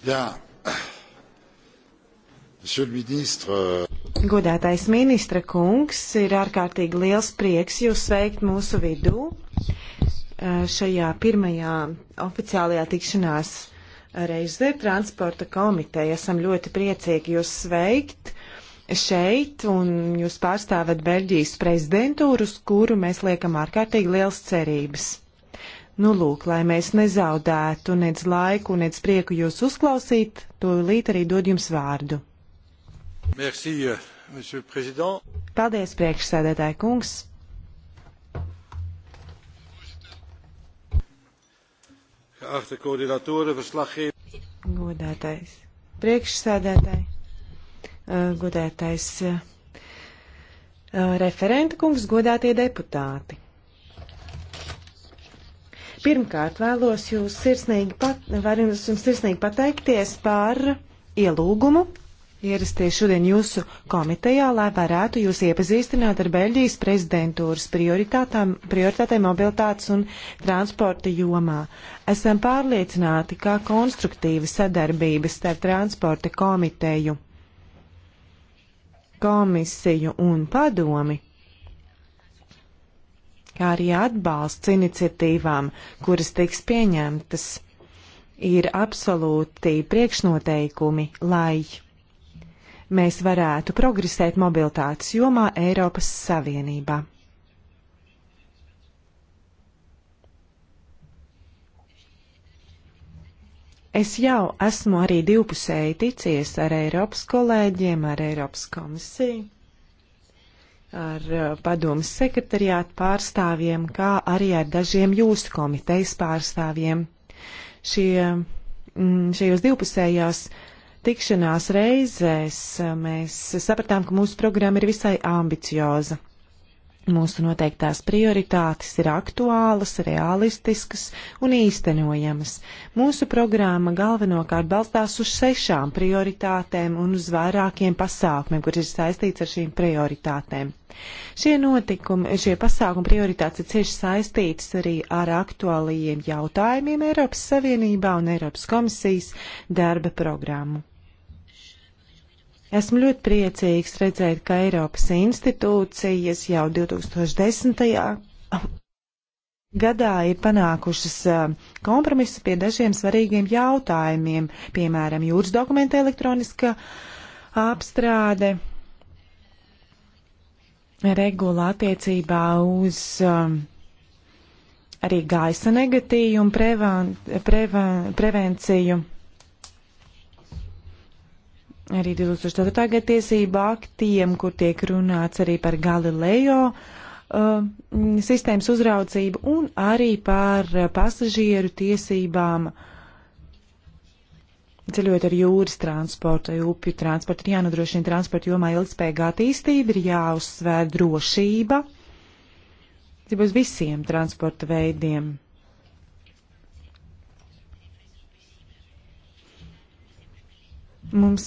Jā. Euh, Godātais ministra kungs, ir ārkārtīgi liels prieks jūs sveikt mūsu vidū uh, šajā pirmajā oficiālajā tikšanās reizē transporta komiteja. Esam ļoti priecīgi jūs sveikt šeit, un jūs pārstāvat Beļģijas prezidentūru, uz kuru mēs liekam ārkārtīgi liels cerības. Nu, lūk, lai mēs nezaudētu nec laiku, nec prieku jūs uzklausīt, to līdz arī dod jums vārdu. Merci, euh, Paldies, priekšsēdētāji kungs! Geachte coördinatoren, verslaggever. Godātais priekšsēdētāji, uh, godātais uh, uh, referenta kungs, godātie deputāti. Pirmkārt, vēlos jūs sirsnīgi, pat, jums sirsnīgi pateikties par ielūgumu ierasties šodien jūsu komitejā, lai varētu jūs iepazīstināt ar Beļģijas prezidentūras prioritātēm, prioritātēm mobilitātes un transporta jomā. Esam pārliecināti, ka konstruktīva sadarbības starp transporta komiteju, komisiju un padomi kā arī atbalsts iniciatīvām, kuras tiks pieņemtas, ir absolūti priekšnoteikumi, lai mēs varētu progresēt mobilitātes jomā Eiropas Savienībā. Es jau esmu arī divpusēji ticies ar Eiropas kolēģiem, ar Eiropas komisiju ar eh, padomu sekretariātu pārstāvjiem, kā arī ar dažiem jūsu komitejas pārstāvjiem. Šie, mm, šajos divpusējās tikšanās reizēs eh, mēs sapratām, ka mūsu programma ir visai ambicioza. Mūsu noteiktās prioritātes ir aktuālas, realistiskas un īstenojamas. Mūsu programma galvenokārt balstās uz sešām prioritātēm un uz vairākiem pasākumiem, kur ir saistīts ar šīm prioritātēm. Šie notikumi, šie pasākumi prioritātes ir cieši saistītas arī ar aktuālajiem jautājumiem Eiropas Savienībā un Eiropas komisijas darba programmu. Esmu ļoti priecīgs redzēt, ka Eiropas institūcijas jau 2010. gadā ir panākušas kompromisu pie dažiem svarīgiem jautājumiem, piemēram, jūras dokumenta elektroniska apstrāde, regula attiecībā uz arī gaisa negatīvu un preven, preven, prevenciju arī 2004. gada tiesību aktiem, kur tiek runāts arī par Galileo uh, mm, sistēmas uzraudzību un arī par pasažieru tiesībām ceļot ar jūras transportu, upju transportu, ir jānodrošina transporta jomā ilgspējīga attīstība, ir jāuzsver drošība, tas būs visiem transporta veidiem. Mums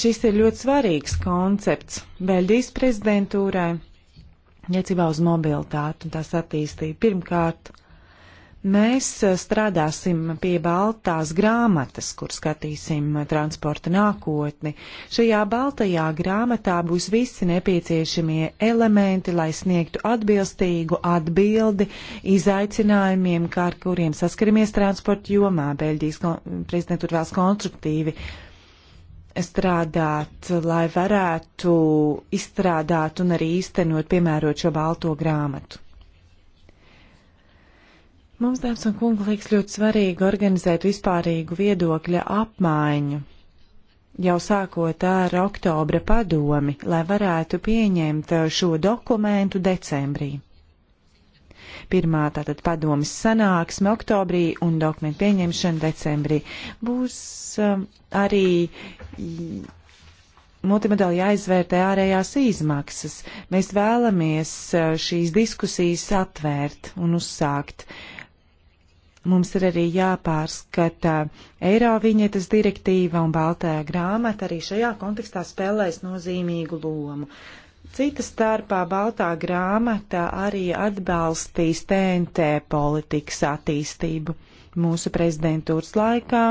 šis ir ļoti svarīgs koncepts Beļģijas prezidentūrai, niecībā uz mobilitāti un tās attīstību. Pirmkārt, Mēs eh, strādāsim pie baltās grāmatas, kur skatīsim eh, transporta nākotni. Šajā baltajā grāmatā būs visi nepieciešamie elementi, lai sniegtu atbilstīgu atbildi izaicinājumiem, ar kuriem saskaramies transporta jomā. Beļģijas prezidentūra vēlas konstruktīvi strādāt, lai varētu izstrādāt un arī īstenot piemērot šo balto grāmatu. Mums, dāmas un kungi, liekas ļoti svarīgi organizēt vispārīgu viedokļa apmaiņu jau sākot ar oktobra padomi, lai varētu pieņemt uh, šo dokumentu decembrī. Pirmā tātad padomas sanāksme oktobrī un dokumentu pieņemšana decembrī. Būs um, arī multimedāli jāizvērtē ārējās izmaksas. Mēs vēlamies uh, šīs diskusijas atvērt un uzsākt. Uh, Mums ir arī jāpārskata Eiroviņetas direktīva un Baltā grāmata arī šajā kontekstā spēlēs nozīmīgu lomu. Cita starpā Baltā grāmata arī atbalstīs TNT politikas attīstību. Mūsu prezidentūras laikā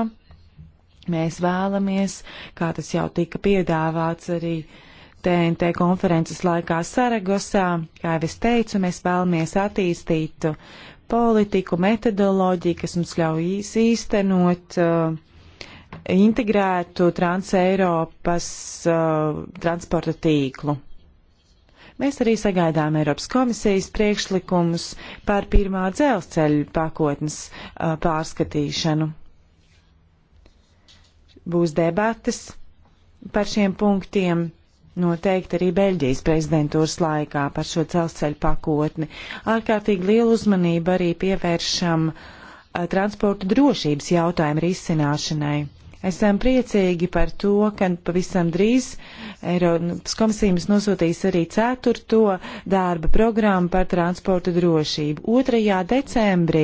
mēs vēlamies, kā tas jau tika piedāvāts arī TNT konferences laikā Saragosā, kā jau es teicu, mēs vēlamies attīstīt politiku, metodoloģiju, kas mums ļauj īstenot uh, integrētu Trans-Eiropas uh, transporta tīklu. Mēs arī sagaidām Eiropas komisijas priekšlikumus par pirmā dzelzceļa pakotnes uh, pārskatīšanu. Būs debates par šiem punktiem. Noteikti arī Beļģijas prezidentūras laikā par šo dzelzceļu pakotni. Ārkārtīgi lielu uzmanību arī pievēršam eh, transporta drošības jautājumu risināšanai. Esam priecīgi par to, ka pavisam drīz Eiropas komisija mums nosūtīs arī ceturto darba programmu par transportu drošību. 2. decembrī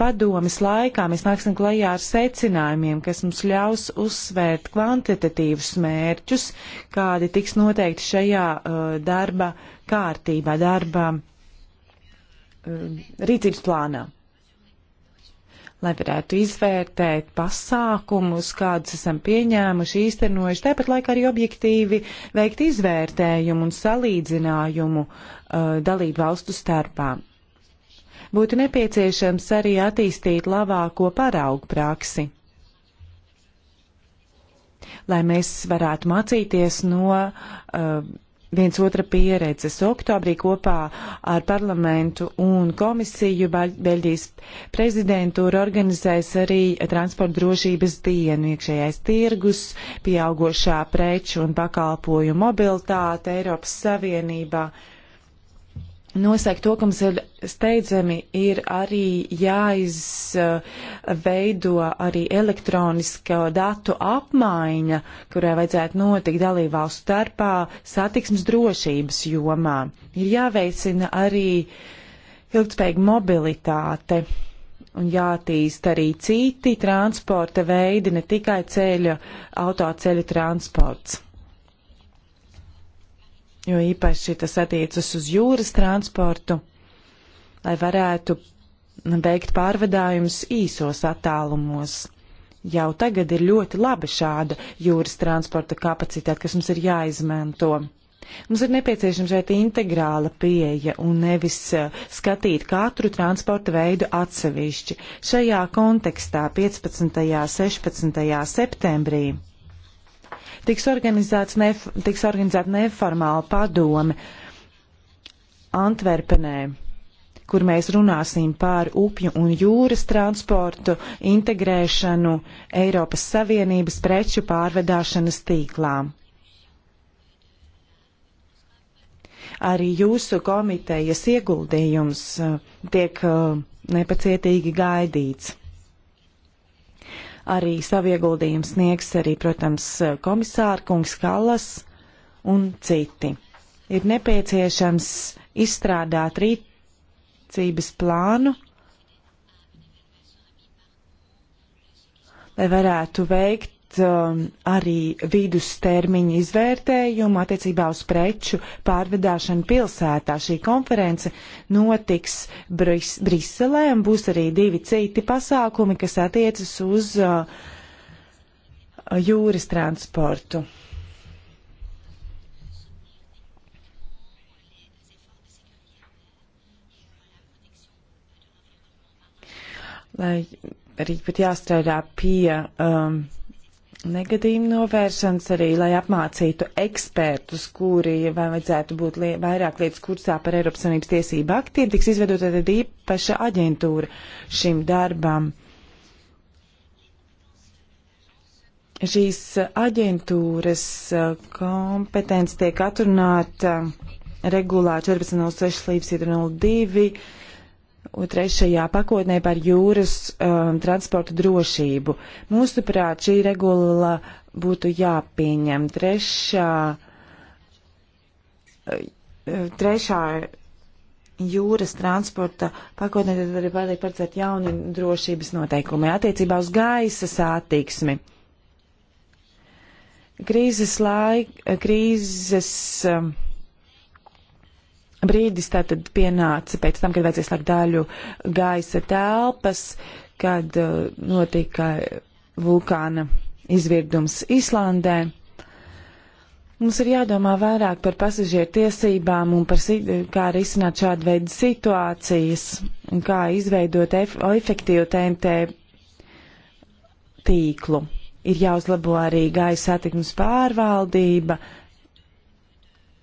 padomis laikā mēs nāksim klajā ar secinājumiem, kas mums ļaus uzsvērt kvantitatīvus mērķus, kādi tiks noteikti šajā uh, darba kārtībā, darba uh, rīcības plānā lai varētu izvērtēt pasākumus, kādus esam pieņēmuši, īstenojuši, tāpat laikā arī objektīvi veikt izvērtējumu un salīdzinājumu uh, dalību valstu starpā. Būtu nepieciešams arī attīstīt labāko paraugu praksi lai mēs varētu mācīties no uh, viens otra pieredzes. Oktobrī kopā ar parlamentu un komisiju Beļģijas prezidentūra organizēs arī transporta drošības dienu, iekšējais tirgus, pieaugošā preču un pakalpoju mobilitāte Eiropas Savienībā. Uh, nosaka to, ka mums ir steidzami ir arī jāizveido arī elektroniska datu apmaiņa, kurai vajadzētu notikt dalībvalstu starpā satiksmes drošības jomā. Ir jāveicina arī ilgspējīga mobilitāte un jātīst arī citi transporta veidi, ne tikai ceļa, autoceļa transports jo īpaši tas attiecas uz jūras transportu, lai varētu veikt pārvadājumus īsos attālumos. Jau tagad ir ļoti labi šāda jūras transporta kapacitāte, kas mums ir jāizmanto. Mums ir nepieciešama šeit integrāla pieeja un nevis eh, skatīt katru transporta veidu atsevišķi. Šajā kontekstā 15. un 16. septembrī Tiks, nef tiks organizēta neformāla padome Antverpenē kur mēs runāsim par upju un jūras transportu integrēšanu Eiropas Savienības preču pārvedāšanas tīklā. Arī jūsu komitejas ieguldījums uh, tiek uh, nepacietīgi gaidīts arī savu ieguldījumu sniegs arī, protams, komisāra kungs Kallas un citi. Ir nepieciešams izstrādāt rīcības plānu, lai varētu veikt veikt um, arī vidustermiņa izvērtējumu attiecībā uz preču pārvedāšanu pilsētā. Šī konference notiks Bris Briselē un būs arī divi citi pasākumi, kas attiecas uz uh, jūras transportu. Lai arī pat jāstrādā pie um, negadījumu novēršanas arī, lai apmācītu ekspertus, kuri vai vajadzētu būt li vairāk lietas kursā par Eiropas Savienības tiesību aktiem, tiks izvedota tad īpaša aģentūra šim darbam. Šīs aģentūras uh, kompetence tiek atrunāta regulā 14.06 līdz 102 un trešajā pakotnē par jūras um, transportu drošību. Mūsuprāt, šī regula būtu jāpieņem. Trešā, uh, trešā jūras transporta pakotnē tad arī vēlēk paredzēt jauni drošības noteikumi attiecībā uz gaisa sātīksmi. Krīzes laik, krīzes. Um, brīdis tātad pienāca pēc tam, kad vajadzēja slēgt daļu gaisa telpas, kad uh, notika vulkāna izvirdums Islandē. Mums ir jādomā vairāk par pasažieru tiesībām un par kā risināt šādu veidu situācijas un kā izveidot ef efektīvu TNT tīklu. Ir jāuzlabo arī gaisa satiknes pārvaldība,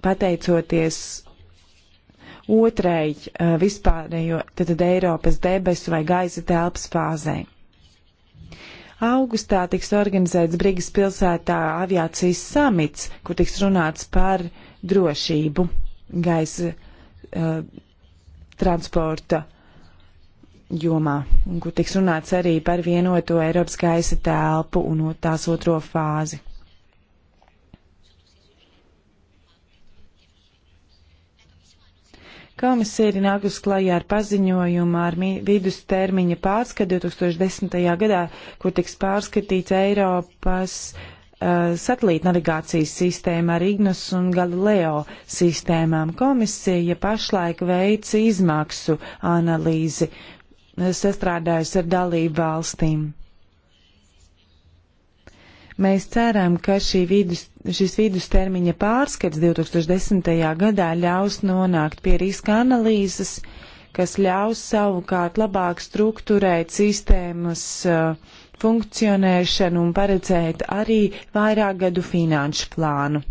pateicoties otrai uh, vispārējo tātad Eiropas debesu vai gaisa telpas fāzē. Augustā tiks organizēts Brīgas pilsētā aviācijas samits, kur tiks runāts par drošību gaisa uh, transporta jomā, un kur tiks runāts arī par vienoto Eiropas gaisa telpu un tās otro fāzi. Komisija ir nākus klajā ar paziņojumu ar vidustermiņa pārskatu 2010. gadā, kur tiks pārskatīts Eiropas uh, satelīta navigācijas sistēma ar Ignas un Galileo sistēmām. Komisija pašlaik veic izmaksu analīzi, eh, sastrādājas ar dalību valstīm. Mēs ceram, ka vidus, šis vidustermiņa pārskats 2010. gadā ļaus nonākt pie riska analīzes, kas ļaus savukārt labāk struktūrēt sistēmas uh, funkcionēšanu un paredzēt arī vairāk gadu finanšu plānu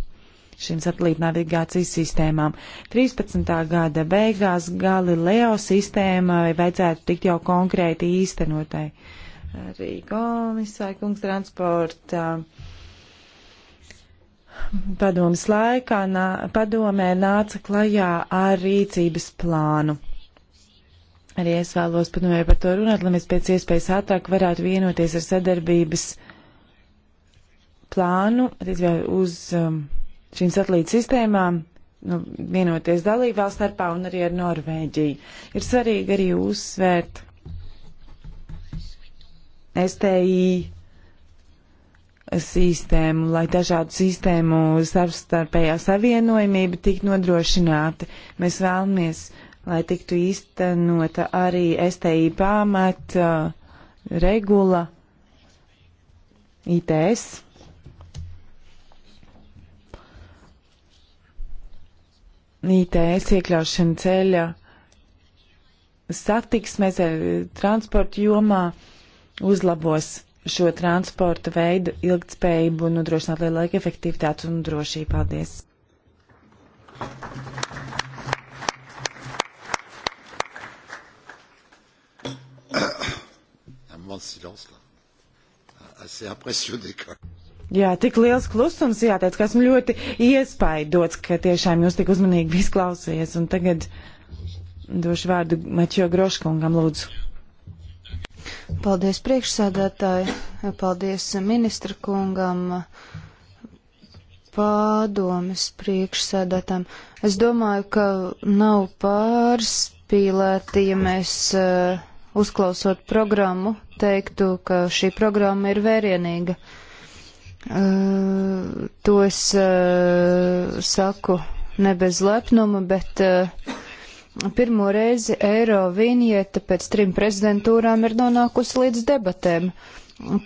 šīm satelītnavigācijas sistēmām. 13. gada beigās Galileo sistēmai vajadzētu tikt jau konkrēti īstenotai. Uh, arī komisāra kungs transporta padomas laikā nā, padomē nāca klajā ar rīcības plānu. Arī es vēlos padomē par to runāt, lai mēs pēc iespējas ātrāk varētu vienoties ar sadarbības plānu uz um, šīm satelīta sistēmām, nu, vienoties dalībvalsts starpā un arī ar Norvēģiju. Ir svarīgi arī uzsvērt STI sistēmu, lai dažādu sistēmu starpstarpējā savienojumība tik nodrošināta. Mēs vēlamies, lai tiktu īstenota arī STI pamata uh, regula ITS. ITS iekļaušana ceļa satiksmēs, eh, transporta jomā. Uh, uzlabos šo transporta veidu ilgtspējību un nodrošināt lielāku efektivitāti un drošību. Paldies! Euh, Jā, tik liels klusums, jāteic, ka esmu ļoti iespaidots, ka tiešām jūs tik uzmanīgi izklausījies. Un tagad došu vārdu Mačio Groškungam, lūdzu. Paldies priekšsēdētāji, paldies ministra kungam, pārdomas priekšsēdētājiem. Es domāju, ka nav pārspīlēti, ja mēs uh, uzklausot programmu teiktu, ka šī programma ir vērienīga. Uh, to es uh, saku ne bez lepnuma, bet uh, pirmo reizi eiro vīnieta pēc trim prezidentūrām ir nonākusi līdz debatēm.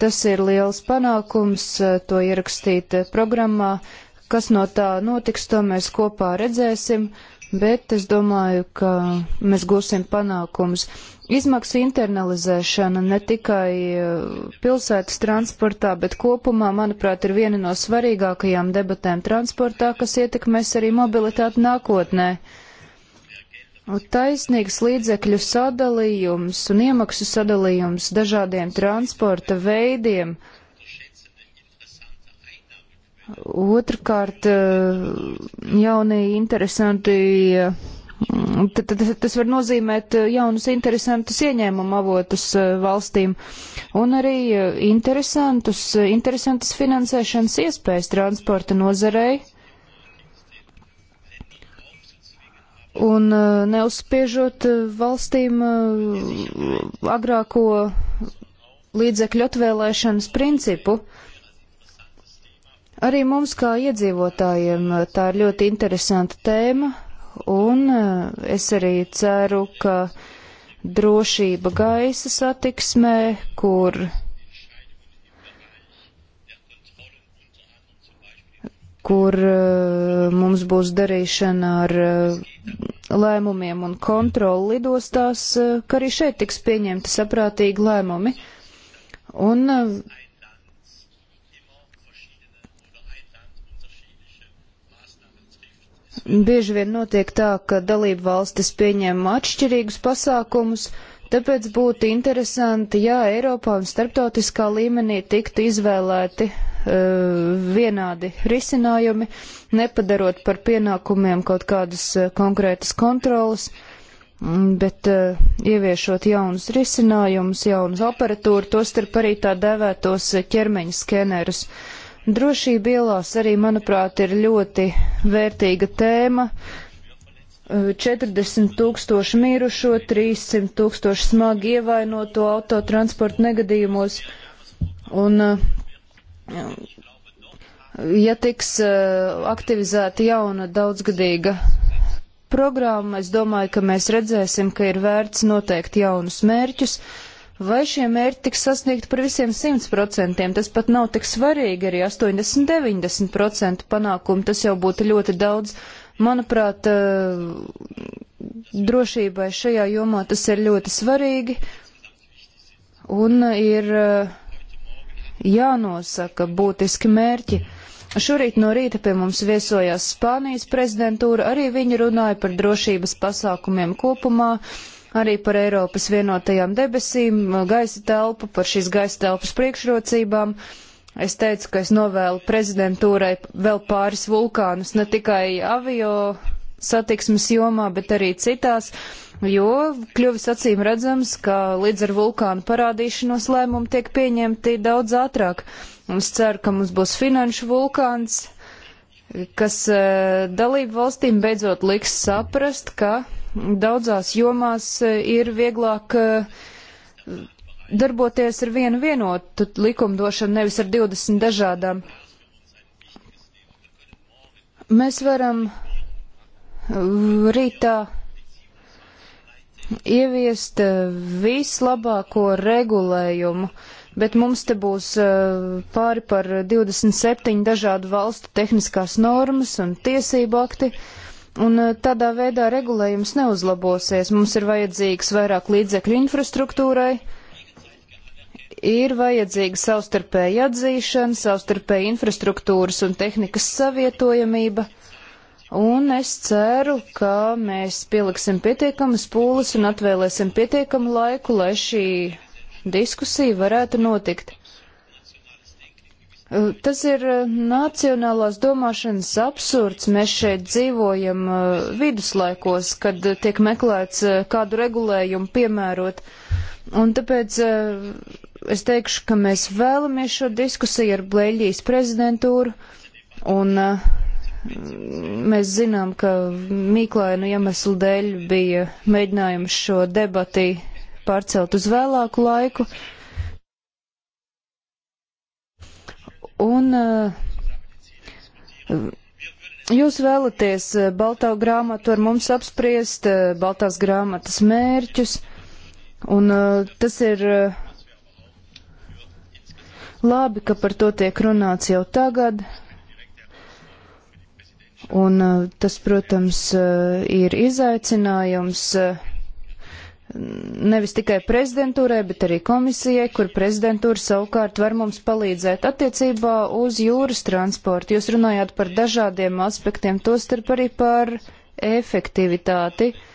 Tas ir liels panākums, eh, to ierakstīt eh, programmā. Kas no tā notiks, to mēs kopā redzēsim, bet es domāju, ka mēs gūsim panākumus. Izmaksu internalizēšana ne tikai eh, pilsētas transportā, bet kopumā, manuprāt, ir viena no svarīgākajām debatēm transportā, kas ietekmēs arī mobilitāti nākotnē. Taisnīgs līdzekļu sadalījums un iemaksu sadalījums dažādiem transporta veidiem. Otrakārt, eh, jaunie interesanti, mm, tas var nozīmēt eh, jaunus interesantus ieņēmumu avotus eh, valstīm un arī interesantus, interesantas finansēšanas iespējas transporta nozarei un uh, neuzspiežot uh, valstīm uh, agrāko līdzekļu atvēlēšanas principu. Arī mums, kā iedzīvotājiem, tā ir ļoti interesanta tēma, un es arī ceru, ka drošība gaisa satiksmē, kur kur eh, mums būs darīšana ar eh, lēmumiem un kontroli lidostās, eh, ka arī šeit tiks pieņemti saprātīgi lēmumi. Un bieži vien notiek tā, ka dalību valstis pieņem atšķirīgus pasākumus, uh, Tāpēc būtu interesanti, ja Eiropā un starptautiskā līmenī tiktu izvēlēti uh, vienādi risinājumi, nepadarot par pienākumiem kaut kādas uh, konkrētas kontrolas, bet uh, ieviešot jaunus risinājumus, jaunus aparatūru, tostarp arī tā dēvētos ķermeņa skenerus. Drošība ielās arī, manuprāt, ir ļoti vērtīga tēma. Uh, 40 tūkstoši mirušo, 300 tūkstoši smagi ievainoto autotransporta negadījumos. Un, eh, ja tiks eh, aktivizēta jauna daudzgadīga programma, es domāju, ka mēs redzēsim, ka ir vērts noteikt jaunus mērķus. Vai šie mērķi tiks sasniegti par visiem 100%? Tas pat nav tik svarīgi, arī 80-90% panākumu tas jau būtu ļoti daudz. Manuprāt, eh, drošībai šajā jomā tas ir ļoti svarīgi un ir eh, jānosaka būtiski mērķi. Šorīt no rīta pie mums viesojās Spānijas prezidentūra, arī viņi runāja par drošības pasākumiem kopumā, arī par Eiropas vienotajām debesīm, gaisa telpu, par šīs gaisa telpas priekšrocībām. Uh, Es teicu, ka es novēlu prezidentūrai vēl pāris vulkānus, ne tikai avio satiksmes jomā, bet arī citās, jo kļuvis acīm redzams, ka līdz ar vulkānu parādīšanos lēmumi tiek pieņemti daudz ātrāk. Un es ceru, ka mums būs finanšu vulkāns, kas e, dalību valstīm beidzot liks saprast, ka daudzās jomās e, ir vieglāk e, darboties ar vienu vienotu likumdošanu, nevis ar 20 dažādām. Mēs varam rītā ieviest vislabāko regulējumu, bet mums te būs eh, pāri par 27 dažādu valstu tehniskās normas un tiesību akti. Un eh, tādā veidā regulējums neuzlabosies. Mums ir vajadzīgs vairāk līdzekļu infrastruktūrai, uh, ir vajadzīga savstarpēja atzīšana, savstarpēja infrastruktūras un tehnikas savietojamība, un es ceru, ka mēs pieliksim pietiekamas pūles un atvēlēsim pietiekamu laiku, lai šī diskusija varētu notikt. Uh, tas ir uh, nacionālās domāšanas absurds. Mēs šeit dzīvojam uh, viduslaikos, kad tiek meklēts kādu regulējumu piemērot. Un tāpēc es teikšu, ka mēs vēlamies šo diskusiju ar Blēļģijas prezidentūru, un uh, mēs zinām, ka mīklainu iemeslu dēļ bija mēģinājums šo debati pārcelt uz vēlāku laiku. Un uh, Jūs vēlaties uh, balto grāmatu ar mums apspriest, uh, baltās grāmatas mērķus, un uh, tas ir Labi, ka par to tiek runāts jau tagad. Un uh, tas, protams, uh, ir izaicinājums uh, nevis tikai prezidentūrai, bet arī komisijai, kur prezidentūra savukārt var mums palīdzēt attiecībā uz jūras transportu. Jūs runājāt par dažādiem aspektiem, tostarp arī par efektivitāti. Uh,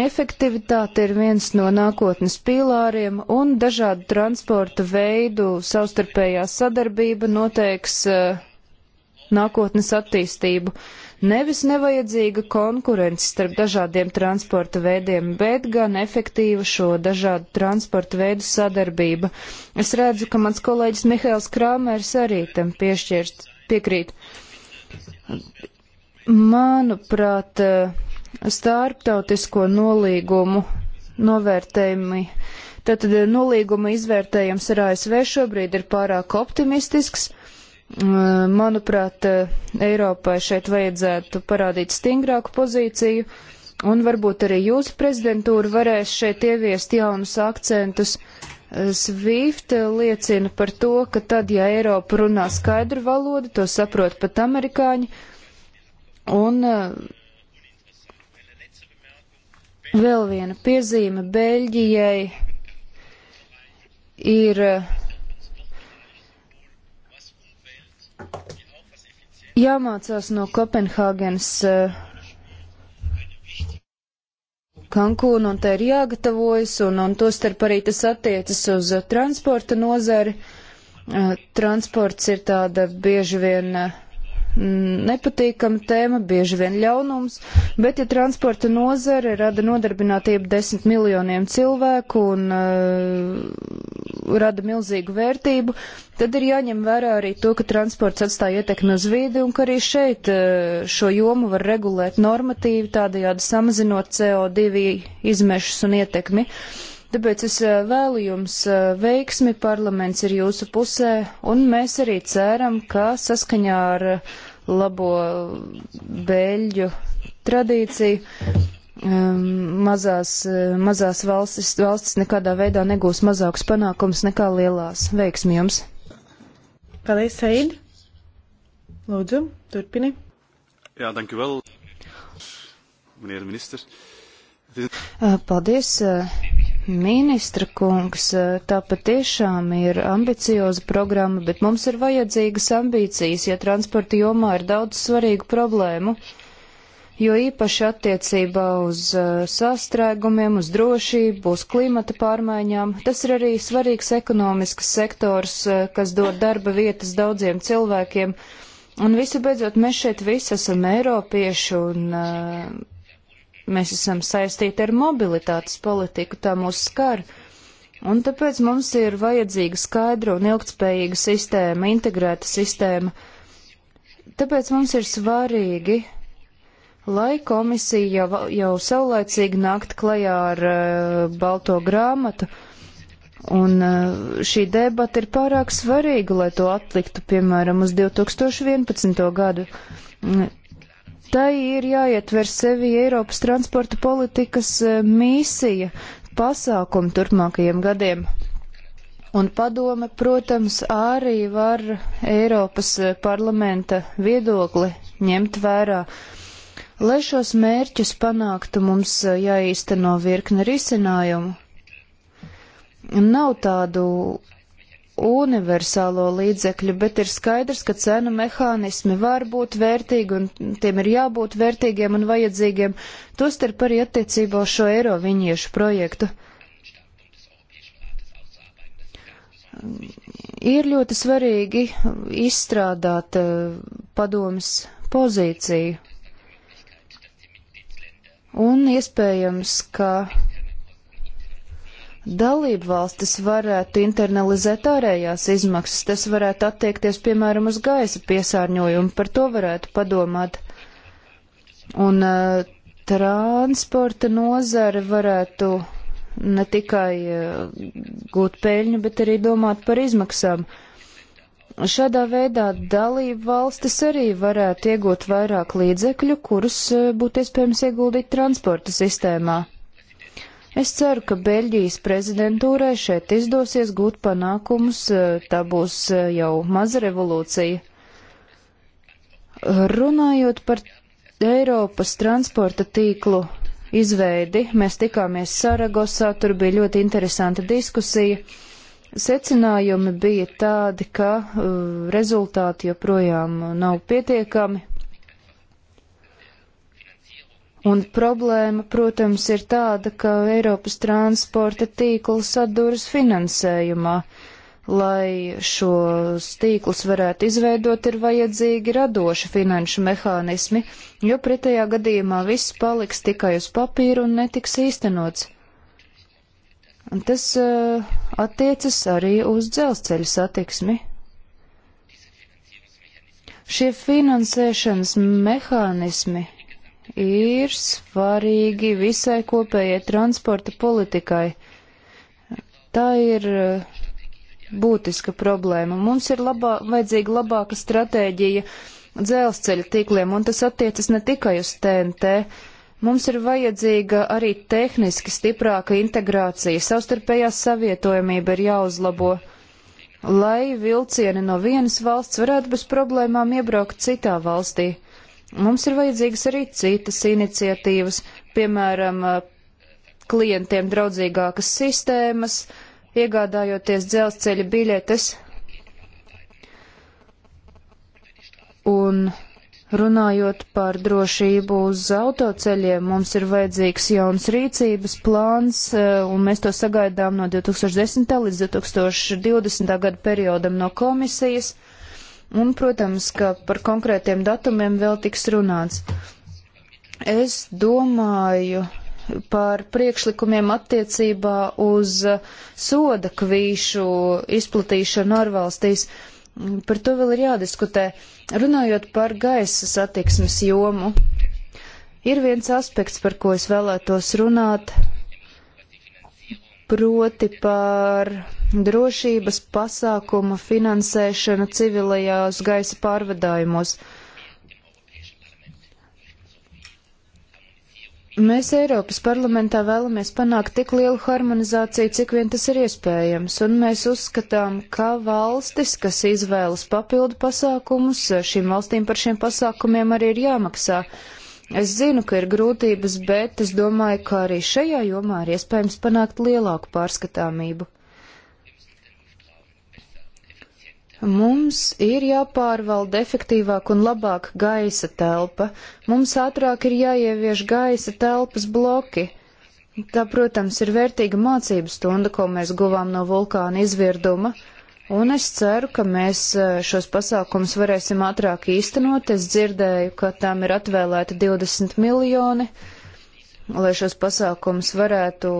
Efektivitāte ir viens no nākotnes pīlāriem, un dažādu transporta veidu savstarpējā sadarbība noteiks uh, nākotnes attīstību. Nevis nevajadzīga konkurence starp dažādiem transporta veidiem, bet gan efektīva šo dažādu transporta veidu sadarbība. Es redzu, ka mans kolēģis Mihails Krāmērs arī tam piešķirst, piekrīt. Manuprāt, uh, starptautisko nolīgumu novērtējumi. Tātad eh, nolīguma izvērtējums ar ASV šobrīd ir pārāk optimistisks. Eh, manuprāt, eh, Eiropai šeit vajadzētu parādīt stingrāku pozīciju, un varbūt arī jūsu prezidentūra varēs šeit ieviest jaunus akcentus. SWIFT liecina par to, ka tad, ja Eiropa runā skaidru valodu, to saprot pat amerikāņi, un Vēl viena piezīme Beļģijai ir eh, jāmācās no Kopenhāgenes Kankūna, eh, un te ir jāgatavojas, un, un tostarp arī tas attiecas uz eh, transporta nozari. Transports ir tāda bieži vien uh, Mm, nepatīkama tēma, bieži vien ļaunums, bet ja transporta nozare rada nodarbinātību desmit miljoniem cilvēku un uh, rada milzīgu vērtību, tad ir jāņem vērā arī to, ka transports atstāja ietekmi uz vidi un ka arī šeit uh, šo jomu var regulēt normatīvi, tādējādi samazinot CO2 izmešus un ietekmi. Tāpēc es eh, vēlu jums veiksmi, parlaments ir jūsu pusē, un mēs arī ceram, ka saskaņā ar uh, labo beļģu tradīciju. Mazās, mazās valstis, valstis nekādā veidā negūs mazākus panākumus nekā lielās. Veiksmi jums! Paldies, Said! Lūdzu, turpini! Jā, danki vēl, ministrs! Paldies, Ministra kungs, eh, tā patiešām ir ambicioza programma, bet mums ir vajadzīgas ambīcijas, ja transporta jomā ir daudz svarīgu problēmu, jo īpaši attiecībā uz eh, sastrēgumiem, uz drošību, uz klimata pārmaiņām. Tas ir arī svarīgs ekonomisks sektors, eh, kas dod darba vietas daudziem cilvēkiem. Un visu beidzot, mēs šeit visi esam eiropieši un uh, Mēs esam saistīti ar mobilitātes politiku, tā mūs skar. Un tāpēc mums ir vajadzīga skaidra un ilgtspējīga sistēma, integrēta sistēma. Tāpēc mums ir svarīgi, lai komisija jau, jau saulēcīgi nākt klajā ar uh, balto grāmatu, un uh, šī debata ir pārāk svarīga, lai to atliktu, piemēram, uz 2011. gadu. Mm, Tai ir jāietver sevi Eiropas transporta politikas e, misija pasākumu turpmākajiem gadiem. Un padome, protams, arī var Eiropas e, parlamenta viedokli ņemt vērā. Lai šos mērķus panāktu, mums e, jāīsteno virkne risinājumu. Nav tādu universālo līdzekļu, bet ir skaidrs, ka cenu mehānismi var būt vērtīgi un tiem ir jābūt vērtīgiem un vajadzīgiem, tostarp arī attiecībā uz šo eiro viņiešu projektu. Ir ļoti svarīgi izstrādāt eh, padomas pozīciju. Un iespējams, ka dalību valstis varētu internalizēt ārējās izmaksas. Tas varētu attiekties, piemēram, uz gaisa piesārņojumu, par to varētu padomāt. Un uh, transporta nozare varētu ne tikai uh, gūt peļņu, bet arī domāt par izmaksām. Šādā veidā dalību valstis arī varētu iegūt vairāk līdzekļu, kurus uh, būtu iespējams ieguldīt transporta sistēmā. Es ceru, ka Beļģijas prezidentūrai šeit izdosies gūt panākumus, e, tā būs e, jau maza revolūcija. Runājot par Eiropas transporta tīklu izveidi, mēs tikāmies Saragosā, tur bija ļoti interesanta diskusija. Secinājumi bija tādi, ka e, rezultāti joprojām nav pietiekami. Un problēma, protams, ir tāda, ka Eiropas transporta tīkls atduras finansējumā. Lai šos tīklus varētu izveidot, ir vajadzīgi radoši finanšu mehānismi, jo pretējā gadījumā viss paliks tikai uz papīra un netiks īstenots. Un tas uh, attiecas arī uz dzelzceļa satiksmi. Šie finansēšanas mehānismi ir svarīgi visai kopējai transporta politikai. Tā ir uh, būtiska problēma. Mums ir labā, vajadzīga labāka stratēģija dzelzceļa tīkliem, un tas attiecas ne tikai uz TNT. Mums ir vajadzīga arī tehniski stiprāka integrācija, savstarpējā savietojamība ir jāuzlabo, lai vilcieni no vienas valsts varētu bez problēmām iebraukt citā valstī. Mums ir vajadzīgas arī citas iniciatīvas, piemēram, uh, klientiem draudzīgākas sistēmas, iegādājoties dzelzceļa biļetes. Un runājot par drošību uz autoceļiem, mums ir vajadzīgs jauns rīcības plāns, uh, un mēs to sagaidām no 2010. līdz 2020. gada periodam no komisijas un, protams, ka par konkrētiem datumiem vēl tiks runāts. Es domāju par priekšlikumiem attiecībā uz soda kvīšu izplatīšanu ārvalstīs. Par to vēl ir jādiskutē. Runājot par gaisa satiksmes jomu, ir viens aspekts, par ko es vēlētos runāt, proti par drošības pasākuma finansēšana civilajās gaisa pārvadājumos. Mēs Eiropas parlamentā vēlamies panākt tik lielu harmonizāciju, cik vien tas ir iespējams, un mēs uzskatām, ka valstis, kas izvēlas papildu pasākumus, šīm valstīm par šiem pasākumiem arī ir jāmaksā. Es zinu, ka ir grūtības, bet es domāju, ka arī šajā jomā ir iespējams panākt lielāku pārskatāmību. Mums ir jāpārvalda efektīvāk un labāk gaisa telpa. Mums ātrāk ir jāievieš gaisa telpas bloki. Tā, protams, ir vērtīga mācības stunda, ko mēs guvām no vulkāna izvirduma, un es ceru, ka mēs e, šos pasākums varēsim ātrāk īstenot. Es dzirdēju, ka tām ir atvēlēta 20 miljoni, lai šos pasākums varētu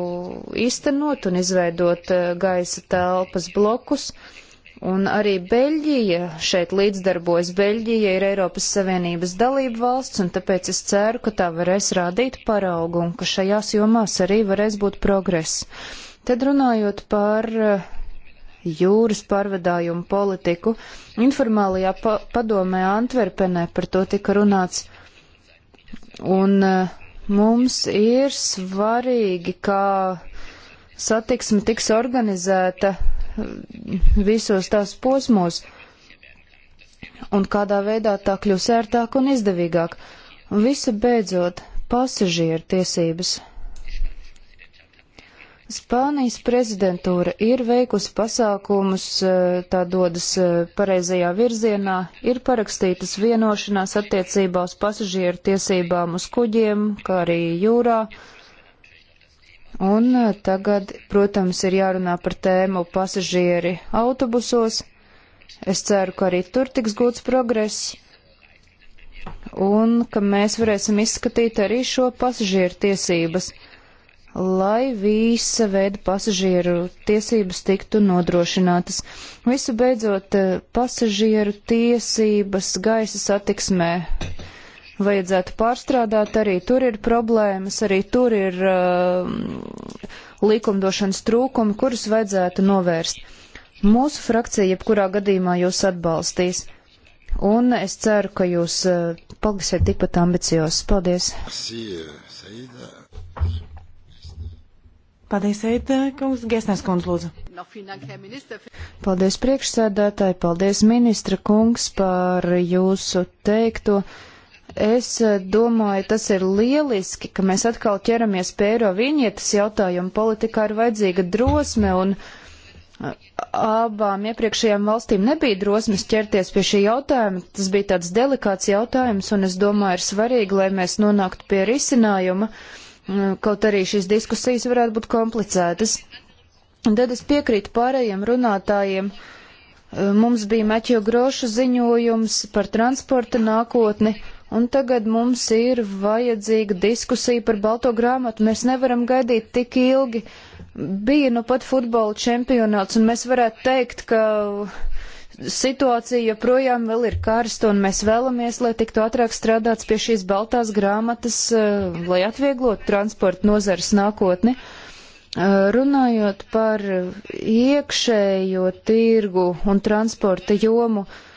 īstenot un izveidot e, gaisa telpas blokus. Uh, Un arī Beļģija šeit līdzdarbojas. Beļģija ir Eiropas Savienības dalība valsts, un tāpēc es ceru, ka tā varēs rādīt paraugu un ka šajās jomās arī varēs būt progress. Tad runājot par eh, jūras pārvadājumu politiku, informālajā pa padomē Antverpenē par to tika runāts. Un eh, mums ir svarīgi, kā satiksme tiks organizēta visos tās posmos un kādā veidā tā kļūs ērtāk un izdevīgāk. Un visa beidzot pasažieru tiesības. Spānijas prezidentūra ir veikusi pasākumus, eh, tā dodas eh, pareizajā virzienā, ir parakstītas vienošanās attiecībā uz pasažieru tiesībām uz kuģiem, kā arī jūrā. Uh, Un e, tagad, protams, ir jārunā par tēmu pasažieri autobusos. Es ceru, ka arī tur tiks gūts progress un ka mēs varēsim izskatīt arī šo pasažieru tiesības, lai visa veida pasažieru tiesības tiktu nodrošinātas. Visu beidzot, e, pasažieru tiesības gaisa satiksmē vajadzētu pārstrādāt, arī tur ir problēmas, arī tur ir uh, likumdošanas trūkumi, kurus vajadzētu novērst. Mūsu frakcija jebkurā gadījumā jūs atbalstīs, un es ceru, ka jūs uh, paliksiet tikpat ambiciozs. Paldies! Uh, paldies, Eita, uh, kungs, Gesnēs kundz, lūdzu. Paldies priekšsēdētāji, paldies ministra kungs par jūsu teikto. Es eh, domāju, tas ir lieliski, ka mēs atkal ķeramies pie eiro viņietas jautājumu. Politikā ir vajadzīga drosme un eh, abām iepriekšējām valstīm nebija drosmes ķerties pie šī jautājuma. Tas bija tāds delikāts jautājums un es domāju, ir svarīgi, lai mēs nonāktu pie risinājuma, eh, kaut arī šīs diskusijas varētu būt komplicētas. Un tad es piekrītu pārējiem runātājiem. Mums bija Meķio Groša ziņojums par transporta nākotni. Un tagad mums ir vajadzīga diskusija par balto grāmatu. Mēs nevaram gaidīt tik ilgi. Bija nu pat futbola čempionāts, un mēs varētu teikt, ka situācija joprojām vēl ir karsta, un mēs vēlamies, lai tiktu ātrāk strādāts pie šīs baltās grāmatas, eh, lai atvieglotu transporta nozares nākotni. Eh, runājot par iekšējo tirgu un transporta jomu, uh,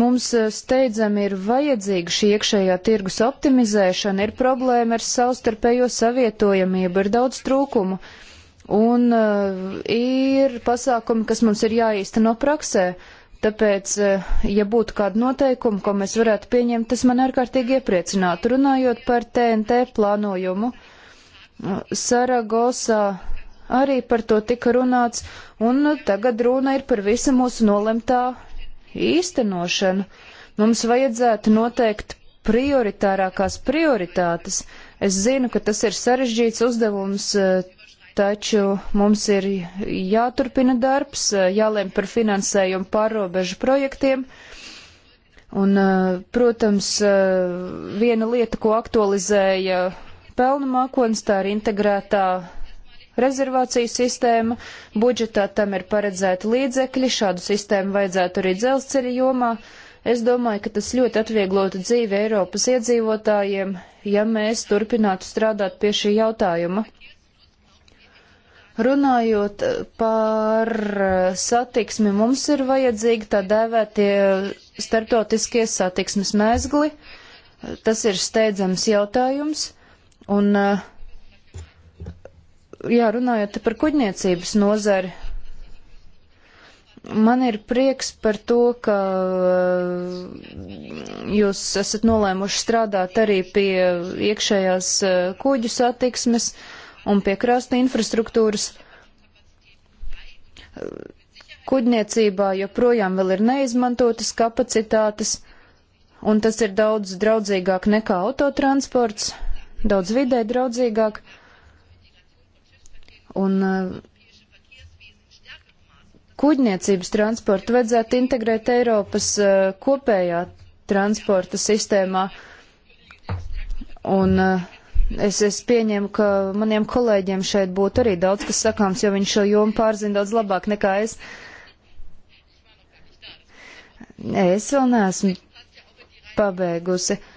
Mums eh, steidzami ir vajadzīga šī iekšējā tirgus optimizēšana, ir problēma ar savstarpējo savietojamību, ir daudz trūkumu un uh, ir pasākumi, kas mums ir jāīsteno praksē. Tāpēc, uh, ja būtu kāda noteikuma, ko mēs varētu pieņemt, tas man ārkārtīgi iepriecinātu. Runājot par TNT plānojumu, uh, Saragosā arī par to tika runāts, un tagad runa ir par visu mūsu nolemtā īstenošanu, mums vajadzētu noteikt prioritārākās prioritātes. Es zinu, ka tas ir sarežģīts uzdevums, taču mums ir jāturpina darbs, jālēm par finansējumu pārobežu projektiem. Un, protams, viena lieta, ko aktualizēja pelnu mākonis, tā ir integrētā rezervāciju sistēma, budžetā tam ir paredzēti līdzekļi, šādu sistēmu vajadzētu arī dzelzceļa jomā. Es domāju, ka tas ļoti atvieglotu dzīvi Eiropas iedzīvotājiem, ja mēs turpinātu strādāt pie šī jautājuma. Runājot par eh, satiksmi, mums ir vajadzīgi tā dēvētie starptautiskie satiksmes mēzgli. Tas ir steidzams jautājums. Un uh, jā, runājot par kuģniecības nozari, man ir prieks par to, ka mm, jūs esat nolēmuši strādāt arī pie iekšējās e, kuģu satiksmes un pie krasta infrastruktūras. Kuģniecībā joprojām vēl ir neizmantotas kapacitātes, un tas ir daudz draudzīgāk nekā autotransports, daudz vidē draudzīgāk. Uh, Un eh, kuģniecības transportu vajadzētu integrēt Eiropas eh, kopējā transporta sistēmā. Un eh, es, es pieņemu, ka maniem kolēģiem šeit būtu arī daudz kas sakāms, jo viņš šo jomu pārzina daudz labāk nekā es. Es vēl neesmu pabeigusi. Uh,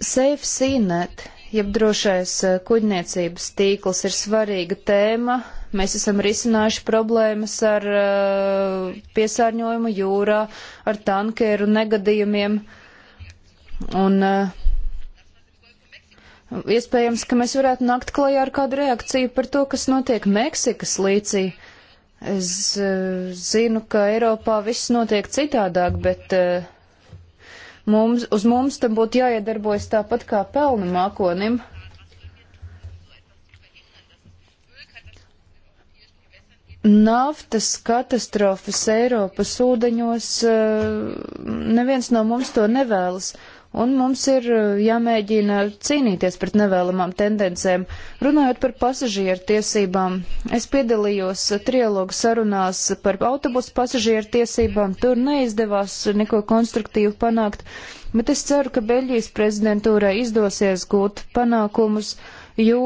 Safe Seanet, jeb drošais eh, kuģniecības tīkls, ir svarīga tēma. Mēs esam risinājuši problēmas ar uh, piesārņojumu jūrā, ar tankeru negadījumiem. Un, uh, Iespējams, ka mēs varētu nākt klajā ar kādu reakciju par to, kas notiek Meksikas līcī. Es uh, zinu, ka Eiropā viss notiek citādāk, bet uh, Mums, uz mums tam būtu jāiedarbojas tāpat kā pelnu mākonim. Naftas katastrofas Eiropas ūdeņos eh, neviens no mums to nevēlas un mums ir eh, jāmēģina cīnīties pret nevēlamām tendencēm. Runājot par pasažieru tiesībām, es piedalījos trialogu sarunās par autobusu pasažieru tiesībām, tur neizdevās neko konstruktīvu panākt, bet es ceru, ka Beļģijas prezidentūrai izdosies gūt panākumus, jo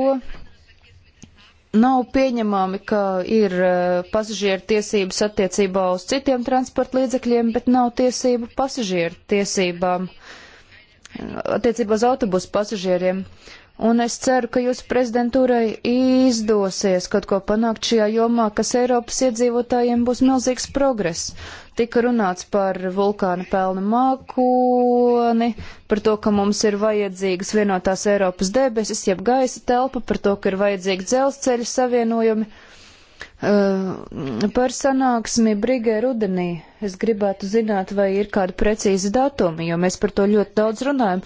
nav pieņemami, ka ir eh, pasažieru tiesības attiecībā uz citiem transporta līdzekļiem, bet nav tiesību pasažieru tiesībām. Uh, attiecībā uz autobusu pasažieriem. Un es ceru, ka jūsu prezidentūrai izdosies kaut ko panākt šajā jomā, kas Eiropas iedzīvotājiem būs milzīgs progress. Tika runāts par vulkāna pelnu mākoni, par to, ka mums ir vajadzīgas vienotās Eiropas debesis, jeb gaisa telpa, par to, ka ir vajadzīgi dzelzceļa savienojumi. Par sanāksmi Brigē rudenī es gribētu zināt, vai ir kāda precīza datuma, jo mēs par to ļoti daudz runājam.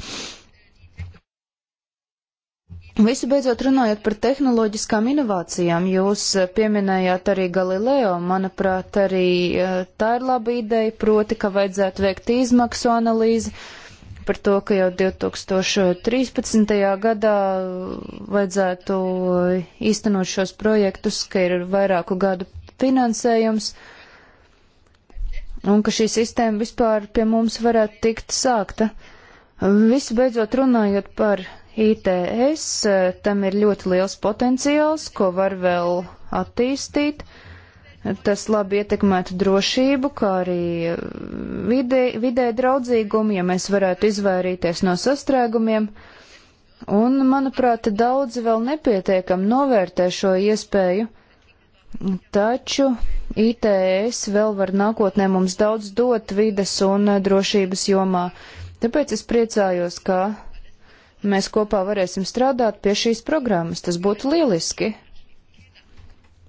Visu beidzot runājot par tehnoloģiskām inovācijām, jūs pieminējāt arī Galileo, manuprāt, arī tā ir laba ideja, proti, ka vajadzētu veikt izmaksu analīzi. Uh, par to, ka jau 2013. gadā vajadzētu īstenot šos projektus, ka ir vairāku gadu finansējums un ka šī sistēma vispār pie mums varētu tikt sākta. Visu beidzot runājot par ITS, tam ir ļoti liels potenciāls, ko var vēl attīstīt. Uh, Tas labi ietekmētu drošību, kā arī vidē, vidē draudzīgumu, ja mēs varētu izvairīties no sastrēgumiem. Un, manuprāt, daudzi vēl nepietiekam novērtē šo iespēju, taču ITS vēl var nākotnē mums daudz dot vides un drošības jomā. Tāpēc es priecājos, ka mēs kopā varēsim strādāt pie šīs programmas. Tas būtu lieliski.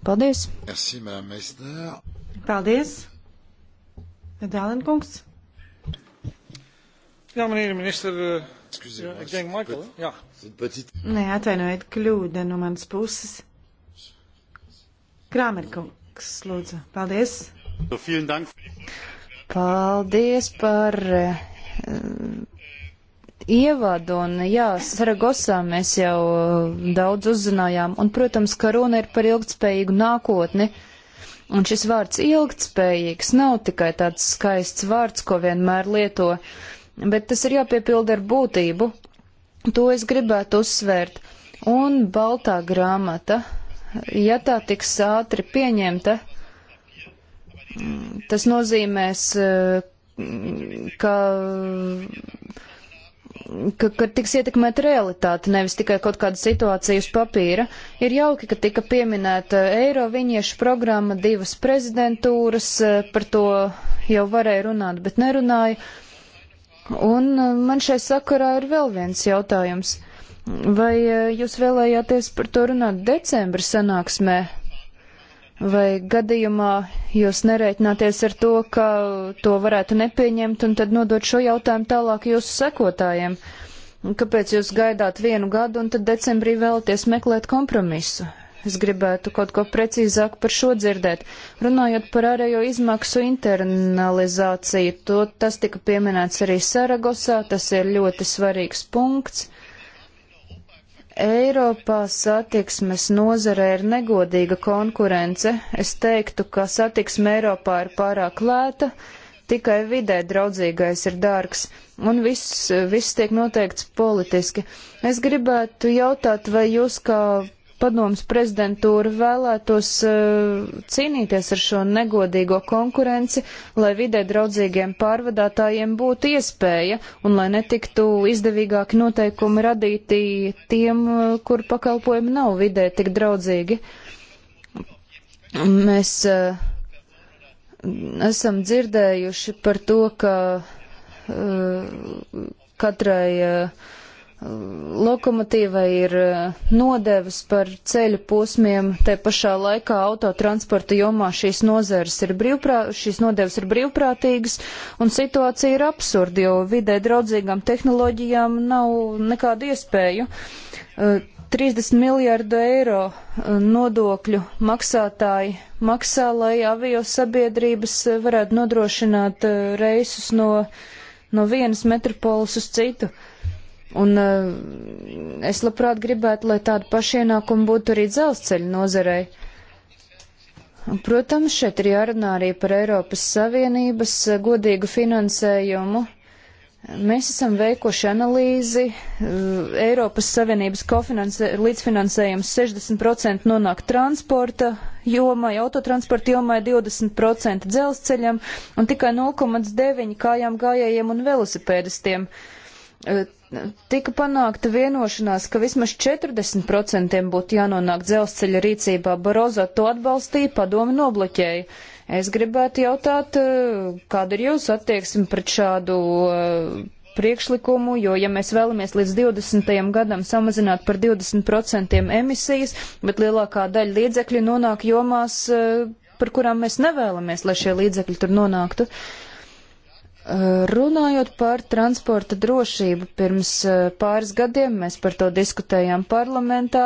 Paldies! Merci, Paldies! Dālenkungs! Jā, man ir ministra. Ik denk Michael, jā. Nē, atvainojiet, kļūda no manas puses. Krāmerkungs, lūdzu, paldies. Paldies par eh, ievadu, un jā, Saragosā mēs jau uh, daudz uzzinājām, un, protams, ka runa ir par ilgtspējīgu nākotni, un šis vārds ilgtspējīgs nav tikai tāds skaists vārds, ko vienmēr lieto, bet tas ir jāpiepilda ar būtību. To es gribētu uzsvērt. Un baltā grāmata, ja tā tiks ātri pieņemta, tas nozīmēs, uh, ka ka, ka tiks ietekmēta realitāte, nevis tikai kaut kāda situācija uz papīra. Ir jauki, ka tika pieminēta eiro viņiešu programma, divas prezidentūras, eh, par to jau varēja runāt, bet nerunāja. Un eh, man šai sakarā ir vēl viens jautājums. Vai eh, jūs vēlējāties par to runāt decembra sanāksmē, vai gadījumā jūs nereiķināties ar to, ka to varētu nepieņemt un tad nodot šo jautājumu tālāk jūsu sekotājiem? Kāpēc jūs gaidāt vienu gadu un tad decembrī vēlaties meklēt kompromisu? Es gribētu kaut ko precīzāk par šo dzirdēt. Runājot par ārējo izmaksu internalizāciju, to tas tika pieminēts arī Saragosā, tas ir ļoti svarīgs punkts. Uh, Eiropā satiksmes nozare ir negodīga konkurence. Es teiktu, ka satiksme Eiropā ir pārāk lēta, tikai vidē draudzīgais ir dārgs, un viss, viss tiek noteikts politiski. Es gribētu jautāt, vai jūs kā padomas prezidentūra vēlētos e, cīnīties ar šo negodīgo konkurenci, lai vidē draudzīgiem pārvadātājiem būtu iespēja un lai netiktu izdevīgāki noteikumi radīti tiem, e, kur pakalpojumi nav vidē tik draudzīgi. Mēs e, esam dzirdējuši par to, ka katrai uh, Lokomotīvai ir e, nodevis par ceļu posmiem, te pašā laikā autotransporta jomā šīs, ir brīvprā, šīs nodevis ir brīvprātīgas, un situācija ir absurda, jo vidē draudzīgām tehnoloģijām nav nekādu iespēju. 30 e, miljārdu eiro e, nodokļu maksātāji maksā, lai avio sabiedrības varētu nodrošināt reisus no, no vienas metropoles uz citu. Uh, Un eh, es labprāt gribētu, lai tāda paša ienākuma būtu arī dzelzceļa nozarei. Protams, šeit ir jārunā arī par Eiropas Savienības eh, godīgu finansējumu. Mēs esam veikuši analīzi. Eh, Eiropas Savienības līdzfinansējums 60% nonāk transporta jomai, autotransporta jomai, 20% dzelzceļam un tikai 0,9% kājām gājējiem un velosipēdistiem. Uh, tika panākta vienošanās, ka vismaz 40% būtu jānonāk dzelzceļa rīcībā. Barozo to atbalstīja, padomi nobloķēja. Es gribētu jautāt, eh, kāda ir jūsu attieksme pret šādu eh, priekšlikumu, jo ja mēs vēlamies līdz 20. gadam samazināt par 20% emisijas, bet lielākā daļa līdzekļu nonāk jomās, eh, par kurām mēs nevēlamies, lai šie līdzekļi tur nonāktu. Uh, Runājot par transporta drošību, pirms e, pāris gadiem mēs par to diskutējām parlamentā.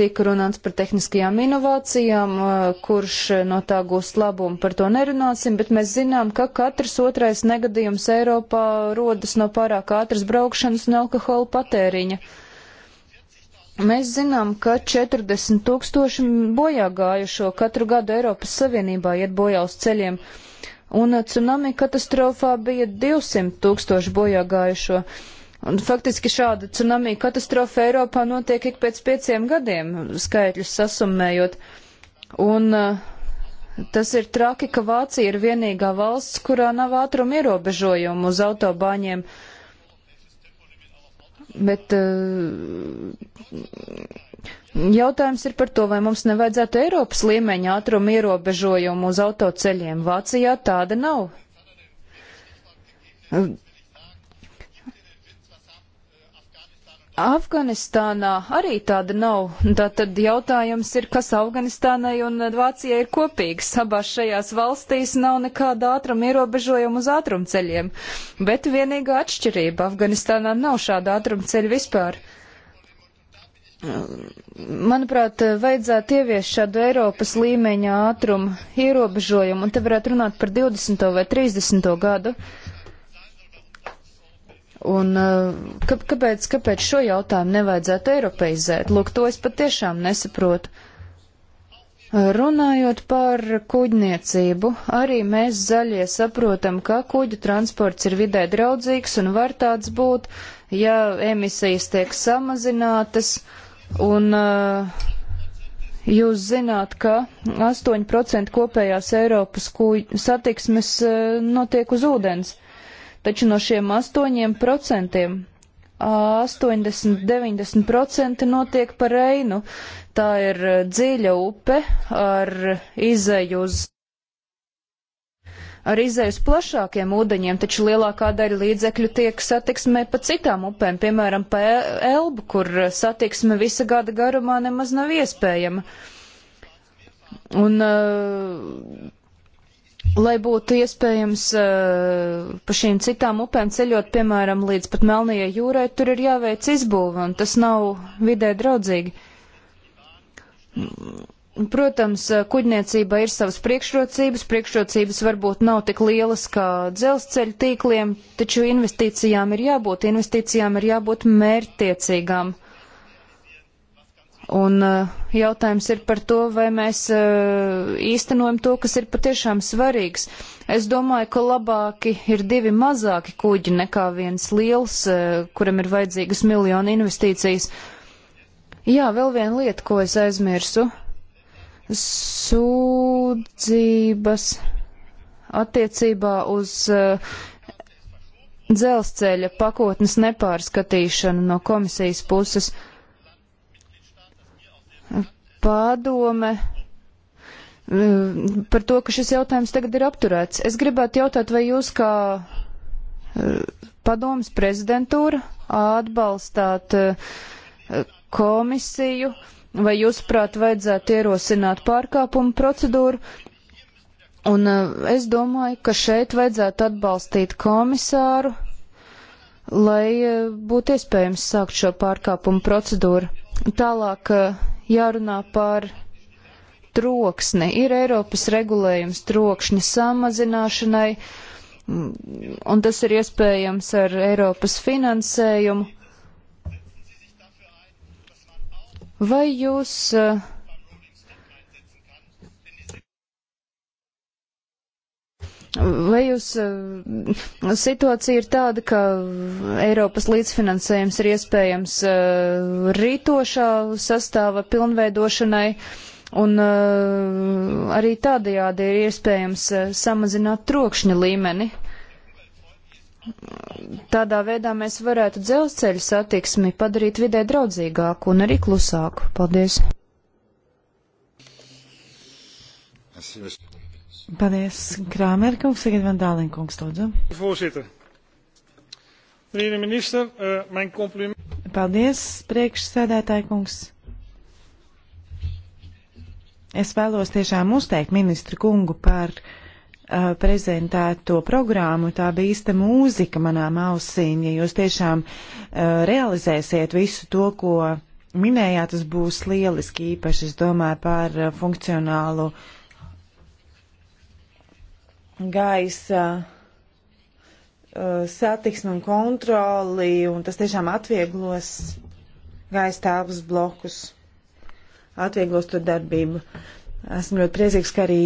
Tika runāts par tehniskajām inovācijām, e, kurš no tā gūs labumu, par to nerunāsim, bet mēs zinām, ka katrs otrais negadījums Eiropā rodas no pārāk ātras braukšanas un alkohola patēriņa. Uh, Mēs zinām, ka 40 tūkstoši bojā gājušo katru gadu Eiropas Savienībā iet bojā uz ceļiem, un tsunami uh, katastrofā bija 200 tūkstoši bojā gājušo. Un faktiski šāda tsunami katastrofa Eiropā notiek ik pēc pieciem gadiem, skaitļus sasummējot. Un uh, tas ir traki, ka Vācija ir vienīgā valsts, kurā nav ātruma ierobežojumu uz autobāņiem. Uh, Bet eh, jautājums ir par to, vai mums nevajadzētu Eiropas līmeņa ātruma ierobežojumu uz autoceļiem. Vācijā tāda nav. Afganistānā arī tāda nav. Tātad jautājums ir, kas Afganistānai un Vācijai ir kopīgs. Abās šajās valstīs nav nekāda ātruma ierobežojuma uz ātrumceļiem, bet vienīgā atšķirība Afganistānā nav šāda ātrumceļa vispār. Manuprāt, vajadzētu ieviest šādu Eiropas līmeņa ātrumu ierobežojumu, un te varētu runāt par 20. vai 30. gadu. Uh, Un eh, ka, kāpēc, kāpēc šo jautājumu nevajadzētu eiropeizēt? Lūk, to es patiešām nesaprotu. Eh, runājot par kuģniecību, arī mēs zaļie saprotam, ka kuģu transports ir vidē draudzīgs un var tāds būt, ja emisijas tiek samazinātas un uh, Jūs zināt, ka 8% kopējās Eiropas satiksmes notiek uz ūdens taču no šiem 8% 80-90% notiek pa Reinu. Tā ir dziļa upe ar izēju uz. Ar izēju uz plašākiem ūdeņiem, taču lielākā daļa līdzekļu tiek satiksmē pa citām upēm, piemēram, pa e, Elbu, kur satiksme visa gada garumā nemaz nav iespējama. Un uh, lai būtu iespējams uh, pa šīm citām upēm ceļot, piemēram, līdz pat Melnajai jūrai, tur ir jāveic izbūve, un tas nav vidē draudzīgi. Mm, protams, eh, kuģniecība ir savas priekšrocības, priekšrocības varbūt nav tik lielas kā dzelzceļa tīkliem, taču investīcijām ir jābūt, investīcijām ir jābūt mērtiecīgām. Uh, Un eh, jautājums ir par to, vai mēs eh, īstenojam to, kas ir patiešām svarīgs. Es domāju, ka labāki ir divi mazāki kuģi nekā viens liels, eh, kuram ir vajadzīgas miljonu investīcijas. Jā, vēl viena lieta, ko es aizmirsu. Sūdzības attiecībā uz dzelzceļa pakotnes nepārskatīšanu no komisijas puses. Uh, Padome eh, par to, ka šis jautājums tagad ir apturēts. Es gribētu jautāt, vai jūs kā eh, padomas prezidentūra atbalstāt eh, komisiju, vai jūs prāt vajadzētu ierosināt pārkāpumu procedūru? Un es domāju, ka šeit vajadzētu atbalstīt komisāru, lai būtu iespējams sākt šo pārkāpumu procedūru. Tālāk jārunā par troksni. Ir Eiropas regulējums trokšņa samazināšanai, un tas ir iespējams ar Eiropas finansējumu. Vai jūs uh, Vai jūs eh, situācija ir tāda, ka Eiropas līdzfinansējums ir iespējams eh, rītošā sastāva pilnveidošanai, un eh, arī tādajādi ir iespējams samazināt trokšņa līmeni? Tādā veidā mēs varētu dzelzceļa satiksmi padarīt vidē draudzīgāku un arī klusāku. Paldies! Merci, Paldies, Krāmer kungs, tagad man Dālin kungs, lūdzu. Voorzitter. Meneer de minister, uh, mijn compliment. Paldies, priekšsēdētāji kungs. Es vēlos tiešām uzteikt ministru kungu par uh, prezentēto programmu. Tā bija īsta mūzika manām ausīm. Ja jūs tiešām uh, realizēsiet visu to, ko minējāt, tas būs lieliski īpaši, es domāju, par uh, funkcionālu uh, gaisa uh, satiksmi un kontroli, un tas tiešām atvieglos gaisa telpas blokus, atvieglos to darbību. Esmu ļoti priecīgs, ka arī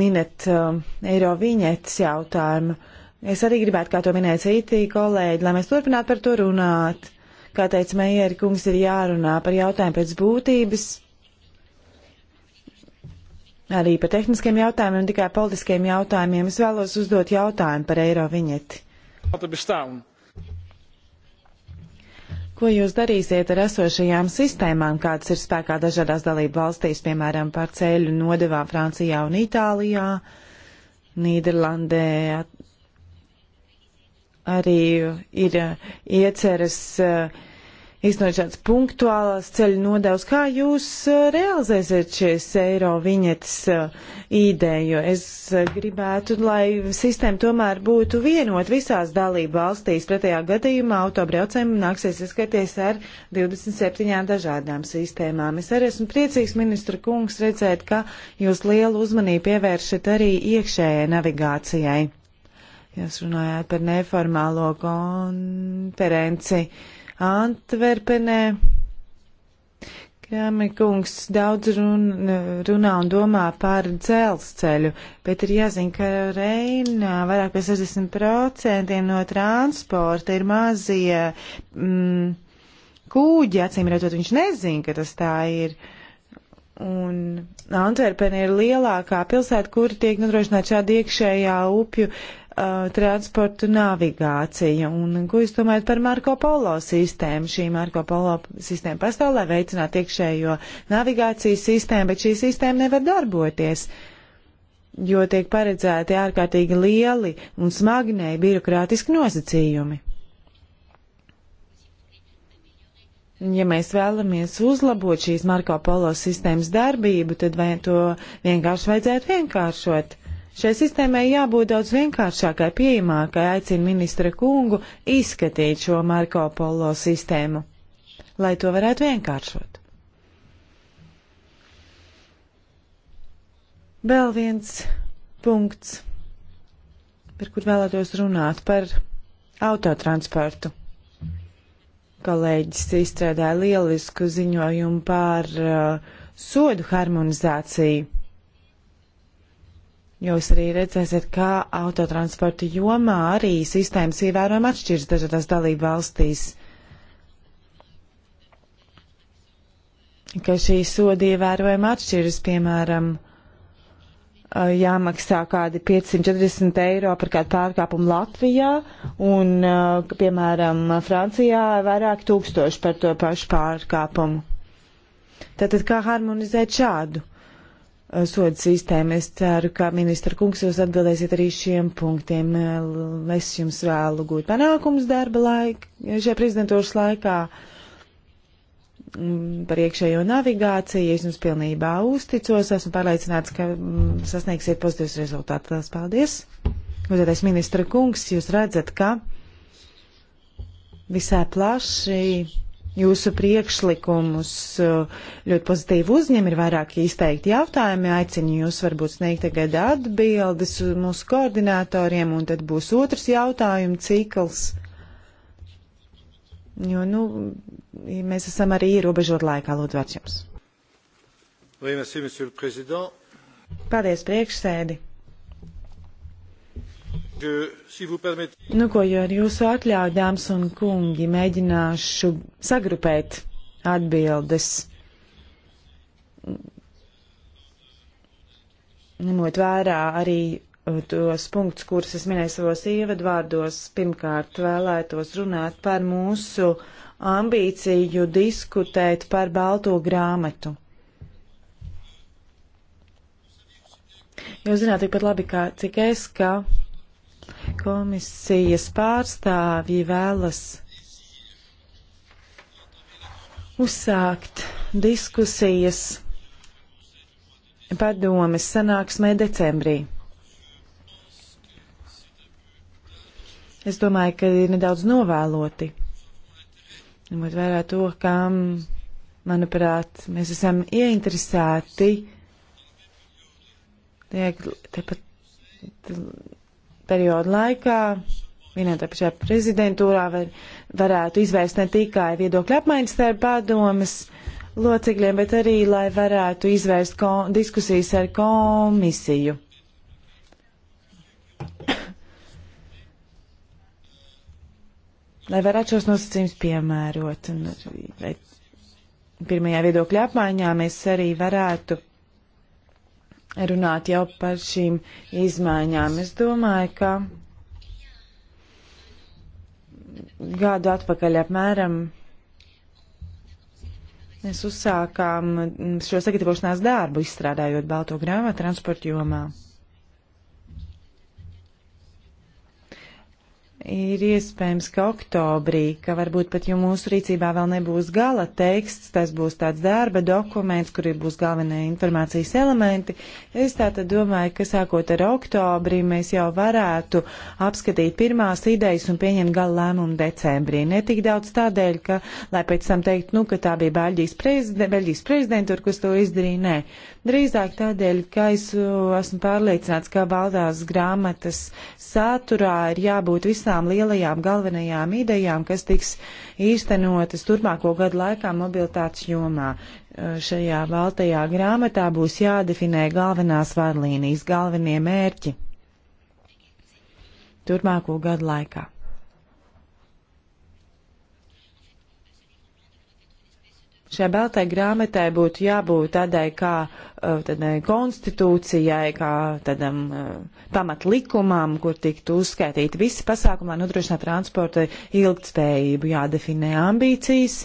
minēt um, eiro viņetes jautājumu. Es arī gribētu, kā to minēja citi kolēģi, lai mēs turpinātu par to runāt. Kā teica Meijeri, kungs ir jārunā par jautājumu pēc būtības arī par tehniskiem jautājumiem, tikai politiskiem jautājumiem. Es vēlos uzdot jautājumu par eiro viņeti. Ko jūs darīsiet ar esošajām sistēmām, kādas ir spēkā dažādās dalību valstīs, piemēram, par ceļu nodevām Francijā un Itālijā, Nīderlandē? Arī ir uh, ieceras uh, īstenot šāds punktuālās ceļu nodevs. Kā jūs eh, realizēsiet šīs eiro viņetes eh, ideju? Es eh, gribētu, lai sistēma tomēr būtu vienot visās dalību valstīs. Pretējā gadījumā autobraucējiem nāksies izskaties ar 27 dažādām sistēmām. Es arī esmu priecīgs, ministra kungs, redzēt, ka jūs lielu uzmanību pievēršat arī iekšējai navigācijai. Jūs runājāt par neformālo konferenci. Uh, Antverpenē. Jāmekungs daudz run, runā un domā par dzelzceļu, bet ir jāzina, ka Reinā vairāk par 60% no transporta ir mazie mm, kūģi, acīm redzot, viņš nezina, ka tas tā ir. Un Antverpena ir lielākā pilsēta, kur tiek nodrošināta šāda iekšējā upju uh, uh, transportu navigācija. Un ko jūs domājat par Marko Polo sistēmu? Šī Marko Polo sistēma pastāv, lai veicinātu iekšējo navigācijas sistēmu, bet šī sistēma nevar darboties, jo tiek paredzēti ārkārtīgi lieli un smagnēji birokrātiski nosacījumi. Ja mēs vēlamies uzlabot šīs Marko Polo sistēmas darbību, tad vai to vienkārši vajadzētu vienkāršot? Šai sistēmai jābūt daudz vienkāršākai, pieejamākai, aicina ministra kungu izskatīt šo Marko Polo sistēmu, lai to varētu vienkāršot. Vēl viens punkts, par kur vēlētos runāt, par autotransportu. Kolēģis izstrādāja lielisku ziņojumu par uh, sodu harmonizāciju Jūs arī redzēsiet, kā autotransporta jomā arī sistēmas ievērojami atšķiras dažādās dalību valstīs. Ka šī sodi ievērojami atšķiras, piemēram, jāmaksā kādi 540 eiro par kādu pārkāpumu Latvijā un, piemēram, Francijā vairāk tūkstoši par to pašu pārkāpumu. Tātad kā harmonizēt šādu? sodu sistēmu. Es ceru, ka ministra kungs jūs atbildēsiet arī šiem punktiem. Es jums vēlu gūt panākums darba laika, šajā prezidentūras laikā mm, par iekšējo navigāciju. Es jums pilnībā uzticos. Esmu pārliecināts, ka mm, sasniegsiet pozitīvus rezultātus. Lielas paldies! Uzētais ministra kungs, jūs redzat, ka visai plaši jūsu priekšlikumus eh, ļoti pozitīvi uzņem, ir vairāk izteikti jautājumi, aicinu jūs varbūt sniegt tagad atbildes mūsu koordinatoriem, un tad būs otrs jautājumu cikls. Jo, nu, mēs esam arī ierobežot laikā, lūdzu, vārds jums. Paldies, priekšsēdi. Nu, ko, jo ar jūsu atļauju, dāmas un kungi, mēģināšu sagrupēt atbildes. Ņemot vērā arī uh, tos punktus, kurus es minēju savos ievadvārdos, pirmkārt vēlētos runāt par mūsu ambīciju diskutēt par balto grāmatu. Jūs zināt tikpat labi kā cik es, ka Komisijas pārstāvji vēlas uzsākt diskusijas padomes sanāksmē decembrī. Es domāju, ka ir nedaudz novēloti. Ņemot vērā to, ka, manuprāt, mēs esam ieinteresēti tiek tepat periodu laikā vienotajā prezidentūrā var, varētu izvērst ne tikai viedokļu apmaiņas starp padomas locekļiem, bet arī, lai varētu izvērst kom, diskusijas ar komisiju. lai varētu šos nosacījumus piemērot. Un, pirmajā viedokļa apmaiņā mēs arī varētu runāt jau par šīm izmaiņām. Es domāju, ka gadu atpakaļ apmēram mēs uzsākām šo sagatavošanās darbu, izstrādājot balto grāmatu transporta jomā. Ir iespējams, ka oktobrī, ka varbūt pat jau mūsu rīcībā vēl nebūs gala teksts, tas būs tāds darba dokuments, kur būs galvenie informācijas elementi. Es tātad domāju, ka sākot ar oktobri mēs jau varētu apskatīt pirmās idejas un pieņemt gala lēmumu decembrī. Ne tik daudz tādēļ, ka, lai pēc tam teikt, nu, ka tā bija Beļģijas, prezide, Beļģijas prezidentūra, kas to izdarīja, nē. Drīzāk tādēļ, ka es uh, esmu pārliecināts, ka valdās grāmatas saturā ir jābūt visām visām lielajām galvenajām idejām, kas tiks īstenotas turpmāko gadu laikā mobilitātes jomā. Šajā baltajā grāmatā būs jādefinē galvenās vadlīnijas, galvenie mērķi turpmāko gadu laikā. Šai baltai grāmatai būtu jābūt tādai kā eh, tādai konstitūcijai, kā tādam eh, pamatlikumam, kur tiktu uzskaitīti visi pasākumi, lai nodrošinātu transporta ilgtspējību, jādefinē ambīcijas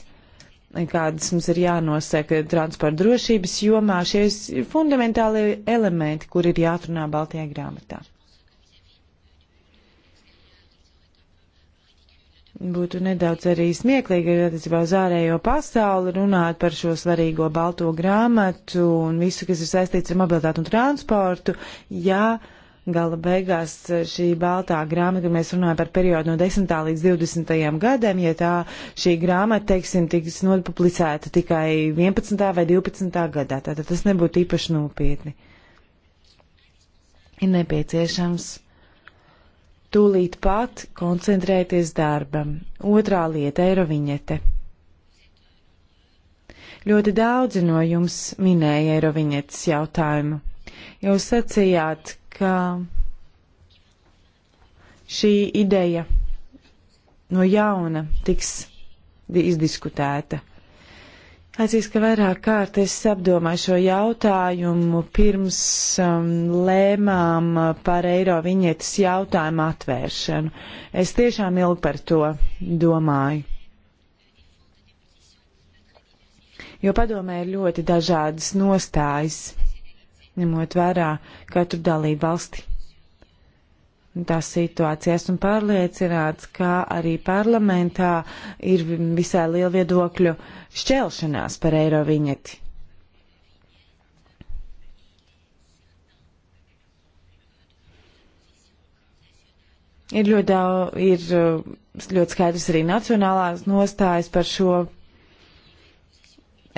kādas mums ir jānosaka transporta drošības jomā, šie fundamentālie elementi, kur ir jāatrunā Baltijā grāmatā. būtu nedaudz arī smieklīgi attiecībā uz ārējo pasauli runāt par šo svarīgo balto grāmatu un visu, kas ir saistīts ar mobilitātu un transportu, ja gala beigās šī baltā grāmata, kad mēs runājam par periodu no 10. līdz 20. gadam, ja tā šī grāmata, teiksim, tiks nopublicēta tikai 11. vai 12. gadā, tātad tas nebūtu īpaši nopietni. Ir nepieciešams tūlīt pat koncentrēties darbam. Otrā lieta - eiroviņete. Ļoti daudzi no jums minēja eiroviņetes jautājumu. Jūs sacījāt, ka šī ideja no jauna tiks izdiskutēta. Atzīst, ka vairāk kārt es apdomāju šo jautājumu pirms um, lēmām par eiro viņietas jautājumu atvēršanu. Es tiešām ilgi par to domāju. Jo padomē ir ļoti dažādas nostājas, ņemot vērā katru dalību valsti tās situācijas. Esmu pārliecināts, ka arī parlamentā ir visai liela viedokļu šķelšanās par eiro viņeti. Ir ļoti, daudz, ir uh, ļoti skaidrs arī nacionālās nostājas par šo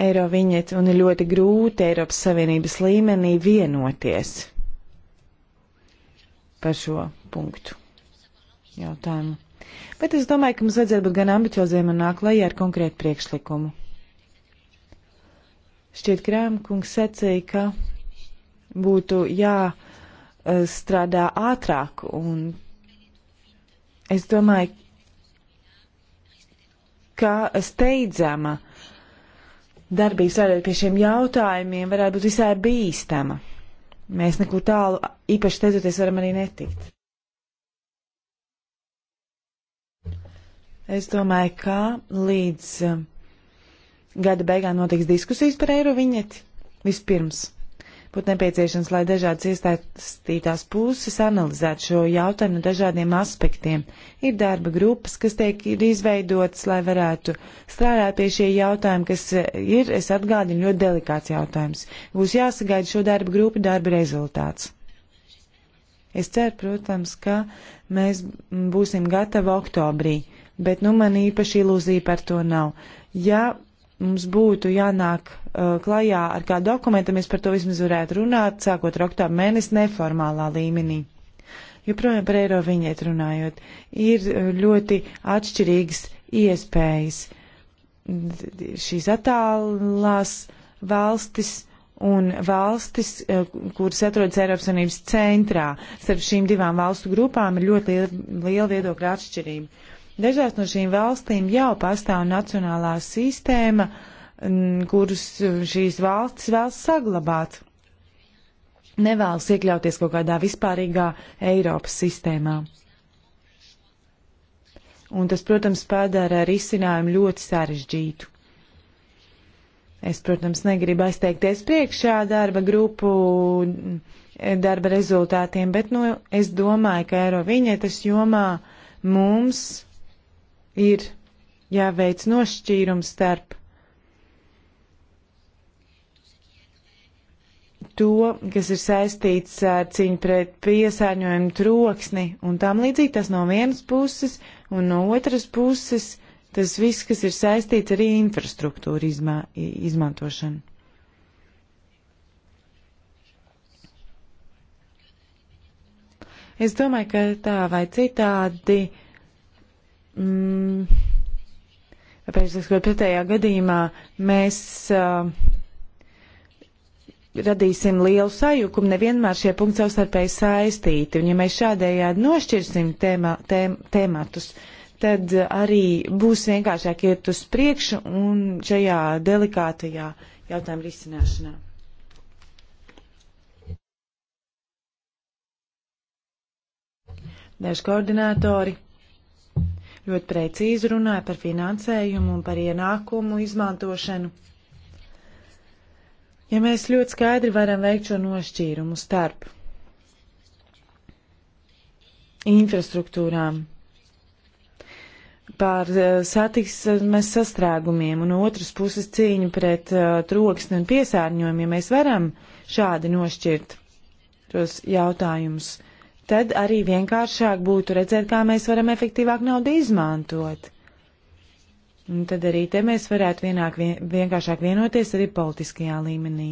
eiro viņeti un ir ļoti grūti Eiropas Savienības līmenī vienoties par šo punktu jautājumu. Bet es domāju, ka mums vajadzētu būt gan ambicioziem un nāk lejā ar konkrētu priekšlikumu. Šķiet, Krēmkungs secīja, ka būtu jāstrādā ātrāk, un es domāju, ka steidzama darbības strādāt pie šiem jautājumiem varētu būt visai bīstama. Mēs neko tālu īpaši steidzoties varam arī netikt. Es domāju, ka līdz eh, gada beigām notiks diskusijas par eiro viņeti vispirms. Būtu nepieciešams, lai dažādas iestāstītās puses analizētu šo jautājumu no dažādiem aspektiem. Ir darba grupas, kas tiek izveidotas, lai varētu strādāt pie šie jautājumi, kas eh, ir, es atgādinu, ļoti delikāts jautājums. Būs jāsagaida šo darba grupu darba rezultāts. Es ceru, protams, ka mēs būsim gatavi oktobrī bet nu man īpaši ilūzija par to nav. Ja mums būtu jānāk uh, klajā ar kādu dokumentu, mēs par to vismaz varētu runāt, sākot ar oktobru mēnesi neformālā līmenī. Joprojām par eiro viņiet runājot, ir uh, ļoti atšķirīgas iespējas. Šīs attālās valstis un valstis, uh, kuras atrodas Eiropas Savienības centrā. Starp šīm divām valstu grupām ir ļoti liela, liela viedokļa atšķirība. Dažās no šīm valstīm jau pastāv nacionālā sistēma, kurus uh, šīs valstis vēlas saglabāt. Nevēlas iekļauties kaut kādā vispārīgā Eiropas sistēmā. Un tas, protams, padara risinājumu ļoti sarežģītu. Es, protams, negribu aizteikties priekšā darba grupu darba rezultātiem, bet nu, es domāju, ka Eiroviņetas jomā mums ir jāveic nošķīrums starp to, kas ir saistīts ar cīņu pret piesārņojumu troksni un tam līdzīgi tas no vienas puses, un no otras puses tas viss, kas ir saistīts arī infrastruktūra izmā, izmantošanu. Es domāju, ka tā vai citādi uh, Mm, Tāpēc, ka pretējā gadījumā mēs uh, radīsim lielu sajukumu, nevienmēr šie punkti savstarpēji saistīti. Un ja mēs šādējādi nošķirsim tēma, tēm, tēmatus, tad arī būs vienkāršāk iet uz priekšu un šajā delikātajā jautājuma risināšanā. Daži koordinātori ļoti precīzi runāja par finansējumu un par ienākumu izmantošanu. Ja mēs ļoti skaidri varam veikt šo nošķīrumu starp infrastruktūrām, par eh, satiksmes sastrēgumiem un otras puses cīņu pret uh, troksni un piesārņojumu, ja mēs varam šādi nošķirt tos jautājumus tad arī vienkāršāk būtu redzēt, kā mēs varam efektīvāk naudu izmantot. Un tad arī te mēs varētu vienāk, vien, vienkāršāk vienoties arī politiskajā līmenī.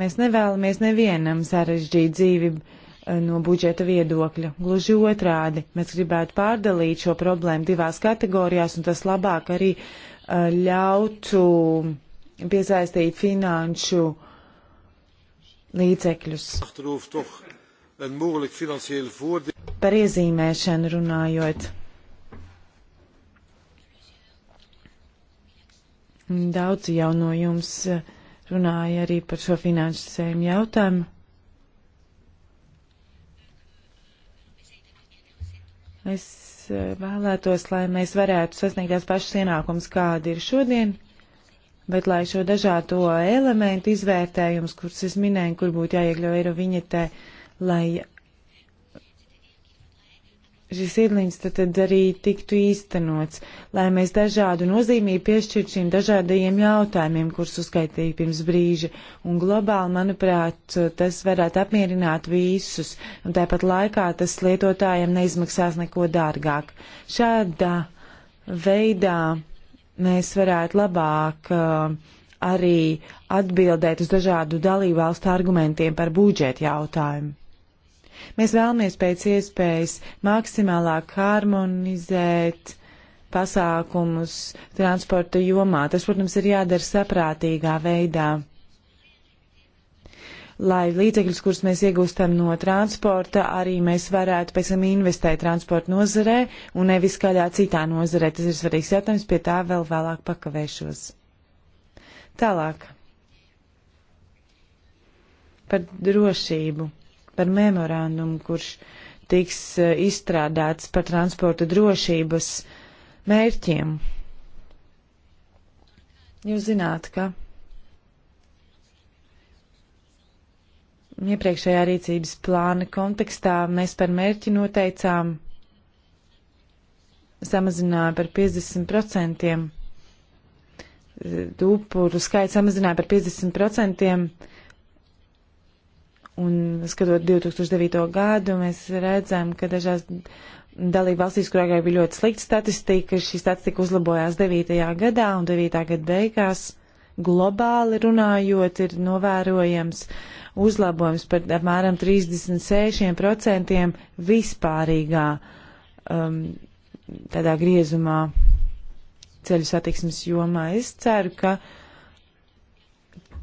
Mēs nevēlamies nevienam sarežģīt dzīvi eh, no budžeta viedokļa. Gluži otrādi, mēs gribētu pārdalīt šo problēmu divās kategorijās, un tas labāk arī eh, ļautu piesaistīt finanšu uh, līdzekļus. Par iezīmēšanu runājot. Daudzi jau no jums runāja arī par šo finansējumu jautājumu. Es eh, vēlētos, lai mēs varētu sasniegt tās pašas ienākums, kādi ir šodien. Bet, lai šo dažādo elementu izvērtējums, kurus es minēju, kur būtu jāiekļau eiro viņetē, lai šis iedliņš tad, tad arī tiktu īstenots, lai mēs dažādu nozīmību piešķirtu šīm dažādajiem jautājumiem, kurus uzskaitīju pirms brīža. Un globāli, manuprāt, tas varētu apmierināt visus, un tāpat laikā tas lietotājiem neizmaksās neko dārgāk. Šādā veidā mēs varētu labāk uh, arī atbildēt uz dažādu dalībvalstu argumentiem par budžeta jautājumu. Mēs vēlamies pēc iespējas maksimālāk harmonizēt pasākumus transporta jomā. Tas, protams, ir jādara saprātīgā veidā lai līdzekļus, kurus mēs iegūstam no transporta, arī mēs varētu pēc tam investēt transporta nozarē un nevis kādā citā nozarē. Tas ir svarīgs jautājums, pie tā vēl vēlāk pakavēšos. Tālāk. Par drošību, par memorandumu, kurš tiks eh, izstrādāts par transporta drošības mērķiem. Jūs zināt, ka Iepriekšējā rīcības plāna kontekstā mēs par mērķi noteicām samazināja par 50%, eh, upuru skaits samazināja par 50%, un skatot 2009. gadu, mēs redzam, ka dažās dalību valstīs, kur agrāk bija ļoti slikta statistika, šī statistika uzlabojās 9. gadā un 9. gada beigās globāli runājot, ir novērojams uzlabojums par apmēram 36% vispārīgā um, tādā griezumā ceļu satiksmes jomā. Es ceru, ka uh,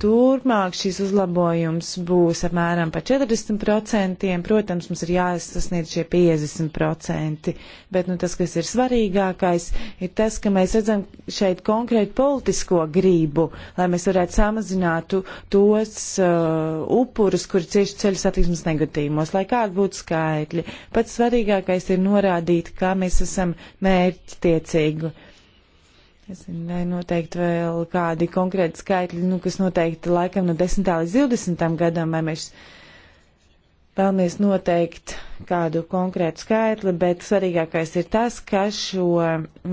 Turpmāk šīs uzlabojums būs apmēram par 40%, protams, mums ir jāsasniedz šie 50%, bet nu, tas, kas ir svarīgākais, ir tas, ka mēs redzam šeit konkrētu politisko grību, lai mēs varētu samazināt tos uh, upurus, kuri cieši ceļu satiksmes negadījumos, lai kādi būtu skaitļi. Pats svarīgākais ir norādīt, kā mēs esam mērķtiecīgi Es zinu, vai noteikti vēl kādi konkrēti skaitļi, nu, kas noteikti laikam no 10. līdz 20. gadam, vai mēs vēlamies noteikt kādu konkrētu skaitli, bet svarīgākais ir tas, ka šo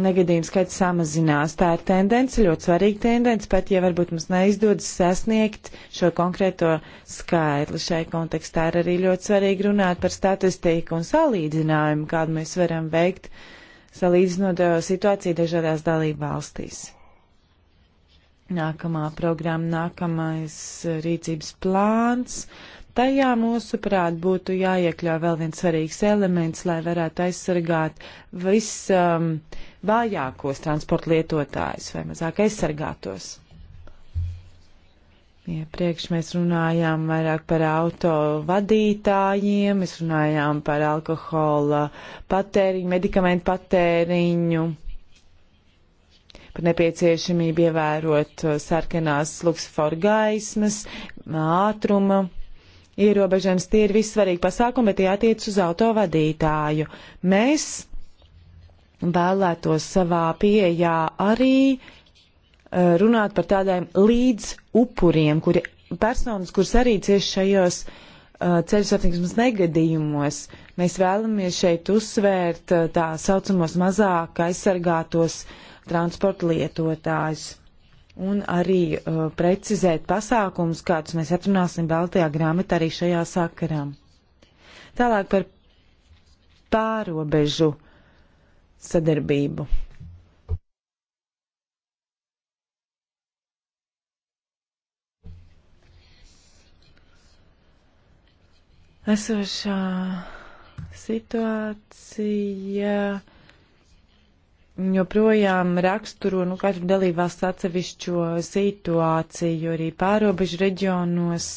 negadījumu skaits samazinās. Tā ir tendence, ļoti svarīga tendence, pat ja varbūt mums neizdodas sasniegt šo konkrēto skaitli. Šai kontekstā ir arī ļoti svarīgi runāt par statistiku un salīdzinājumu, kādu mēs varam veikt. Uh, salīdzinot situāciju dažādās dalību valstīs. Nākamā programma, nākamais rīcības plāns. Tajā mūsuprāt būtu jāiekļauj vēl viens svarīgs elements, lai varētu aizsargāt visvājākos um, transporta lietotājus vai mazāk aizsargātos. Iepriekš ja mēs runājām vairāk par auto vadītājiem, mēs runājām par alkohola patēriņu, medikamentu patēriņu, par nepieciešamību ievērot uh, sarkanās luksfor gaismas, ātruma ierobežojums. Tie ir vissvarīgi pasākumi, bet tie attiec uz auto vadītāju. Mēs vēlētos savā pieejā arī uh, runāt par tādām līdz upuriem, kuri personas, kuras arī cieši šajos uh, ceļu satiksmes negadījumos. Mēs vēlamies šeit uzsvērt uh, tā saucamos mazāk aizsargātos transporta lietotājus un arī uh, precizēt pasākums, kādus mēs atrunāsim Baltajā grāmatā arī šajā sakarā. Tālāk par pārobežu sadarbību. esošā situācija joprojām raksturo nu, katru dalībvalstu atsevišķo situāciju, arī pārobežu reģionos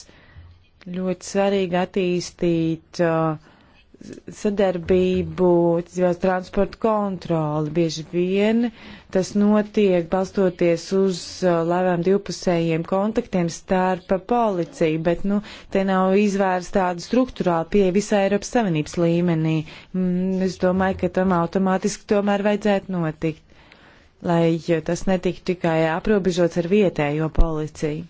ļoti svarīgi attīstīt uh, sadarbību, cilvēks transporta kontroli. Bieži vien tas notiek balstoties uz uh, labām divpusējiem kontaktiem starp policiju, bet, nu, te nav izvērsta tāda struktūrāla pieeja visā Eiropas Savienības līmenī. Mm, es domāju, ka tam automātiski tomēr vajadzētu notikt, lai uh, tas netiktu tikai aprobežots ar vietējo policiju.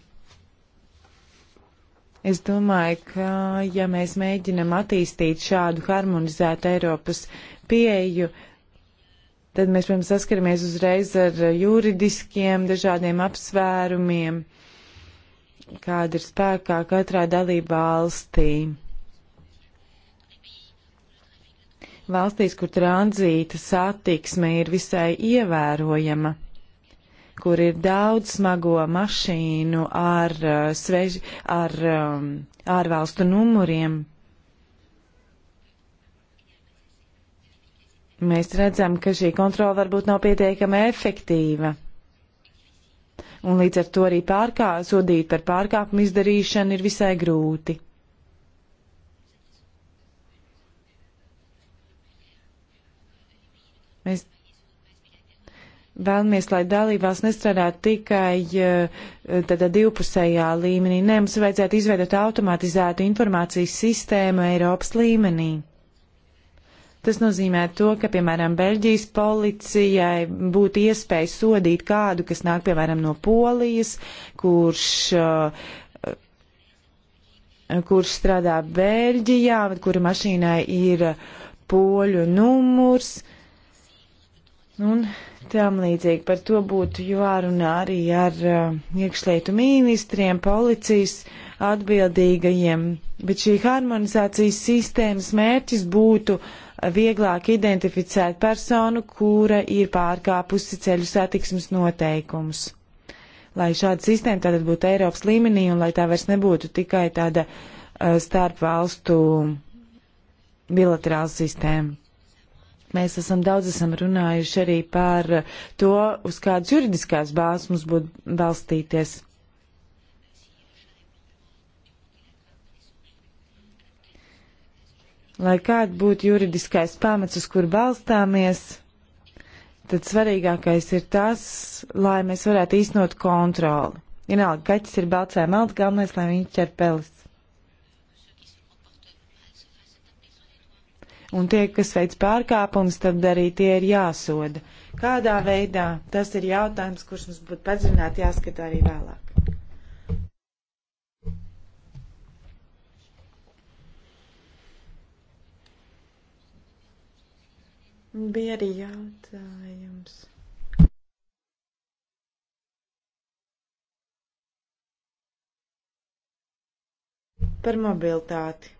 Es domāju, ka ja mēs mēģinam attīstīt šādu harmonizētu Eiropas pieeju, tad mēs, protams, saskaramies uzreiz ar juridiskiem dažādiem apsvērumiem, kāda ir spēkā katrā dalība valstī. Valstīs, kur tranzīta satiksme ir visai ievērojama kur ir daudz smago mašīnu ar, uh, svež, ar um, ārvalstu numuriem. Mēs redzam, ka šī kontrola varbūt nav pietiekama efektīva. Un līdz ar to arī pārkā, sodīt par pārkāpumu izdarīšanu ir visai grūti. Mēs vēlamies, lai dalībās nestrādātu tikai eh, tādā divpusējā līmenī. Nē, mums vajadzētu izveidot automatizētu informācijas sistēmu Eiropas līmenī. Tas nozīmē to, ka, piemēram, Beļģijas policijai būtu iespēja sodīt kādu, kas nāk, piemēram, no Polijas, kurš uh, kurš strādā Bēļģijā, kura mašīnai ir poļu numurs. Un tam līdzīgi. Par to būtu jārunā arī ar uh, iekšlietu ministriem, policijas atbildīgajiem. Bet šī harmonizācijas sistēmas mērķis būtu vieglāk identificēt personu, kura ir pārkāpusi ceļu satiksmes noteikumus. Lai šāda sistēma tātad būtu Eiropas līmenī un lai tā vairs nebūtu tikai tāda uh, starp valstu bilaterāla sistēma. Mēs esam daudz esam runājuši arī par to, uz kādas juridiskās bāzes mums būtu balstīties. Lai kāda būtu juridiskais pamats, uz kur balstāmies, tad svarīgākais ir tas, lai mēs varētu īstenot kontroli. Vienalga, kaķis ir balts vai melts, galvenais, lai viņš ķer pelis. un tie, kas veids pārkāpums, tad arī tie ir jāsoda. Kādā veidā tas ir jautājums, kurš mums būtu padziļināti jāskatā arī vēlāk. Bija arī jautājums. Par mobilitāti.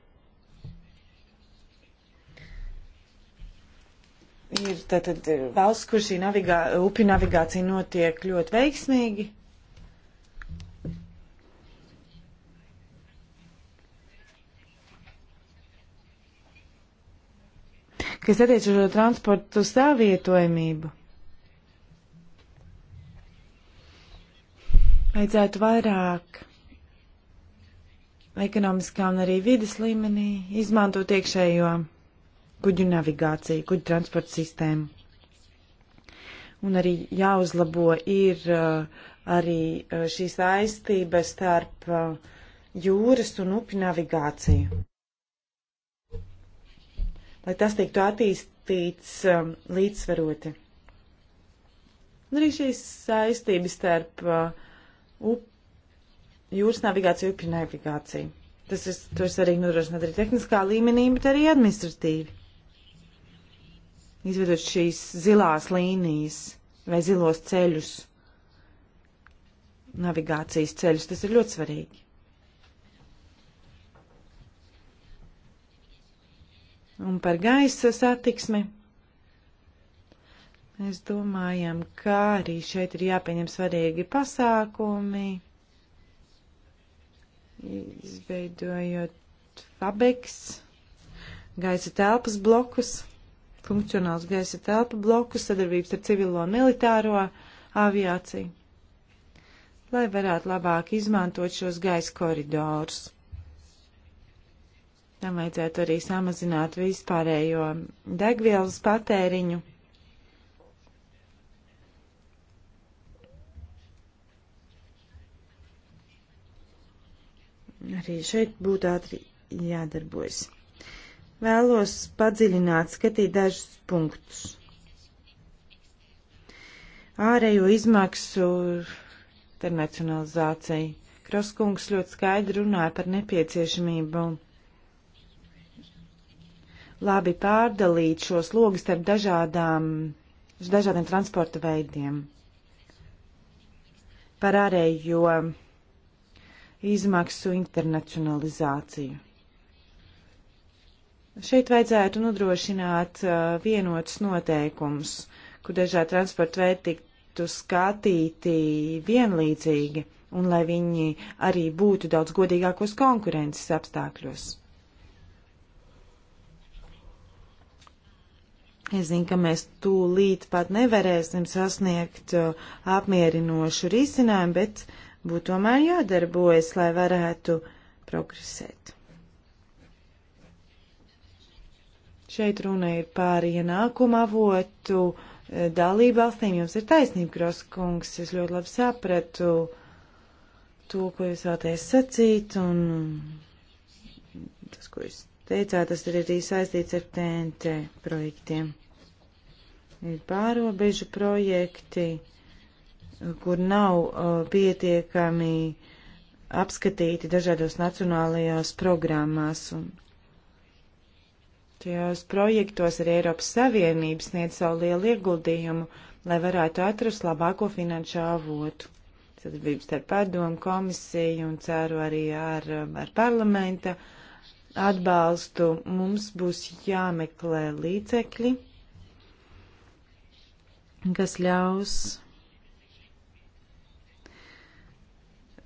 ir tātad e, valsts, kur šī navigā, upju navigācija notiek ļoti veiksmīgi. Kas attiec uz transportu savietojamību? Vajadzētu vairāk ekonomiskā un arī vidas līmenī izmantot iekšējo kuģu navigāciju, kuģu transporta sistēmu. Un arī jāuzlabo ir uh, arī uh, šī saistība starp uh, jūras un upju navigāciju. Lai tas tiktu attīstīts um, līdzsvaroti. Un arī šīs saistības starp up, jūras navigāciju, upju navigāciju. Tas ir, to es arī nodrošinu arī tehniskā līmenī, bet arī administratīvi izvedot šīs zilās līnijas vai zilos ceļus, navigācijas ceļus. Tas ir ļoti svarīgi. Un par gaisa satiksmi. Mēs domājam, kā arī šeit ir jāpieņem svarīgi pasākumi, izveidojot fabeks, gaisa telpas blokus funkcionāls gaisa telpu bloku sadarbības ar civilo un militāro aviāciju, lai varētu labāk izmantot šos gaisa koridorus. Tam vajadzētu arī samazināt vispārējo degvielas patēriņu. Arī šeit būtu ātri jādarbojas. Vēlos padziļināt, skatīt dažus punktus. Ārējo izmaksu internacionalizācija. Kroskungs ļoti skaidri runāja par nepieciešamību labi pārdalīt šos logus starp dažādām, dažādiem transporta veidiem. Par ārējo izmaksu internacionalizāciju. Šeit vajadzētu nodrošināt uh, vienotus noteikumus, kur dažādi transporta veidi tiktu skatīti vienlīdzīgi un lai viņi arī būtu daudz godīgākos konkurences apstākļos. Es zinu, ka mēs tūlīt pat nevarēsim sasniegt uh, apmierinošu risinājumu, bet būtu tomēr jādarbojas, lai varētu progresēt. Šeit runa ir par ienākumu avotu e, dalību valstīm. Jums ir taisnība, Groskungs. Es ļoti labi sapratu to, ko jūs vēlaties sacīt, un tas, ko jūs teicāt, tas ir arī saistīts ar TNT projektiem. Ir pārobežu projekti, kur nav uh, pietiekami apskatīti dažādos nacionālajās programmās, un Šajos projektos arī Eiropas Savienības sniedz savu lielu ieguldījumu, lai varētu atrast labāko finanšu avotu. Sadarbības starp padomu komisiju un ceru arī ar, ar parlamenta atbalstu mums būs jāmeklē līdzekļi, kas ļaus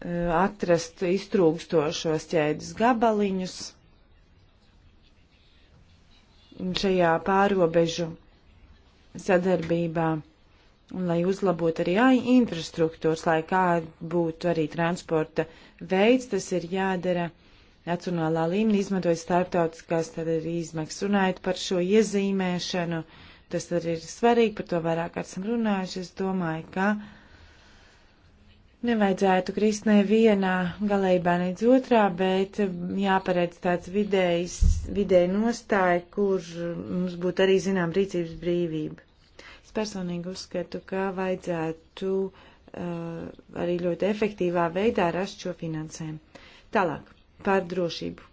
eh, atrast iztrūkstošos ķēdes gabaliņus šajā pārobežu sadarbībā, un lai uzlabotu arī infrastruktūras, lai kā būtu arī transporta veids, tas ir jādara nacionālā līmenī, izmantojot starptautiskās tad arī izmaksas. Runājot par šo iezīmēšanu, tas arī ir svarīgi, par to vairāk esam runājuši. Es domāju, ka nevajadzētu krist nevienā galībā, nec otrā, bet jāparedz tāds vidējs, vidēji nostāja, kur mums būtu arī zinām rīcības brīvība. Es personīgi uzskatu, ka vajadzētu uh, arī ļoti efektīvā veidā rast šo finansējumu. Tālāk par drošību,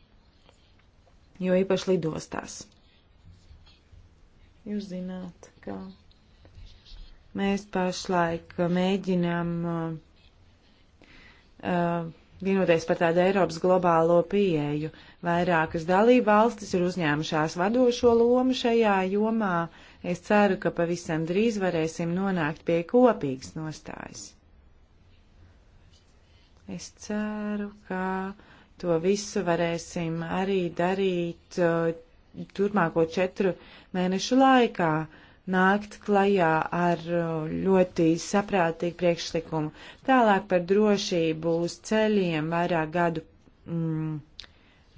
jo īpaši lidostās. Jūs zināt, ka mēs pašlaik mēģinām uh, uh, vienoties par tādu Eiropas globālo pieeju. Vairākas dalība valstis ir uzņēmušās vadošo lomu šajā jomā. Es ceru, ka pavisam drīz varēsim nonākt pie kopīgas nostājas. Es ceru, ka to visu varēsim arī darīt uh, turpmāko četru mēnešu laikā. Uh, nākt klajā ar uh, ļoti saprātīgu priekšlikumu. Tālāk par drošību uz ceļiem vairāk gadu mm,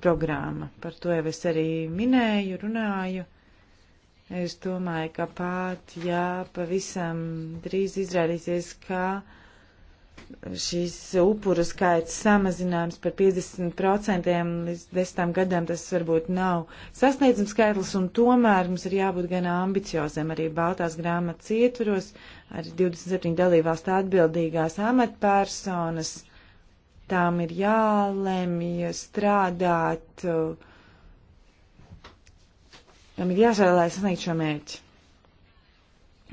programma. Par to jau es arī minēju, runāju. Es domāju, ka pat, jā, pavisam drīz izrādīsies, ka uh, šīs upuru skaits samazinājums par 50% līdz 10 gadiem, tas varbūt nav sasniedzams skaitlis, un tomēr mums ir jābūt gan ambicioziem arī Baltās grāmatas ietvaros, arī 27 dalībvalstu atbildīgās amatpersonas, tām ir jālemj strādāt, uh, tam ir jāžēlē sasniegt šo mērķi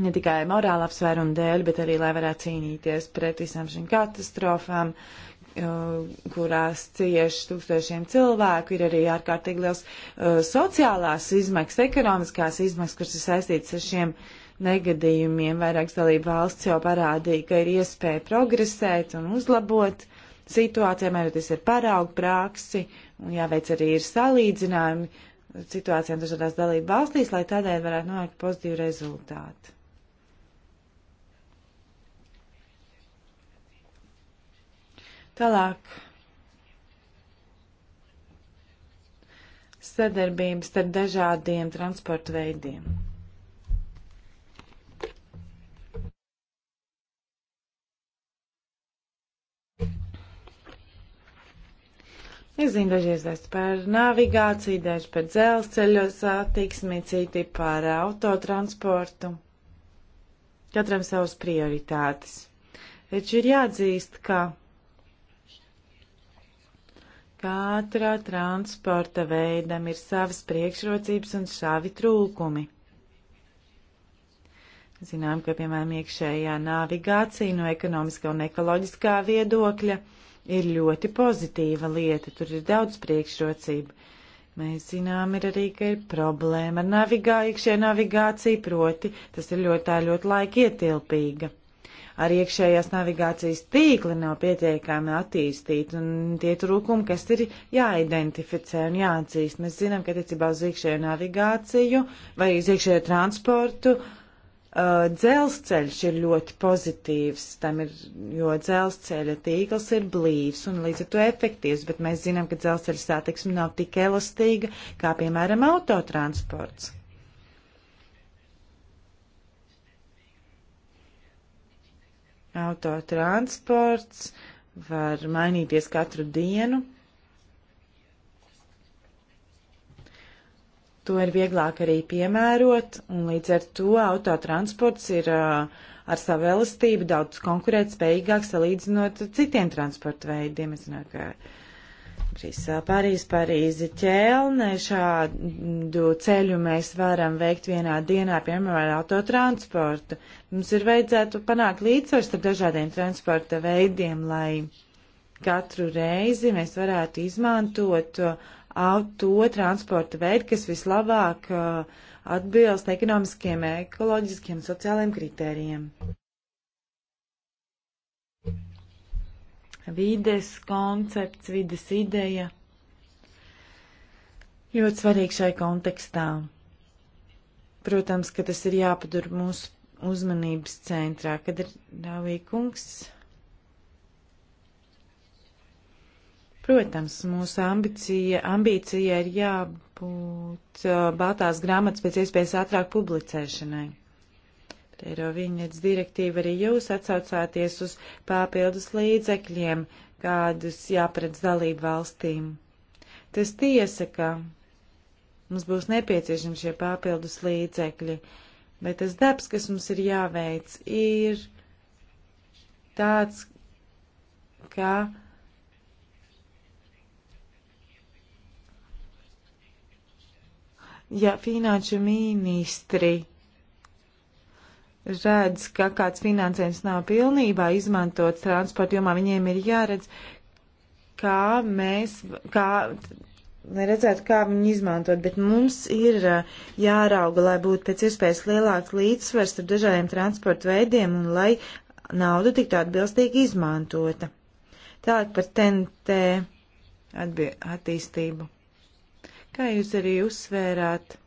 ne tikai morāla apsvērumu dēļ, bet arī, lai varētu cīnīties pret visām šīm katastrofām, uh, kurās cieš tūkstošiem cilvēku, ir arī ārkārtīgi liels uh, sociālās izmaksas, ekonomiskās izmaksas, kuras ir saistītas ar šiem negadījumiem. Vairākas dalība valsts jau parādīja, ka ir iespēja progresēt un uzlabot situācijām, arī tas ir paraugu praksi, un jāveic arī ir salīdzinājumi situācijām dažādās dalību valstīs, lai tādēļ varētu nonākt pozitīvu rezultātu. Tālāk. Sadarbības starp dažādiem transporta veidiem. Es zinu, dažreiz es par navigāciju, daži par dzelzceļu satiksmi, citi par autotransportu. Katram savas prioritātes. Taču ir jāatzīst, ka Katrā transporta veidam ir savas priekšrocības un savi trūkumi. Zinām, ka, piemēram, iekšējā navigācija no ekonomiskā un ekoloģiskā viedokļa ir ļoti pozitīva lieta, tur ir daudz priekšrocību. Mēs zinām, ir arī, ka ir problēma ar navigā, iekšējā navigāciju, proti tas ir ļoti tā ļoti laika ietilpīga arī iekšējās navigācijas tīkli nav pietiekami attīstīti, un tie trūkumi, kas ir jāidentificē un jāatzīst. Mēs zinām, ka attiecībā uz iekšējo navigāciju vai uz iekšējo transportu uh, dzelzceļš ir ļoti pozitīvs, tam ir, jo dzelzceļa tīkls ir blīvs un līdz ar to efektīvs, bet mēs zinām, ka dzelzceļa satiksme nav tik elastīga kā, piemēram, autotransports. Autotransports var mainīties katru dienu. To ir vieglāk arī piemērot, un līdz ar to autotransports ir uh, ar savu elastību daudz konkurētspējīgāk salīdzinot citiem transporta veidiem. Es zinu, ka uh, Brisele, Parīze, Parīze, Ķelne. Šādu ceļu mēs varam veikt vienā dienā, piemēram, ar autotransportu. Mums ir vajadzētu panākt līdzsvars ar dažādiem transporta veidiem, lai katru reizi mēs varētu izmantot to transporta veidu, kas vislabāk atbilst ekonomiskiem, ekoloģiskiem, sociāliem kritērijiem. vides koncepts, vides ideja. Ļoti svarīgi šai kontekstā. Protams, ka tas ir jāpadur mūsu uzmanības centrā, kad ir Rāvīkungs. Protams, mūsu ambicija, ambīcija ir jābūt uh, Baltās grāmatas pēc iespējas ātrāk publicēšanai. Eiro viņas direktīva arī jūs atsaucāties uz papildus līdzekļiem, kādus jāparedz dalību valstīm. Tas tiesa, ka mums būs nepieciešami šie papildus līdzekļi, bet tas darbs, kas mums ir jāveic, ir tāds, ka ja finanšu ministri redz, ka kāds finansējums nav pilnībā izmantots transporta jomā, viņiem ir jāredz, kā mēs, kā, lai redzētu, kā viņi izmantot, bet mums ir uh, jārauga, lai būtu pēc iespējas lielāks līdzsvers ar dažādiem transporta veidiem un lai nauda tiktu atbilstīgi izmantota. Tālāk par TNT attīstību. Kā jūs arī uzsvērāt?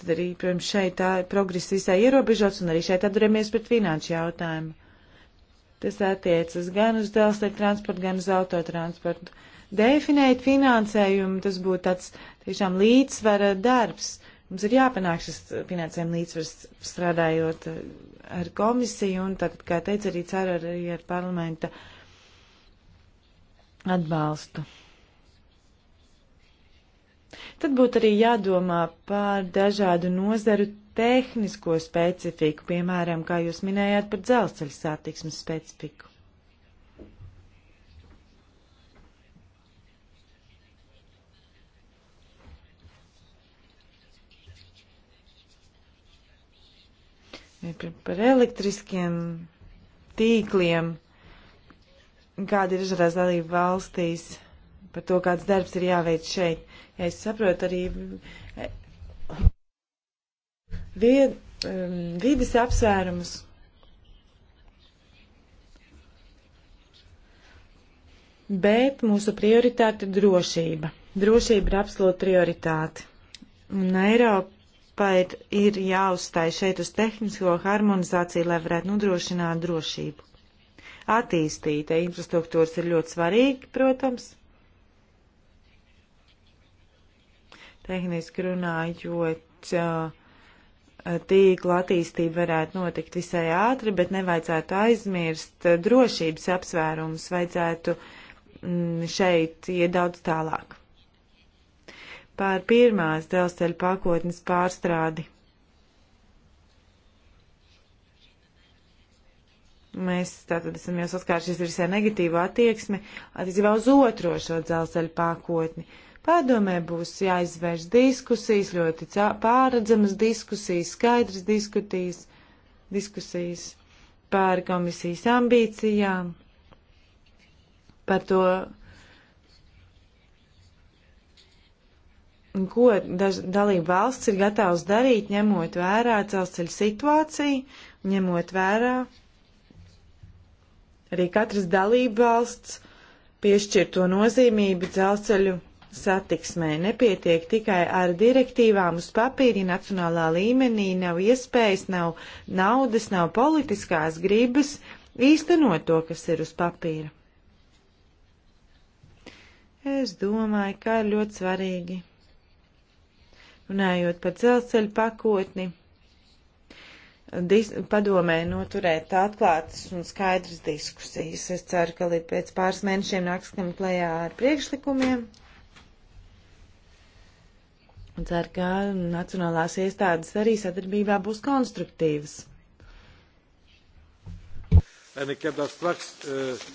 Tad arī, protams, šeit tā progress visai ierobežots un arī šeit atduramies pret finanšu jautājumu. Tas attiecas gan uz dzelzceļa transportu, gan uz autotransportu. Definēt finansējumu, tas būtu tāds tiešām līdzsvara darbs. Mums ir jāpanāk šis finansējuma līdzsvars strādājot ar komisiju un, tad, kā teicu, arī ceru arī ar parlamenta atbalstu. Tad būtu arī jādomā par dažādu nozaru tehnisko specifiku, piemēram, kā jūs minējāt par dzelzceļa satiksmes specifiku. Par elektriskiem tīkliem, kāda ir dažādās dalību valstīs, par to, kāds darbs ir jāveic šeit. Es saprotu arī vied, um, vidas apsvērumus. Bet mūsu prioritāte ir drošība. Drošība ir absolūta prioritāte. Un Eiropai ir, ir jāuzstāj šeit uz tehnisko harmonizāciju, lai varētu nodrošināt drošību. Attīstīta infrastruktūras ir ļoti svarīga, protams. tehniski runājot, tīkla attīstība varētu notikt visai ātri, bet nevajadzētu aizmirst drošības apsvērumus, vajadzētu mm, šeit iet daudz tālāk. Pār pirmās dzelzceļa pakotnes pārstrādi. Mēs tātad esam jau saskārušies ar visai negatīvu attieksmi attiecībā uz otro šo dzelzceļa pakotni. Uh, Padomē būs jāizvērš diskusijas, ļoti pāredzamas diskusijas, skaidras diskutīs, diskusijas par komisijas ambīcijām, par to, ko daž, dalība valsts ir gatavs darīt, ņemot vērā dzelzceļa situāciju, ņemot vērā arī katras dalība valsts piešķirto nozīmību dzelzceļu satiksmē. Nepietiek tikai ar direktīvām uz papīri nacionālā līmenī, nav iespējas, nav naudas, nav politiskās gribas īstenot to, kas ir uz papīra. Es domāju, kā ir ļoti svarīgi. Runājot par dzelzceļu pakotni, dis, padomē noturēt atklātas un skaidras diskusijas. Es ceru, ka līdz pēc pāris mēnešiem nāks kam klajā ar priekšlikumiem. Un ceru, ka nacionālās iestādes arī sadarbībā būs konstruktīvas. En ik heb daar straks, uh, eh,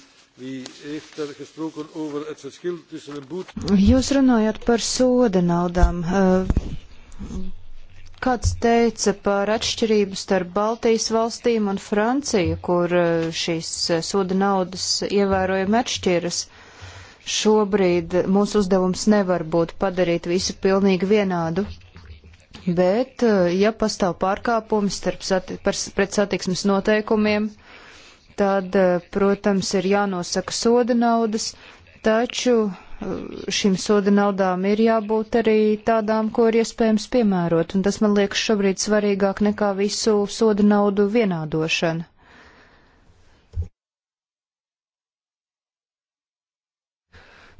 wie heeft er gesproken over het verschil tussen een boete... Jūs runājat par soda naudām. Uh, kāds teica par atšķirību starp Baltijas valstīm un Franciju, kur uh, šīs soda naudas ievērojami atšķiras. Uh, Šobrīd mūsu uzdevums nevar būt padarīt visu pilnīgi vienādu, bet, eh, ja pastāv pārkāpumi sati pret satiksmes noteikumiem, tad, eh, protams, ir jānosaka soda naudas, taču eh, šīm soda naudām ir jābūt arī tādām, ko ir iespējams piemērot, un tas man liekas šobrīd svarīgāk nekā visu soda naudu vienādošana.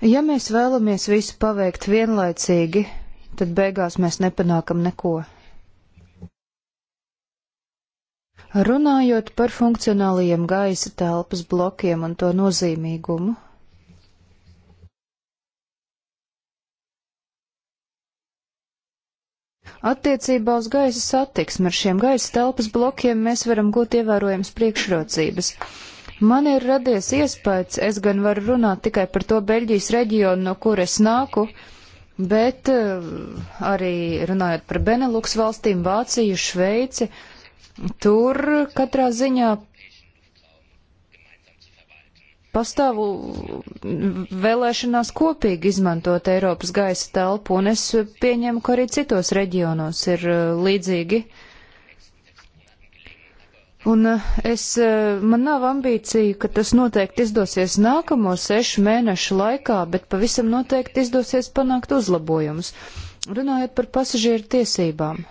Ja mēs vēlamies visu paveikt vienlaicīgi, tad beigās mēs nepanākam neko. Runājot par funkcionālajiem gaisa telpas blokiem un to nozīmīgumu, Attiecībā uz gaisa satiksmi ar šiem gaisa telpas blokiem mēs varam gūt ievērojams priekšrocības. Man ir radies iespējas, es gan varu runāt tikai par to Beļģijas reģionu, no kur es nāku, bet eh, arī runājot par Beneluks valstīm, Vāciju, Šveici, tur katrā ziņā pastāv vēlēšanās kopīgi izmantot Eiropas gaisa telpu, un es pieņemu, ka arī citos reģionos ir eh, līdzīgi. Uh, Un eh, es, eh, man nav ambīciju, ka tas noteikti izdosies nākamo sešu mēnešu laikā, bet pavisam noteikti izdosies panākt uzlabojumus. Runājot par pasažieru tiesībām.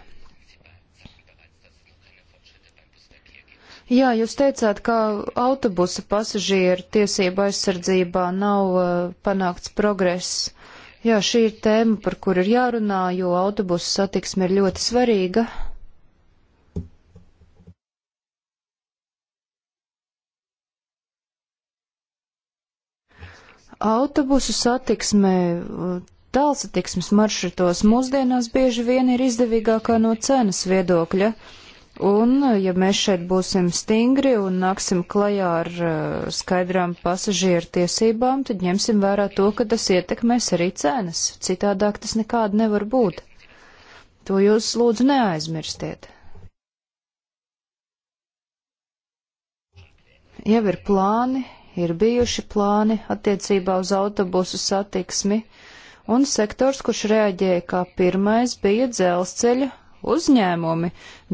Jā, jūs teicāt, ka autobusa pasažieru tiesība aizsardzībā nav uh, panākts progress. Jā, šī ir tēma, par kur ir jārunā, jo autobusa satiksme ir ļoti svarīga. Uh, Autobusu satiksmē tālsatiksmes maršrutos mūsdienās bieži vien ir izdevīgākā no cenas viedokļa. Un, ja mēs šeit būsim stingri un nāksim klajā ar uh, skaidrām pasažieru tiesībām, tad ņemsim vērā to, ka tas ietekmēs arī cenas. Citādāk tas nekādi nevar būt. To jūs lūdzu neaizmirstiet. Jau ir plāni, ir bijuši plāni attiecībā uz autobusu satiksmi, un sektors, kurš reaģēja kā pirmais, bija dzelzceļa uzņēmumi.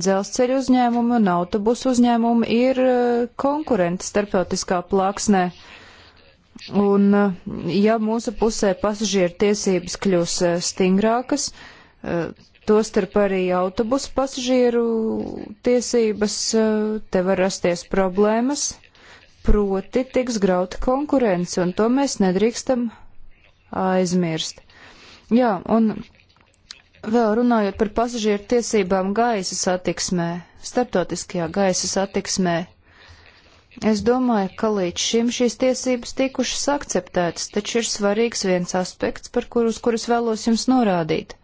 Dzelzceļa uzņēmumi un autobusu uzņēmumi ir e, konkurenti starptautiskā plāksnē. Un, e, ja mūsu pusē pasažieru tiesības kļūs e, stingrākas, tostarp arī autobusu pasažieru tiesības, te var rasties problēmas proti tiks grauta konkurence, un to mēs nedrīkstam aizmirst. Jā, un vēl runājot par pasažieru tiesībām gaisa satiksmē, starptautiskajā gaisa satiksmē, es domāju, ka līdz šim šīs tiesības tikušas akceptētas, taču ir svarīgs viens aspekts, par kurus, kurus vēlos jums norādīt.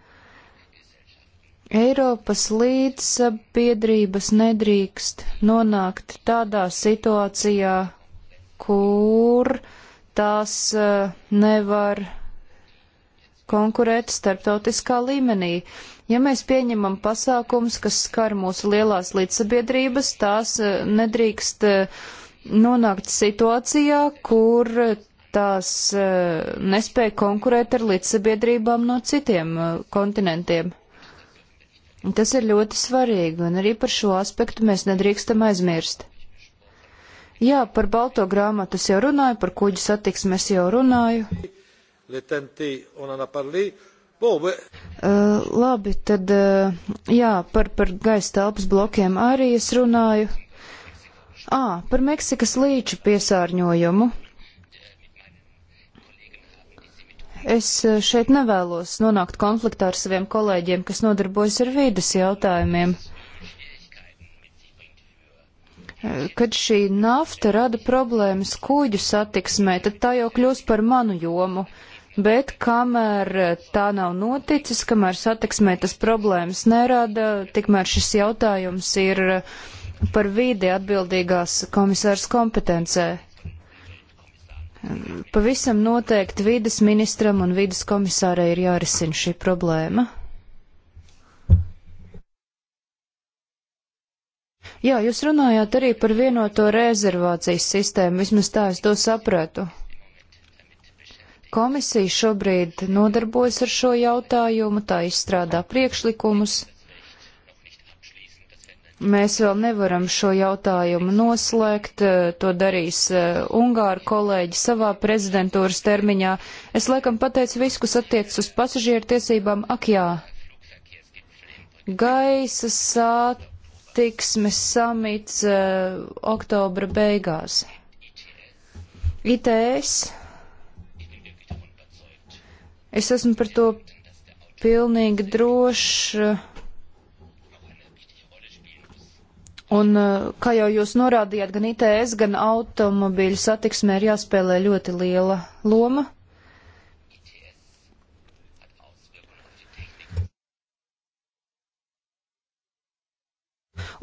Eiropas līdzsabiedrības nedrīkst nonākt tādā situācijā, kur tās eh, nevar konkurēt starptautiskā līmenī. Ja mēs pieņemam pasākums, kas skar mūsu lielās līdzsabiedrības, tās eh, nedrīkst eh, nonākt situācijā, kur tās nespēja konkurēt ar līdzsabiedrībām no citiem kontinentiem. Tas ir ļoti svarīgi, un arī par šo aspektu mēs nedrīkstam aizmirst. Jā, par balto grāmatu es jau runāju, par kuģu satiksmi es jau runāju. Uh, labi, tad uh, jā, par, par gaisa telpas blokiem arī es runāju. Ā, par Meksikas līču piesārņojumu. Es eh, šeit nevēlos nonākt konfliktā ar saviem kolēģiem, kas nodarbojas ar vīdes jautājumiem. Eh, kad šī nafta rada problēmas kuģu satiksmē, tad tā jau kļūst par manu jomu. Bet kamēr eh, tā nav noticis, kamēr satiksmē tas problēmas nerada, tikmēr šis jautājums ir par vīdi atbildīgās komisārs kompetencē. Pavisam noteikti vidas ministram un vidas komisārai ir jārisina šī problēma. Jā, jūs runājāt arī par vienoto rezervācijas sistēmu, vismaz tā es to sapratu. Komisija šobrīd nodarbojas ar šo jautājumu, tā izstrādā priekšlikumus. Mēs vēl nevaram šo jautājumu noslēgt, eh, to darīs eh, Ungāru kolēģi savā prezidentūras termiņā. Es laikam pateicu visu, kas attiecas uz pasažieru tiesībām. Ak jā, gaisa satiksmes samits uh, oktobra beigās. ITS. Es esmu par to pilnīgi drošs. Uh, Un, eh, kā jau jūs norādījāt, gan ITS, gan automobīļu satiksmē ir jāspēlē ļoti liela loma.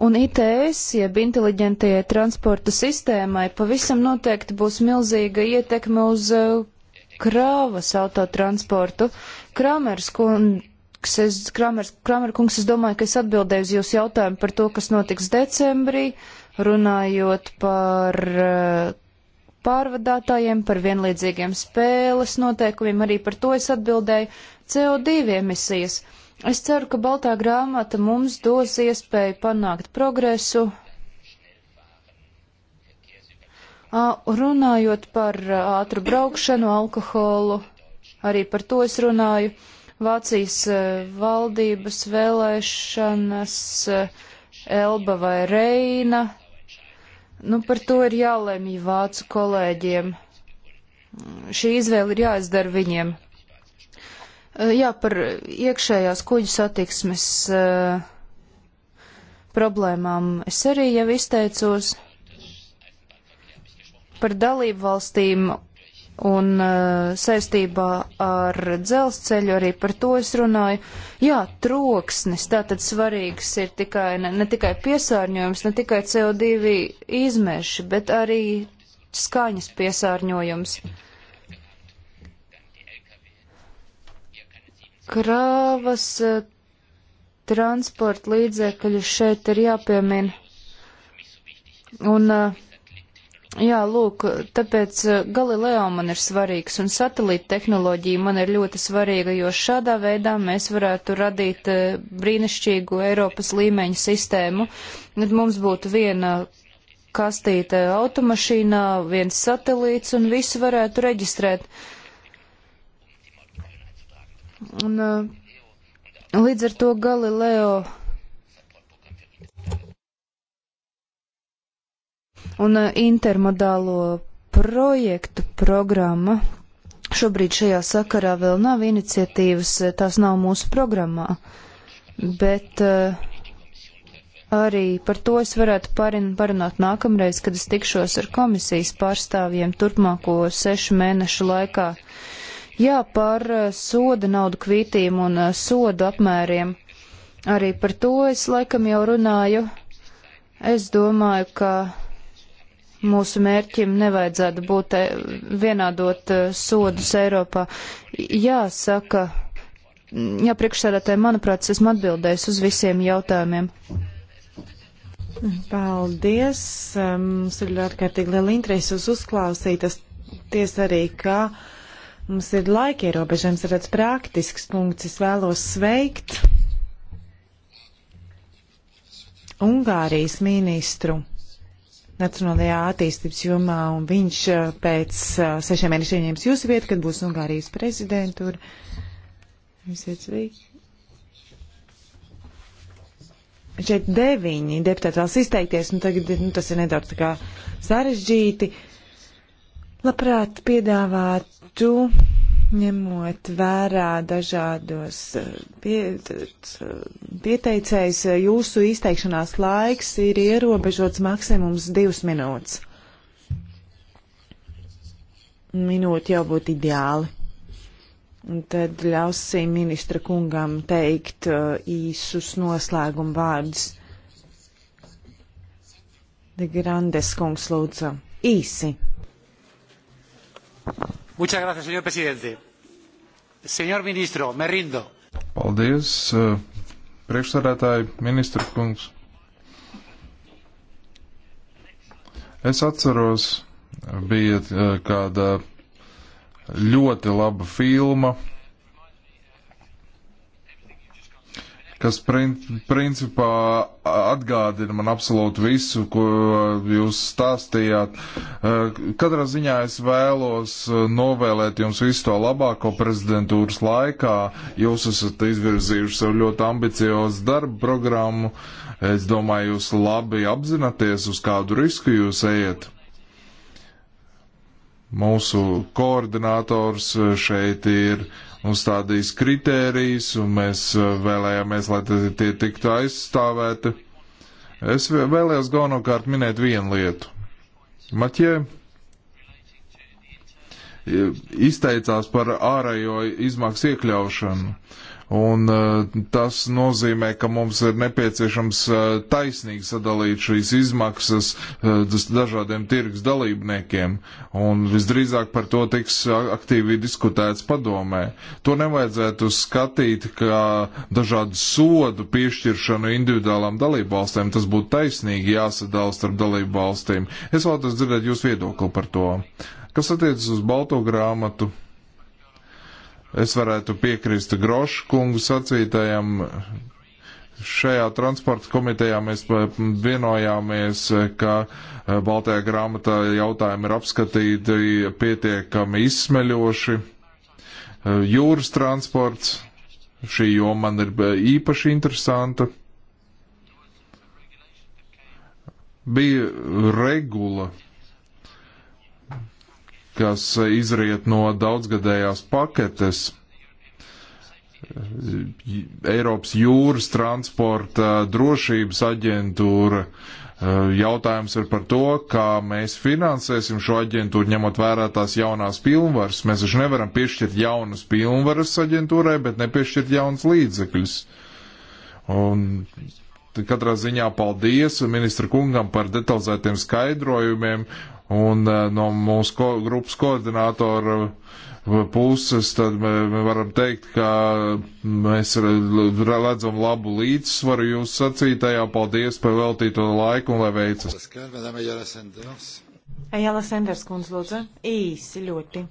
Un ITS, jeb inteliģentajai transporta sistēmai, pavisam noteikti būs milzīga ietekme uz eh, krāvas autotransportu. Kramers kund kungs, es, Kramer, Kramer kungs, es domāju, ka es atbildēju uz jūsu jautājumu par to, kas notiks decembrī, runājot par eh, pārvadātājiem, par vienlīdzīgiem spēles noteikumiem, arī par to es atbildēju CO2 emisijas. Es ceru, ka Baltā grāmata mums dos iespēju panākt progresu. Runājot par eh, ātru braukšanu, alkoholu, arī par to es runāju. Vācijas eh, valdības vēlēšanas, eh, Elba vai Reina. Nu, par to ir jālemj vācu kolēģiem. Šī izvēle ir jāizdara viņiem. Eh, jā, par iekšējās kuģu satiksmes problēmām es arī jau izteicos par dalību valstīm un uh, saistībā ar dzelzceļu arī par to es runāju. Jā, troksnis, tātad svarīgs ir tikai, ne, ne tikai piesārņojums, ne tikai CO2 izmeši, bet arī skaņas piesārņojums. Krāvas uh, transporta līdzekļi šeit ir jāpiemina. Un uh, Jā, lūk, tāpēc eh, Galileo man ir svarīgs un satelīta tehnoloģija man ir ļoti svarīga, jo šādā veidā mēs varētu radīt eh, brīnišķīgu Eiropas līmeņu sistēmu. Tad mums būtu viena kastīte automašīnā, viens satelīts un visu varētu reģistrēt. Un, eh, līdz ar to Galileo Un uh, intermodālo projektu programma šobrīd šajā sakarā vēl nav iniciatīvas, uh, tās nav mūsu programmā, bet uh, arī par to es varētu parunāt nākamreiz, kad es tikšos ar komisijas pārstāvjiem turpmāko sešu mēnešu laikā. Jā, par soda naudu kvītīm un soda apmēriem. Arī par to es laikam jau runāju. Es domāju, ka mūsu mērķim nevajadzētu būt eh, vienādot eh, sodus Eiropā. Jāsaka, jā, priekšsēdētāji, manuprāt, esmu atbildējis uz visiem jautājumiem. Paldies! Eh, mums ir ārkārtīgi liela interese uz uzklausītas ties arī, ka mums ir laika ierobežams, redz praktisks punkts. Es vēlos sveikt Ungārijas ministru. Nacionālajā attīstības jomā, un viņš eh, pēc eh, sešiem mēnešiem ņems jūsu vietu, kad būs Ungārijas prezidentūra. Visiet sveiki. Šeit deviņi deputāti vēl izteikties, un tagad nu, tas ir nedaudz tā kā sarežģīti. Labprāt, piedāvātu Ņemot vērā dažādos eh, pie, eh, pieteicējs, eh, jūsu izteikšanās laiks ir ierobežots maksimums divas minūtes. Minūte jau būtu ideāli. Un tad ļausim ministra kungam teikt īsus noslēguma vārdus. De Grandes kungs lūdzu īsi. Muchas gracias, señor presidente. Señor ministro, me rindo. Paldies, eh, priekšsarētāji, ministra kungs. Es atceros, bija eh, kāda ļoti laba filma kas principā atgādina man absolūti visu, ko jūs stāstījāt. Eh, katrā ziņā es vēlos eh, novēlēt jums visu to labāko prezidentūras laikā. Jūs esat izvirzījuši sev ļoti ambiciozu darbu programmu. Es domāju, jūs labi apzināties, uz kādu risku jūs ejat. Mūsu koordinators eh, šeit ir uzstādījis kritērijas, un mēs eh, vēlējāmies, lai tie tiktu aizstāvēti. Es vēlējos galvenokārt minēt vienu lietu. Maķē izteicās par ārējo izmaksu iekļaušanu. Un eh, tas nozīmē, ka mums ir nepieciešams eh, taisnīgi sadalīt šīs izmaksas eh, dažādiem tirgus dalībniekiem. Un visdrīzāk par to tiks aktīvi diskutēts padomē. To nevajadzētu skatīt kā dažādu sodu piešķiršanu individuālām dalībvalstīm. Tas būtu taisnīgi jāsadala starp dalībvalstīm. Es vēlētos dzirdēt jūsu viedokli par to. Kas attiecas uz balto grāmatu? Es varētu piekrist Grošu kungu sacītajam. Šajā transporta komitejā mēs vienojāmies, ka eh, Baltajā grāmatā jautājumi ir apskatīti pietiekami izsmeļoši. Eh, jūras transports, šī joma man ir eh, īpaši interesanta. Bija regula kas izriet no daudzgadējās paketes. Eiropas jūras transporta drošības aģentūra. Jautājums ir par to, kā mēs finansēsim šo aģentūru, ņemot vērā tās jaunās pilnvaras. Mēs taču nevaram piešķirt jaunas pilnvaras aģentūrai, bet nepiešķirt jaunas līdzekļus. Un katrā ziņā paldies ministra kungam par detalizētiem skaidrojumiem Un eh, no mūsu ko, grupas koordinātora eh, puses, tad mēs varam teikt, ka mm, mēs redzam labu līdzsvaru jūsu sacītajā. Paldies par veltīto laiku un lai veicas. Ejala Sanders, kundze, lūdzu. Īsi ļoti.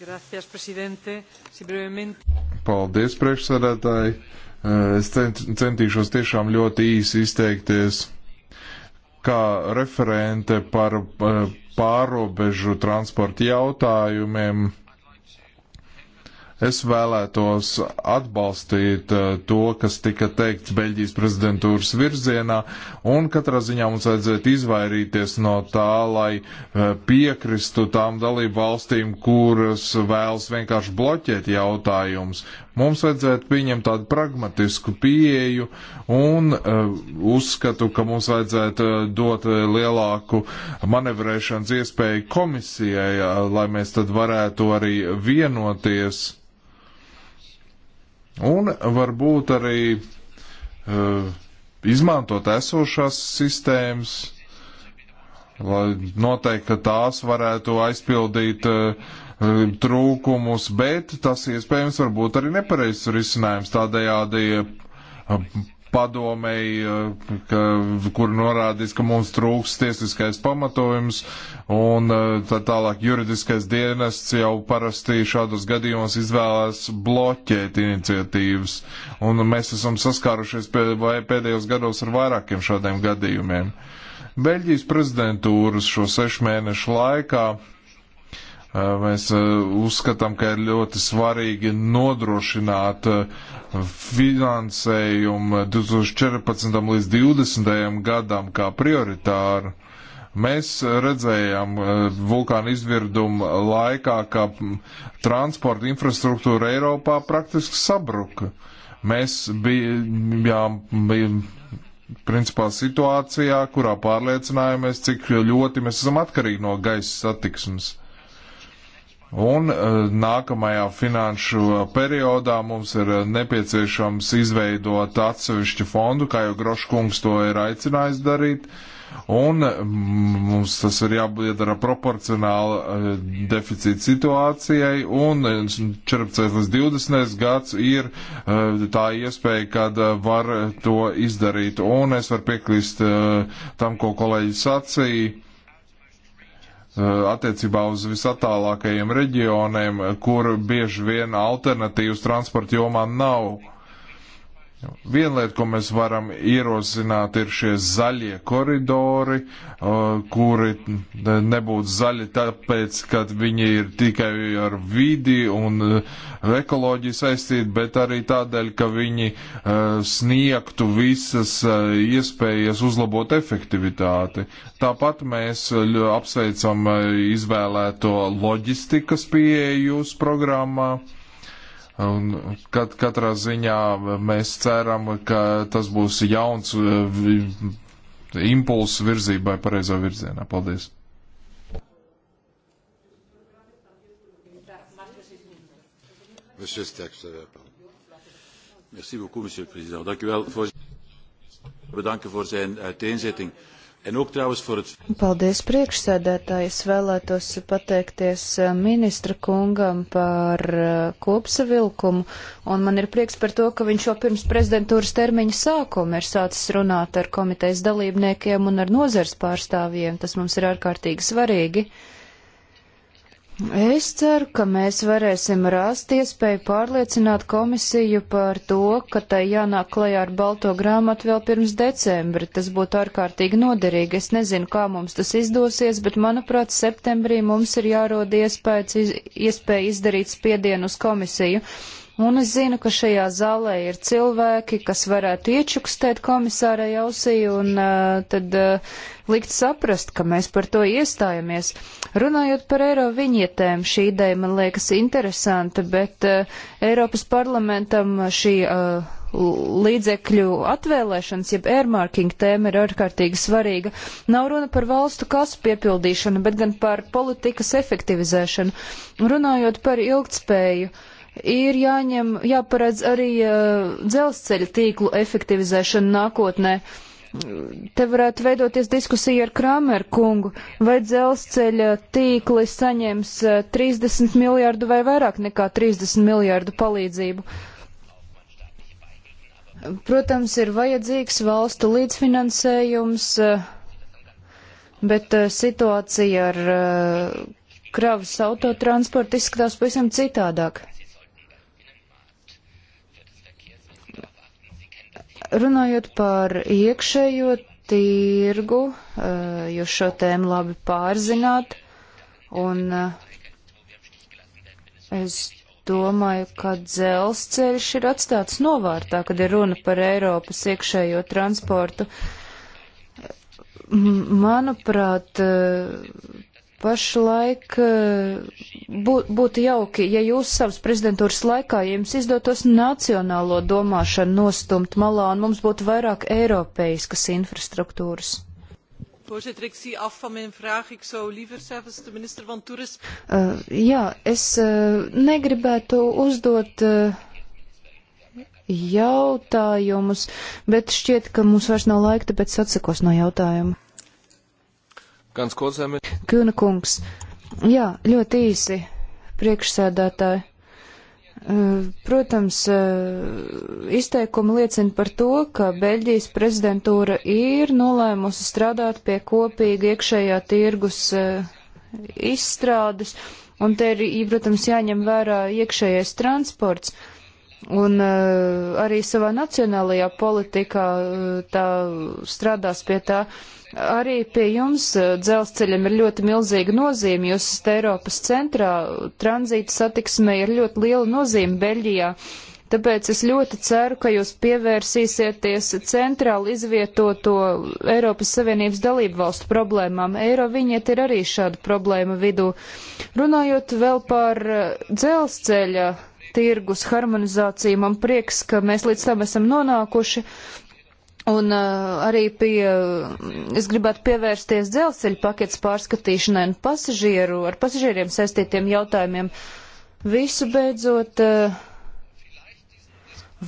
Gracias, presidente. Si brevemente. Paldies, priekšsēdētāji. Eh, es cent, centīšos tiešām ļoti īsi izteikties kā referente par eh, pārobežu transporta jautājumiem. Es vēlētos atbalstīt eh, to, kas tika teikts Beļģijas prezidentūras virzienā, un katrā ziņā mums vajadzētu izvairīties no tā, lai eh, piekristu tām dalību valstīm, kuras vēlas vienkārši bloķēt jautājumus. Mums vajadzētu pieņemt tādu pragmatisku pieeju un uh, uzskatu, ka mums vajadzētu eh, dot eh, lielāku manevrēšanas iespēju komisijai, uh, lai mēs tad varētu arī vienoties. Un varbūt arī uh, izmantot esošās sistēmas, lai noteikti tās varētu aizpildīt uh, Um, trūkumus, bet tas iespējams var būt arī nepareizs risinājums. Tādējādi um, padomēji, uh, ka, kur norādīs, ka mums trūks tiesiskais pamatojums, un uh, tā tālāk juridiskais dienests jau parasti šādos gadījumos izvēlās bloķēt iniciatīvas, un mēs esam saskārušies pēd, pēdējos gados ar vairākiem šādiem gadījumiem. Beļģijas prezidentūras šo sešu mēnešu laikā uh, Mēs uzskatām, ka ir ļoti svarīgi nodrošināt finansējumu 2014. līdz 2020. gadam kā prioritāru. Mēs redzējām vulkānu izvirdumu laikā, ka transporta infrastruktūra Eiropā praktiski sabruka. Mēs bijām, bijām principā situācijā, kurā pārliecinājāmies, cik ļoti mēs esam atkarīgi no gaisa satiksmes. Un eh, nākamajā finanšu periodā mums ir eh, nepieciešams izveidot atsevišķu fondu, kā jau Groškungs to ir aicinājis darīt. Un eh, mums tas ir jāiedara proporcionāli deficīta situācijai, un 14 līdz 20 gads ir tā iespēja, kad var to izdarīt. Un es varu piekrist tam, ko kolēģis sacīja Uh, attiecībā uz visatālākajiem reģioniem, kur bieži vien alternatīvas transporta jomā nav. Viena lieta, ko mēs varam ierosināt, ir šie zaļie koridori, uh, kuri nebūtu zaļi tāpēc, ka viņi ir tikai ar vidi un uh, ekoloģiju saistīti, bet arī tādēļ, ka viņi uh, sniegtu visas iespējas uzlabot efektivitāti. Tāpat mēs apsveicam izvēlēto loģistikas pieeju jūsu programmā Un kat, katrā ziņā mēs ceram, ka tas būs jauns eh, impulss virzībai pareizā virzienā. Paldies! Merci beaucoup, monsieur le président. Dank u wel, voorzitter. Bedanken voor zijn uiteenzetting. Eh, uh, Paldies priekšsēdētājs vēlētos pateikties eh, ministra kungam par eh, kopsavilkumu, un man ir prieks par to, ka viņš jau pirms prezidentūras termiņa sākuma ir sācis runāt ar komitejas dalībniekiem un ar nozars pārstāvjiem. Tas mums ir ārkārtīgi svarīgi. Uh, Es ceru, ka mēs varēsim rast iespēju pārliecināt komisiju par to, ka tai jānāk klajā ar balto grāmatu vēl pirms decembra. Tas būtu ārkārtīgi noderīgi. Es nezinu, kā mums tas izdosies, bet, manuprāt, septembrī mums ir jārod iespējas, iz, iespēja izdarīt spiedienu uz komisiju. Un es zinu, ka šajā zālē ir cilvēki, kas varētu iečukstēt komisārai ausī un uh, tad. Uh, likt saprast, ka mēs par to iestājamies. Runājot par eiro viņietēm, šī ideja man liekas interesanta, bet uh, Eiropas parlamentam šī uh, līdzekļu atvēlēšanas, jeb airmarking tēma ir ārkārtīgi svarīga. Nav runa par valstu kasu piepildīšanu, bet gan par politikas efektivizēšanu. Runājot par ilgtspēju, ir jāņem, jāparedz arī uh, dzelzceļa tīklu efektivizēšana nākotnē. Uh, Te varētu veidoties diskusija ar Kramer kungu, vai dzelzceļa tīkli saņems 30 eh, miljārdu vai vairāk nekā 30 miljārdu palīdzību. Protams, ir vajadzīgs valstu līdzfinansējums, eh, bet eh, situācija ar kravas autotransportu izskatās pavisam citādāk. Runājot par iekšējo tirgu, eh, jūs šo tēmu labi pārzināt, un eh, es domāju, ka dzelzceļš ir atstāts novārtā, kad ir runa par Eiropas iekšējo transportu. Manuprāt, eh, Pašlaik eh, bū, būtu jauki, ja jūs savas prezidentūras laikā jums izdotos nacionālo domāšanu nostumt malā un mums būtu vairāk eiropeiskas infrastruktūras. Voorzitter, ik zie af van mijn vraag. Ik zou liever zelfs de minister van Toerisme. Uh, eh, jā, es uh, negribētu uzdot uh, jautājumus, bet šķiet, ka mums vairs nav laika, tāpēc atsakos no jautājuma. Kūna kungs, jā, ļoti īsi, priekšsēdētāji. Protams, izteikumi liecina par to, ka Beļģijas prezidentūra ir nolēmusi strādāt pie kopīga iekšējā tirgus izstrādes, un te ir, protams, jāņem vērā iekšējais transports. Uh, Un uh, arī savā nacionālajā politikā uh, tā strādās pie tā. Arī pie jums uh, dzelzceļam ir ļoti milzīga nozīme. Jūs esat Eiropas centrā, tranzīta satiksme ir ļoti liela nozīme Beļģijā. Tāpēc es ļoti ceru, ka jūs pievērsīsieties centrāli izvietoto Eiropas Savienības dalību valstu problēmām. Eiro viņiet ir arī šāda problēma vidū. Runājot vēl par dzelzceļa tirgus harmonizāciju. Man prieks, ka mēs līdz tam esam nonākuši. Un uh, arī pie, es gribētu pievērsties dzelzceļa paketes pārskatīšanai un pasažieru, ar pasažieriem saistītiem jautājumiem. Visu beidzot, uh,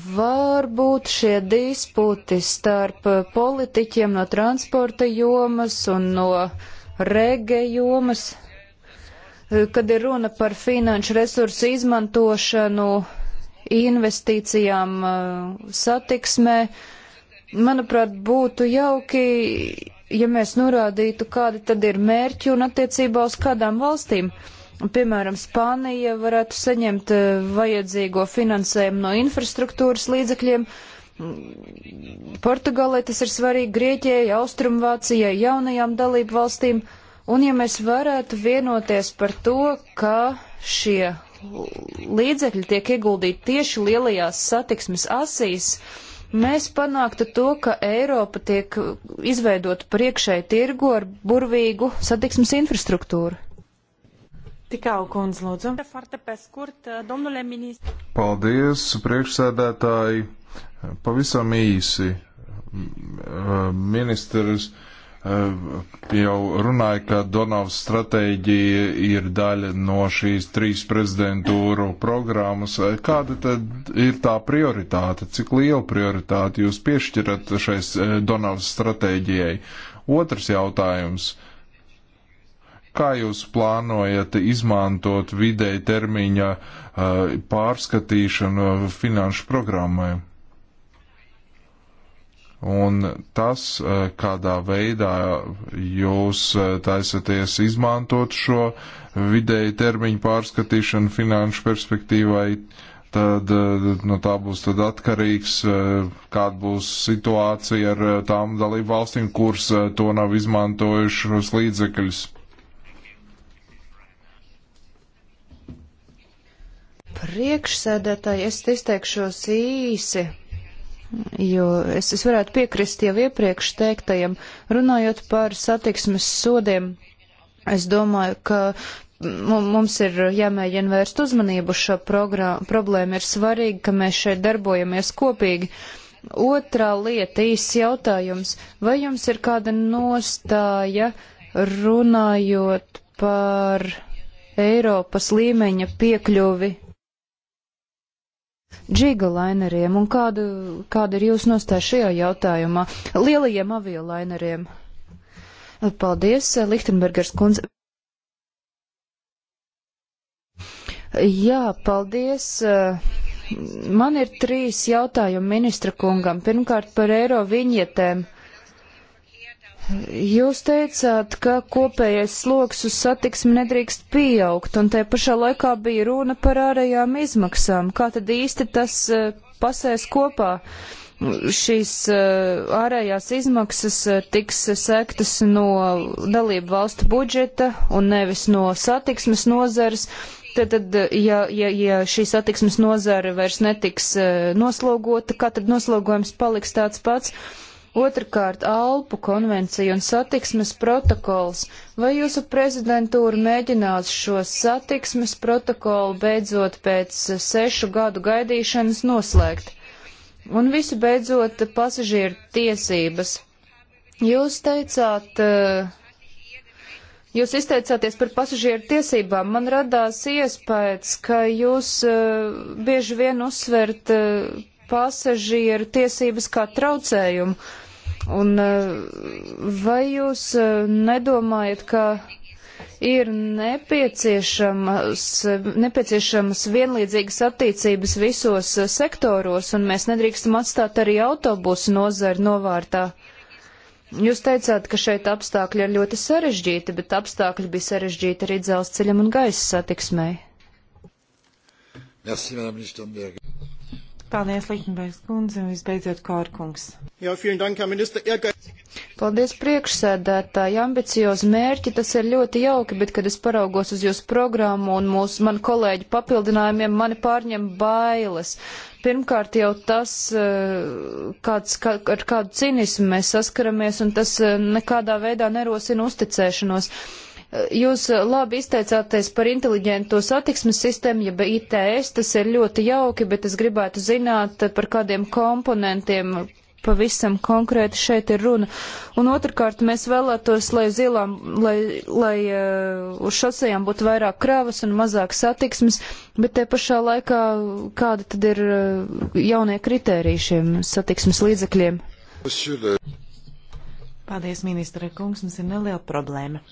Varbūt šie disputi starp politiķiem no transporta jomas un no rege jomas kad ir runa par finanšu resursu izmantošanu, investīcijām uh, satiksmē, manuprāt, būtu jauki, ja mēs norādītu, kādi tad ir mērķi un attiecībā uz kādām valstīm. Piemēram, Spānija varētu saņemt uh, vajadzīgo finansējumu no infrastruktūras līdzekļiem. Portugālē tas ir svarīgi Grieķijai, Austrumvācijai, jaunajām dalību valstīm. Uh, Un ja mēs varētu vienoties par to, ka šie līdzekļi tiek ieguldīti tieši lielajās satiksmes asīs, mēs panāktu to, ka Eiropa tiek izveidota par iekšēju tirgu ar burvīgu satiksmes infrastruktūru. Tikau, kundz, lūdzu. Paldies, priekšsēdētāji. Pavisam īsi. Ministrs Eh, jau runāja, ka Donavas stratēģija ir daļa no šīs trīs prezidentūru programmas. Eh, kāda tad ir tā prioritāte? Cik lielu prioritāti jūs piešķirat šais eh, Donavas stratēģijai? Otrs jautājums. Kā jūs plānojat izmantot vidēji termiņa pārskatīšanu finanšu programmai? Un tas, eh, kādā veidā jūs eh, taisaties izmantot šo vidēji termiņu pārskatīšanu finanšu perspektīvai, tad eh, no nu, tā būs tad atkarīgs, kāda būs situācija ar tām dalību valstīm, kuras to nav izmantojušas līdzekļus. Priekšsēdētāji, es izteikšos īsi jo es, es varētu piekrist jau iepriekš teiktajam, runājot par satiksmes sodiem. Es domāju, ka mums ir jāmēģina vērst uzmanību šo problēmu. Ir svarīgi, ka mēs šeit darbojamies kopīgi. Otrā lieta - īsts jautājums. Vai jums ir kāda nostāja runājot par Eiropas līmeņa piekļuvi džiga laineriem un kāda, kāda ir jūsu nostāja šajā jautājumā lielajiem aviolaineriem? Paldies, Lichtenbergers kundze. Jā, paldies. Man ir trīs jautājumi ministra kungam. Pirmkārt par eiro viņietēm. Jūs teicāt, ka kopējais sloks uz satiksmi nedrīkst pieaugt, un te pašā laikā bija runa par ārējām izmaksām. Kā tad īsti tas eh, pasēs kopā? Šīs eh, ārējās izmaksas eh, tiks sektas no dalību valstu budžeta un nevis no satiksmes nozares. Tad, tad ja, ja, ja šī satiksmes nozara vairs netiks noslogota, kā tad noslogojums paliks tāds pats? Otrakārt, Alpu konvencija un satiksmes protokols. Vai jūsu prezidentūra mēģinās šo satiksmes protokolu beidzot pēc sešu gadu gaidīšanas noslēgt? Un visu beidzot pasažieru tiesības. Jūs teicāt, eh, jūs izteicāties par pasažieru tiesībām. Man radās iespējas, ka jūs eh, bieži vien uzsvert eh, pasažieru tiesības kā traucējumu. Un e, vai jūs e, nedomājat, ka ir nepieciešamas, e, nepieciešamas vienlīdzīgas attīcības visos sektoros, un mēs nedrīkstam atstāt arī autobusu nozari novārtā? Jūs teicāt, ka šeit apstākļi ir ļoti sarežģīti, bet apstākļi bija sarežģīti arī dzelzceļam un gaisa satiksmei. Merci, Paldies, Lichtenbergs kundze, un visbeidzot Kārkungs. Jā, vielen dank, Herr Minister. Paldies, priekšsēdētāji. Ambiciozi mērķi, tas ir ļoti jauki, bet, kad es paraugos uz jūsu programmu un mūsu man kolēģu papildinājumiem, mani pārņem bailes. Pirmkārt jau tas, eh, kāds, kā, ar kādu cinismu mēs saskaramies, un tas eh, nekādā veidā nerosina uzticēšanos. Jūs labi izteicāties par inteliģento satiksmes sistēmu, ja ITS tas ir ļoti jauki, bet es gribētu zināt, par kādiem komponentiem pavisam konkrēti šeit ir runa. Un otrkārt, mēs vēlētos, lai zilām, lai, lai uh, uz šosejām būtu vairāk kravas un mazāk satiksmes, bet te pašā laikā kādi tad ir uh, jaunie kritēriji šiem satiksmes līdzekļiem? Paldies, ministra kungs, mums ir neliela problēma.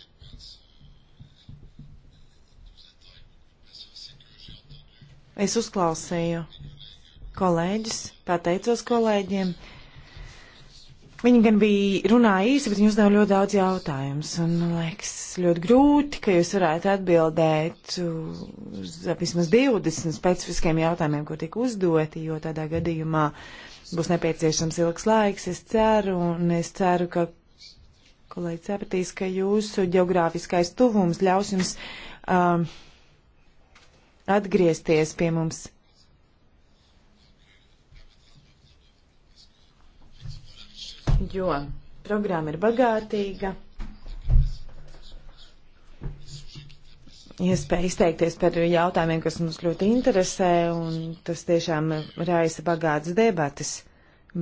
Es uzklausīju kolēģis, pateicos kolēģiem. Viņi gan bija runāja īsi, bet viņi uzdeva ļoti daudz jautājumus. Un, man liekas, ļoti grūti, ka jūs varētu atbildēt uz vismaz 20 specifiskiem jautājumiem, ko tika uzdoti, jo tādā gadījumā būs nepieciešams ilgs laiks. Es ceru, un es ceru, ka kolēģi sapratīs, ka jūsu geogrāfiskais tuvums ļaus jums. Um, uh, atgriezties pie mums. Jo programma ir bagātīga. Iespēja izteikties par jautājumiem, kas mums ļoti interesē, un tas tiešām raisa bagātas debatas,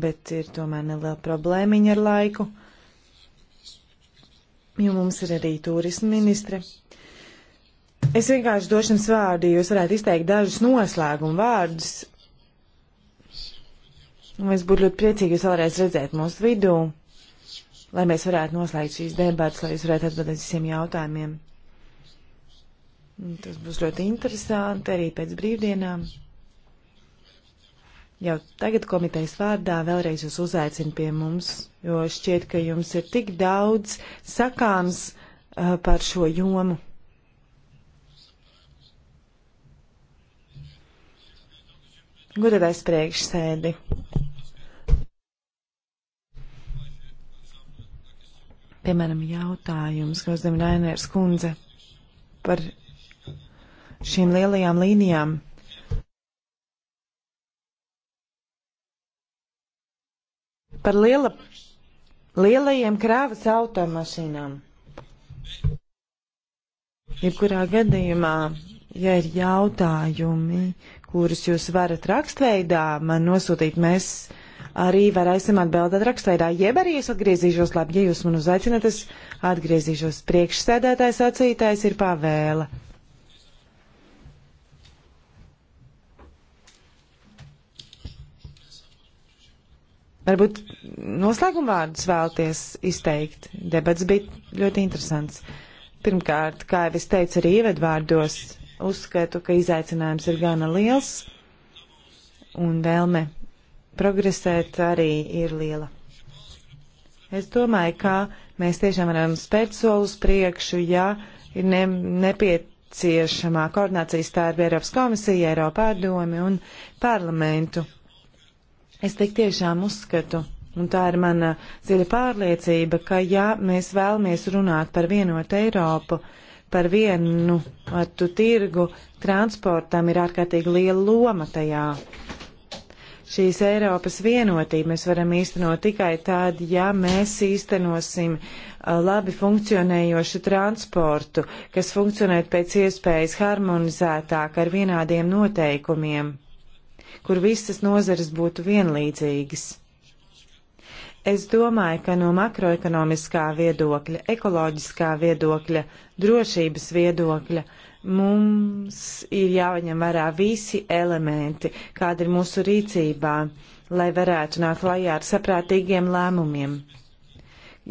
bet ir tomēr neliela problēmiņa ar laiku, jo mums ir arī turisma ministre, Es vienkārši došu jums vārdu, jūs varētu izteikt dažus noslēgumu vārdus. Es būtu ļoti priecīgi jūs vēlreiz redzēt mūsu vidū, lai mēs varētu noslēgt šīs debatas, lai jūs varētu atbildēt visiem jautājumiem. Tas būs ļoti interesanti arī pēc brīvdienām. Jau tagad komitejas vārdā vēlreiz jūs uzaicinu pie mums, jo šķiet, ka jums ir tik daudz sakāms uh, par šo jomu. Godavais priekšsēdi. Piemēram, jautājums, ko uzdevuma Rainērs kundze par šīm lielajām līnijām. Par liela, lielajiem krāvas automašīnām. Jebkurā gadījumā, ja ir jautājumi, uh, kurus jūs varat rakstveidā man nosūtīt, mēs arī varēsim atbildēt rakstveidā. Jeb arī es atgriezīšos, labi, ja jūs man uzaicināt, es atgriezīšos. Priekšsēdētājs acītājs ir pavēle. Varbūt noslēgumā vārdus vēlties izteikt. Debats bija ļoti interesants. Pirmkārt, kā jau es teicu arī ievedvārdos, uzskatu, ka izaicinājums ir gana liels un vēlme progresēt arī ir liela. Es domāju, ka mēs tiešām varam spērt solus priekšu, ja ir ne, nepieciešamā koordinācija starp Eiropas komisiju, Eiropā domi un parlamentu. Es tik tiešām uzskatu, un tā ir mana dziļa pārliecība, ka ja mēs vēlamies runāt par vienotu Eiropu, uh, par vienu tu tirgu transportam ir ārkārtīgi liela loma tajā. Šīs Eiropas vienotība mēs varam īstenot tikai tad, ja mēs īstenosim labi funkcionējošu transportu, kas funkcionē pēc iespējas harmonizētāk ar vienādiem noteikumiem, kur visas nozares būtu vienlīdzīgas. Es domāju, ka no makroekonomiskā viedokļa, ekoloģiskā viedokļa, drošības viedokļa mums ir jāņem vērā visi elementi, kāda ir mūsu rīcībā, lai varētu nākt klajā ar saprātīgiem lēmumiem.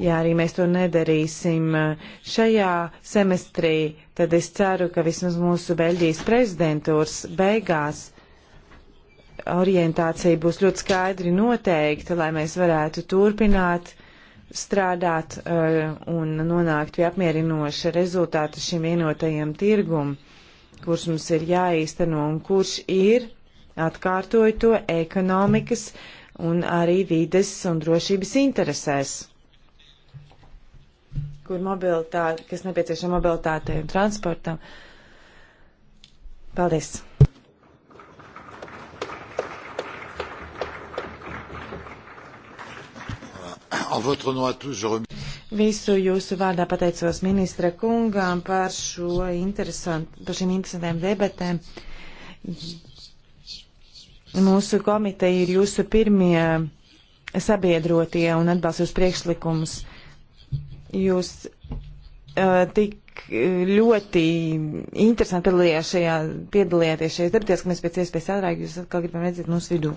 Ja arī mēs to nedarīsim eh, šajā semestrī, tad es ceru, ka vismaz mūsu Beļģijas prezidentūras beigās orientācija būs ļoti skaidri noteikta, lai mēs varētu turpināt strādāt uh, un nonākt pie apmierinoša rezultāta šim vienotajam tirgum, kurš mums ir jāīsteno un kurš ir, atkārtoju to, ekonomikas un arī vides un drošības interesēs, kur mobilitāte, kas nepieciešama mobilitātei un transportam. Paldies! Visu jūsu vārdā pateicos ministra kungām par, interesant, par šīm interesantām debatēm. Mūsu komiteja ir jūsu pirmie sabiedrotie un atbalsta jūs priekšlikumus. Jūs uh, tik ļoti interesanti piedalījāties šajās debatēs, ka mēs pēc iespējas ātrāk jūs atkal gribam redzēt mūsu vidū.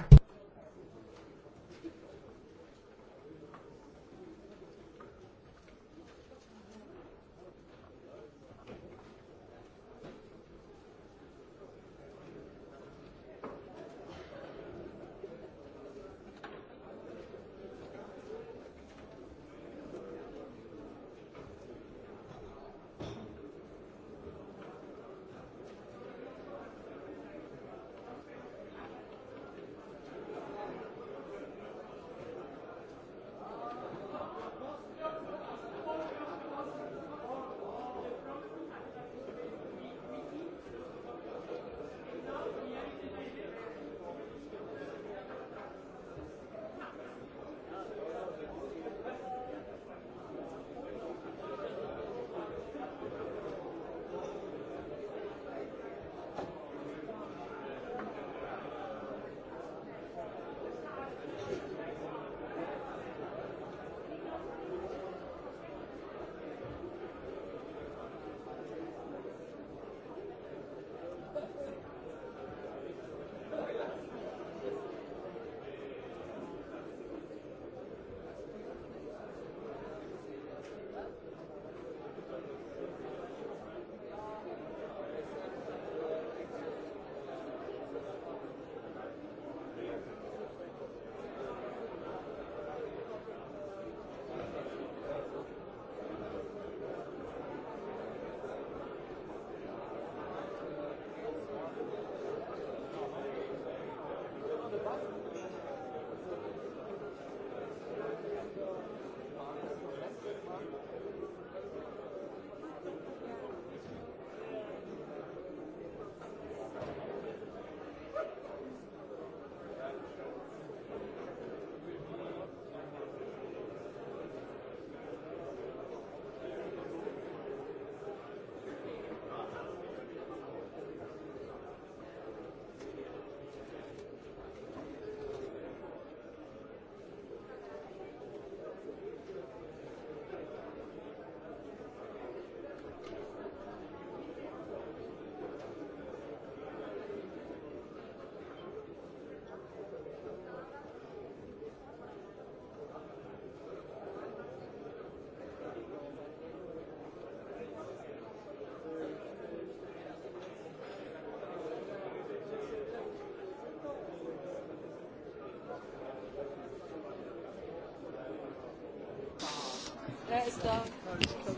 Where is the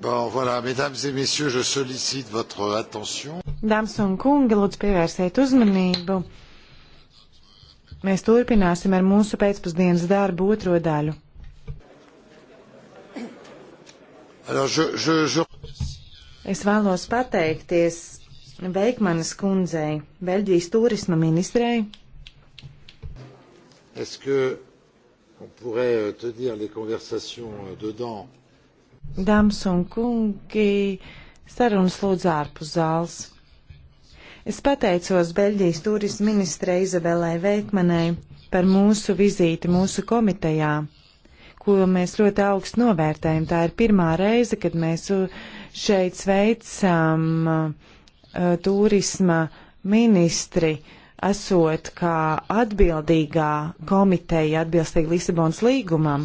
Bon, voilà, mesdames et messieurs, je sollicite votre attention. Dāmas un kungi, lūdzu pievērsiet uzmanību. Mēs turpināsim ar mūsu pēcpusdienas darbu otro daļu. Alors, je, je, je... Es vēlos pateikties Veikmanas kundzei, Beļģijas turisma ministrei. Est-ce que pourrait euh, tenir les conversations euh, dedans. Dāmas un kungi, sarunas lūdzu ārpus zāles. Es pateicos Beļģijas turismu ministrei Izabelai Veikmanai par mūsu vizīti mūsu komitejā, ko mēs ļoti augstu novērtējam. Tā ir pirmā reize, kad mēs šeit sveicam uh, turisma ministri uh, esot kā atbildīgā komiteja atbilstīgi Lisabonas līgumam.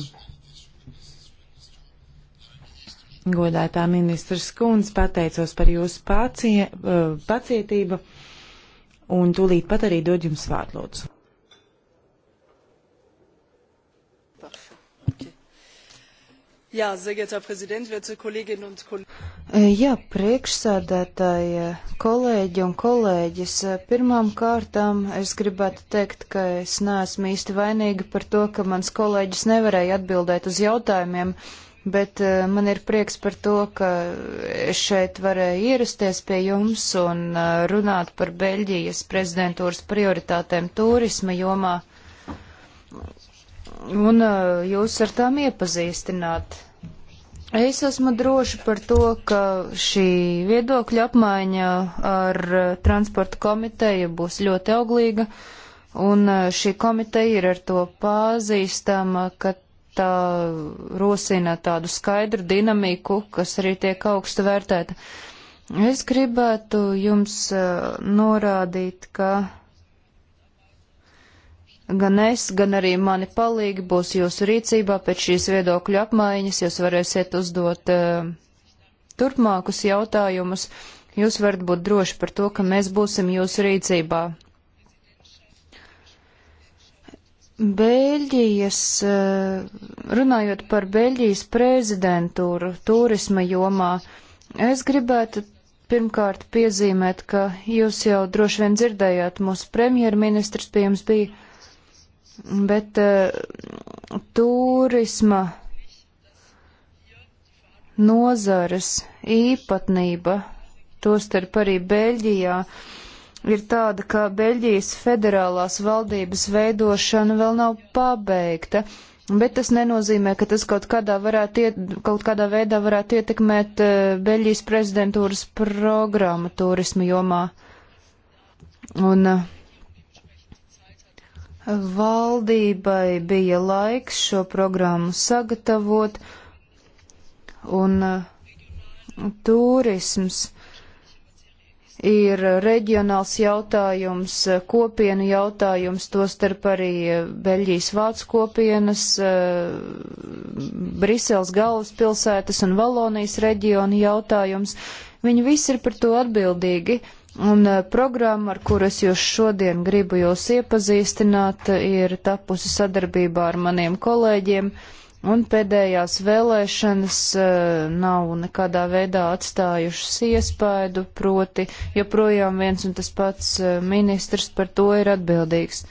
Godētā ministrs Kunz pateicos par jūsu pacie, eh, pacietību un tūlīt pat arī dod jums vārdu lūdzu. Jā, sehr prezident, werte kolēģin un kolēģi. Jā, priekšsādātāji, kolēģi un kolēģis, pirmām kārtām es gribētu teikt, ka es neesmu īsti vainīga par to, ka mans kolēģis nevarēja atbildēt uz jautājumiem, bet eh, man ir prieks par to, ka es šeit varēju ierasties pie jums un eh, runāt par Beļģijas prezidentūras prioritātēm turisma jomā un uh, jūs ar tām iepazīstināt. Es esmu droši par to, ka šī viedokļa apmaiņa ar uh, transporta komiteju būs ļoti auglīga, un uh, šī komiteja ir ar to pazīstama, ka tā rosina tādu skaidru dinamiku, kas arī tiek augstu vērtēta. Es gribētu jums norādīt, ka Gan es, gan arī mani palīgi būs jūsu rīcībā pēc šīs viedokļu apmaiņas. Jūs varēsiet uzdot uh, turpmākus jautājumus. Jūs varat būt droši par to, ka mēs būsim jūsu rīcībā. Beļģijas, uh, runājot par Beļģijas prezidentūru turisma jomā, es gribētu pirmkārt piezīmēt, ka jūs jau droši vien dzirdējāt, mūsu premjerministrs pie jums bija bet uh, turisma nozares īpatnība, tostarp arī Beļģijā, ir tāda, ka Beļģijas federālās valdības veidošana vēl nav pabeigta, bet tas nenozīmē, ka tas kaut kādā, varētu iet, kaut kādā veidā varētu ietekmēt uh, Beļģijas prezidentūras programmu turismu jomā. Un, uh, Valdībai bija laiks šo programmu sagatavot, un uh, turisms ir reģionāls jautājums, uh, kopienu jautājums, tostarp arī uh, Beļģijas vācu kopienas, Briseles galvaspilsētas un Valonijas reģiona jautājums. Viņi visi ir par to atbildīgi. Un eh, programma, ar kuras jūs šodien gribu jūs iepazīstināt, eh, ir tapusi sadarbībā ar maniem kolēģiem, un pēdējās vēlēšanas eh, nav nekādā veidā atstājušas iespaidu, proti, joprojām viens un tas pats ministrs par to ir atbildīgs.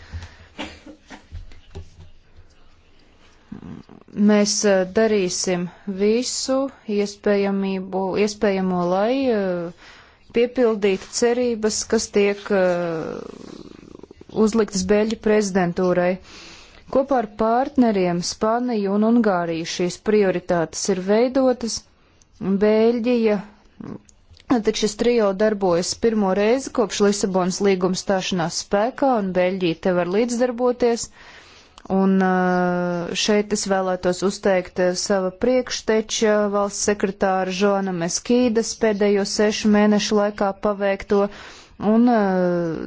Mēs darīsim visu iespējamību, iespējamo, lai uh, piepildīt cerības, kas tiek uh, uzliktas Beļģu prezidentūrai. Kopā ar partneriem Spāniju un Ungāriju šīs prioritātes ir veidotas. Beļģija, tad šis trio darbojas pirmo reizi kopš Lisabonas līguma stāšanās spēkā, un Beļģija te var līdzdarboties. Uh, Un šeit es vēlētos uzteikt sava priekšteča valsts sekretāra Žona Meskīdas pēdējo sešu mēnešu laikā paveikto, un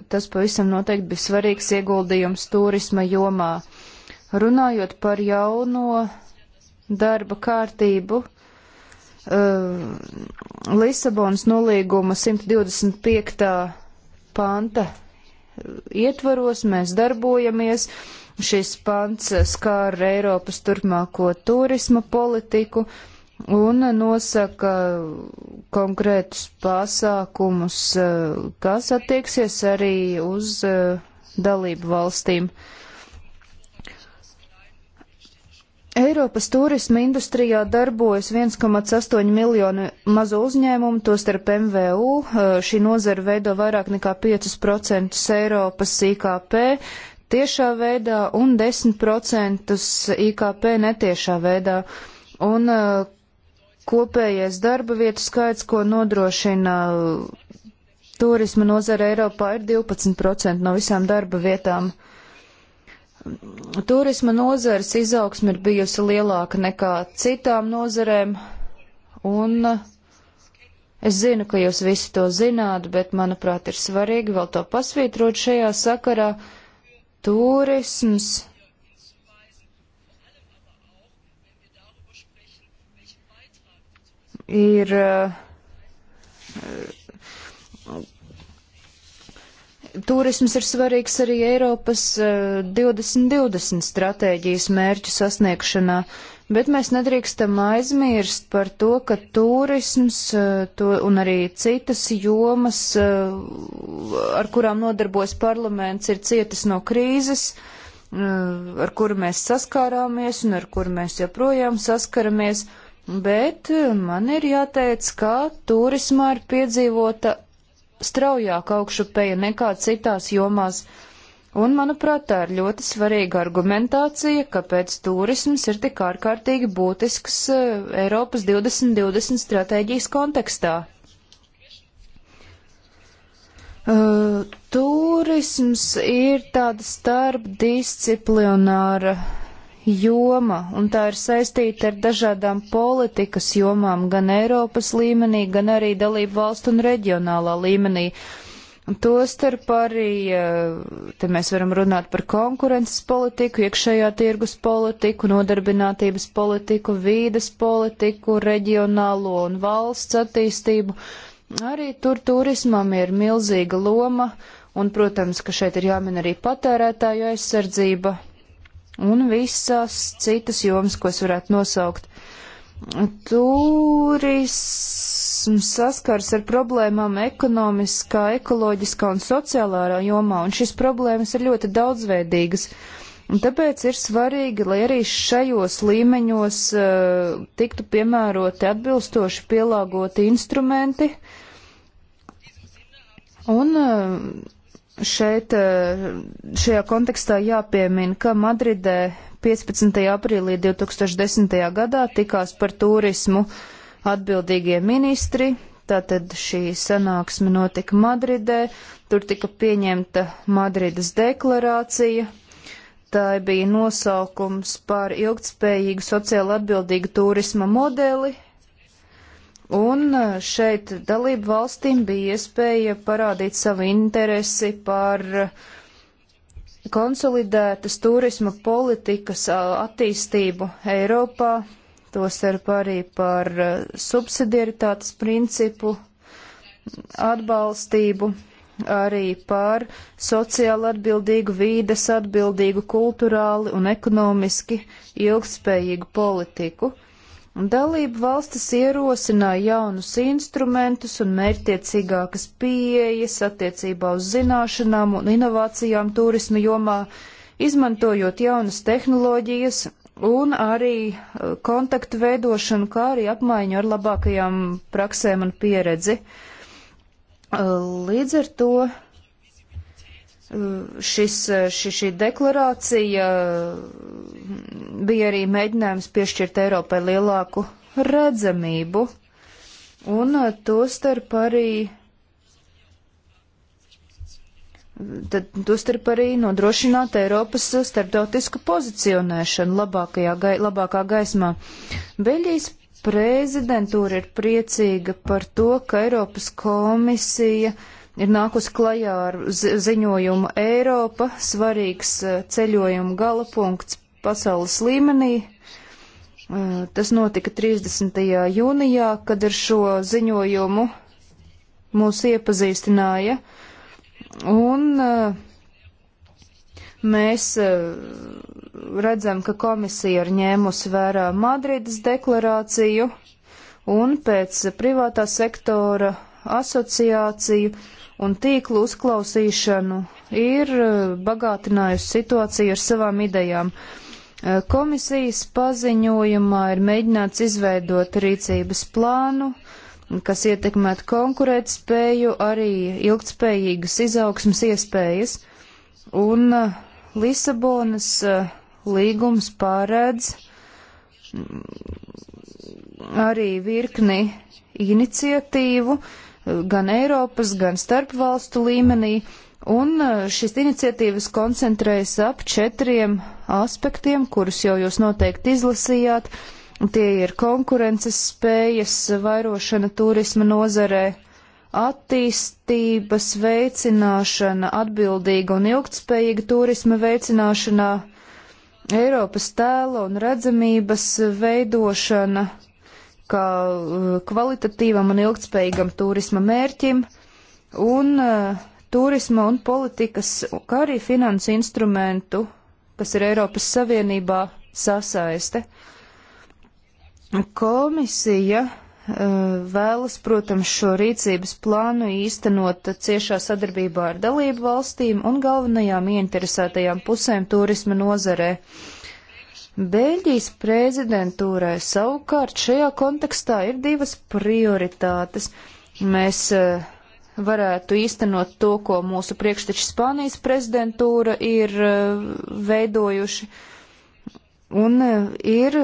tas pavisam noteikti bija svarīgs ieguldījums turisma jomā. Runājot par jauno darba kārtību, Lisabonas nolīguma 125. panta ietvaros mēs darbojamies Šis pants skār Eiropas turpmāko turisma politiku un nosaka konkrētus pasākumus, kas attieksies arī uz eh, dalību valstīm. Eiropas turisma industrijā darbojas 1,8 miljonu mazo uzņēmumu, tostarp MVU. Eh, šī nozara veido vairāk nekā 5% Eiropas IKP tiešā veidā un 10% IKP netiešā veidā. Un uh, kopējais darba vietu skaits, ko nodrošina turisma nozara Eiropā, ir 12% no visām darba vietām. Turisma nozares izaugsme ir bijusi lielāka nekā citām nozarēm, un uh, es zinu, ka jūs visi to zināt, bet, manuprāt, ir svarīgi vēl to pasvītrot šajā sakarā. Uh, turisms. Ir uh, turisms ir svarīgs arī Eiropas 2020 uh, stratēģijas mērķu sasniegšanā. Uh, bet mēs nedrīkstam aizmirst par to, ka turisms eh, to, un arī citas jomas, eh, ar kurām nodarbojas parlaments, ir cietas no krīzes, eh, ar kuru mēs saskārāmies un ar kuru mēs joprojām saskaramies. Bet man ir jāteic, ka turismā ir piedzīvota straujāka augšupeja nekā citās jomās. Uh, Un, manuprāt, tā ir ļoti svarīga argumentācija, kāpēc turisms ir tik ārkārtīgi būtisks eh, Eiropas 2020 stratēģijas kontekstā. Uh, turisms ir tāda starpdisciplināra joma, un tā ir saistīta ar dažādām politikas jomām gan Eiropas līmenī, gan arī dalību valstu un reģionālā līmenī. Uh, Tostarp arī eh, te mēs varam runāt par konkurences politiku, iekšējā tirgus politiku, nodarbinātības politiku, vīdes politiku, reģionālo un valsts attīstību. Arī tur turismam ir milzīga loma, un, protams, ka šeit ir jāmin arī patērētāju aizsardzība un visas citas jomas, ko es varētu nosaukt. Turis saskars ar problēmām ekonomiskā, ekoloģiskā un sociālā jomā, un šīs problēmas ir ļoti daudzveidīgas. Un tāpēc ir svarīgi, lai arī šajos līmeņos uh, tiktu piemēroti atbilstoši pielāgoti instrumenti. Un uh, šeit, eh, šajā kontekstā jāpiemina, ka Madridē 15. aprīlī 2010. gadā tikās par turismu uh, atbildīgie ministri. Tātad šī sanāksme notika Madridē, tur tika pieņemta Madridas deklarācija. Tā bija nosaukums par ilgtspējīgu sociāli atbildīgu turisma modeli, Un e, šeit dalību valstīm bija iespēja parādīt savu interesi par e, konsolidētas turisma politikas attīstību Eiropā, tostarp arī par eh, subsidiaritātes principu atbalstību, arī par sociāli atbildīgu, vīdes atbildīgu, kulturāli un ekonomiski ilgspējīgu politiku. Dalību valstis ierosināja jaunus instrumentus un mērķtiecīgākas pieejas attiecībā uz zināšanām un inovācijām turisma jomā, izmantojot jaunas tehnoloģijas un arī eh, kontaktu veidošanu, kā arī apmaiņu ar labākajām praksēm un pieredzi. Eh, līdz ar to eh, šis, ši, šī deklarācija bija arī mēģinājums piešķirt Eiropai lielāku redzamību, un to starp arī tad tostarp arī nodrošināt Eiropas starptautisku pozicionēšanu labākajā, gai, labākā gaismā. Beļģijas prezidentūra ir priecīga par to, ka Eiropas komisija ir nākus klajā ar ziņojumu Eiropa, svarīgs eh, ceļojuma galapunkts pasaules līmenī. Eh, tas notika 30. jūnijā, kad ar šo ziņojumu mūs iepazīstināja uh, Un eh, mēs eh, redzam, ka komisija ir ņēmusi vērā Madrides deklarāciju un pēc privātā sektora asociāciju un tīklu uzklausīšanu ir eh, bagātinājusi situāciju ar savām idejām. Komisijas paziņojumā ir mēģināts izveidot rīcības plānu, kas ietekmētu konkurētspēju, arī ilgtspējīgas izaugsmas iespējas. Un uh, Lisabonas uh, līgums pārēdz mm, arī virkni iniciatīvu uh, gan Eiropas, gan starpvalstu līmenī, un šīs iniciatīvas koncentrējas ap četriem aspektiem, kurus jau jūs noteikti izlasījāt. Uh, Tie ir konkurences spējas, vairošana turisma nozarē, attīstības veicināšana, atbildīga un ilgtspējīga turisma veicināšanā, Eiropas tēla un redzamības veidošana, kā uh, kvalitatīvam un ilgtspējīgam turisma mērķim, un uh, turisma un politikas, kā arī finansu instrumentu, kas ir Eiropas Savienībā sasaiste. Uh, Komisija eh, vēlas, protams, šo rīcības plānu īstenot ciešā sadarbībā ar dalību valstīm un galvenajām ieinteresētajām pusēm turisma nozarē. Bēļģijas prezidentūrai savukārt šajā kontekstā ir divas prioritātes. Mēs eh, varētu īstenot to, ko mūsu priekšteči Spānijas prezidentūra ir eh, veidojuši, un ir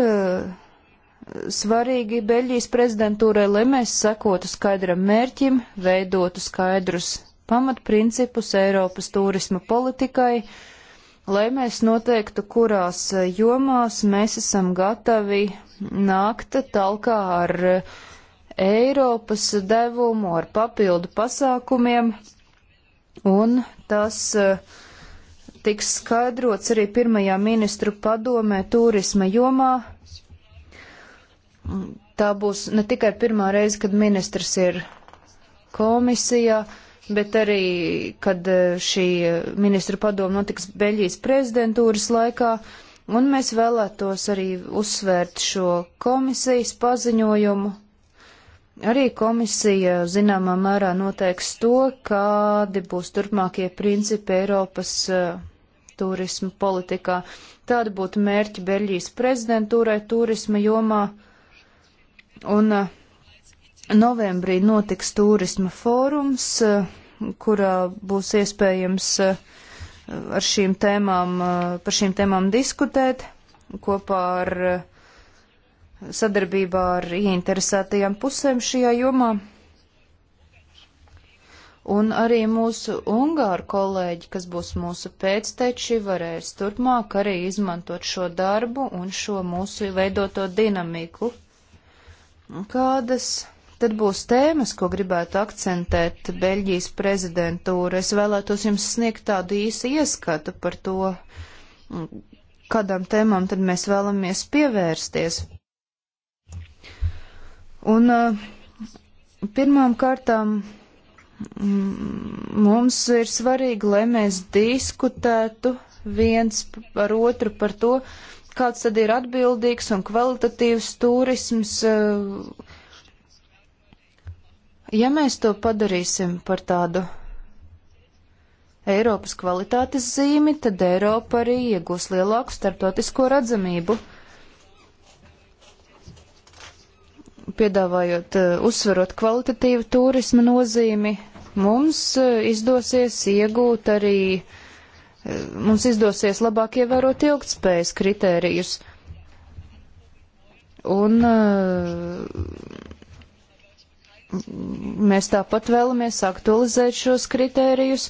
svarīgi Beļģijas prezidentūrai, lai mēs sekotu skaidram mērķim, veidotu skaidrus pamatprincipus Eiropas turisma politikai, lai mēs noteiktu, kurās jomās mēs esam gatavi nākt talkā ar Eiropas devumu, ar papildu pasākumiem, un tas eh, tiks skaidrots arī pirmajā ministru padomē turisma jomā Tā būs ne tikai pirmā reize, kad ministrs ir komisijā, bet arī, kad e, šī ministra padoma notiks Beļģijas prezidentūras laikā, un mēs vēlētos arī uzsvērt šo komisijas paziņojumu. Arī komisija zināmā mērā noteiks to, kādi būs turpmākie principi Eiropas uh, e, turismu politikā. Tāda būtu mērķi Beļģijas prezidentūrai turisma jomā. Uh, Un uh, novembrī notiks turisma fórums, uh, kurā būs iespējams uh, ar šīm tēmām, par šīm tēmām diskutēt kopā ar sadarbībā ar ieinteresētajām pusēm šajā jomā. Un arī mūsu ungāru kolēģi, kas būs mūsu pēcteči, varēs turpmāk arī izmantot šo darbu un šo mūsu veidoto dinamiku. Kādas tad būs tēmas, ko gribētu akcentēt Beļģijas prezidentūra? Es vēlētos jums sniegt tādu īsu ieskatu par to, mm, kādām tēmām tad mēs vēlamies pievērsties. Un eh, pirmām kārtām mm, mums ir svarīgi, lai mēs diskutētu viens par otru par to, uh, kāds tad ir atbildīgs un kvalitatīvs turisms. Eh? Ja mēs to padarīsim par tādu Eiropas kvalitātes zīmi, tad Eiropa arī iegūs lielāku starptautisko redzamību, piedāvājot, eh, uzsverot kvalitatīvu turisma nozīmi. Mums eh, izdosies iegūt arī uh, mums izdosies labāk ievērot ilgtspējas kritērijus. Un uh, mēs tāpat vēlamies aktualizēt šos kritērijus.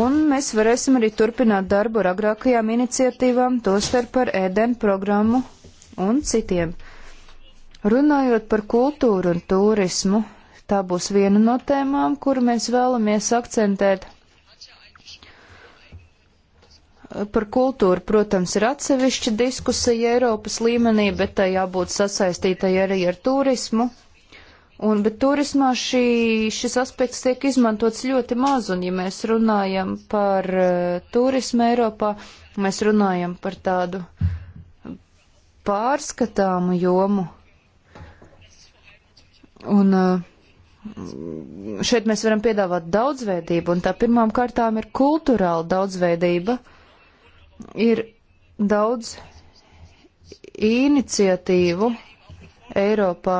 Un mēs varēsim arī turpināt darbu ar agrākajām iniciatīvām, tostarp ar ēdenu programmu un citiem. Runājot par kultūru un turismu, Tā būs viena no tēmām, kuru mēs vēlamies akcentēt. Par kultūru, protams, ir atsevišķa diskusija Eiropas līmenī, bet tai jābūt sasaistītai arī ar turismu. Un, bet turismā šī, šis aspekts tiek izmantots ļoti maz, un ja mēs runājam par uh, turismu Eiropā, mēs runājam par tādu pārskatāmu jomu. Un uh, šeit mēs varam piedāvāt daudzveidību, un tā pirmām kārtām ir kulturāla daudzveidība. Ir daudz iniciatīvu Eiropā,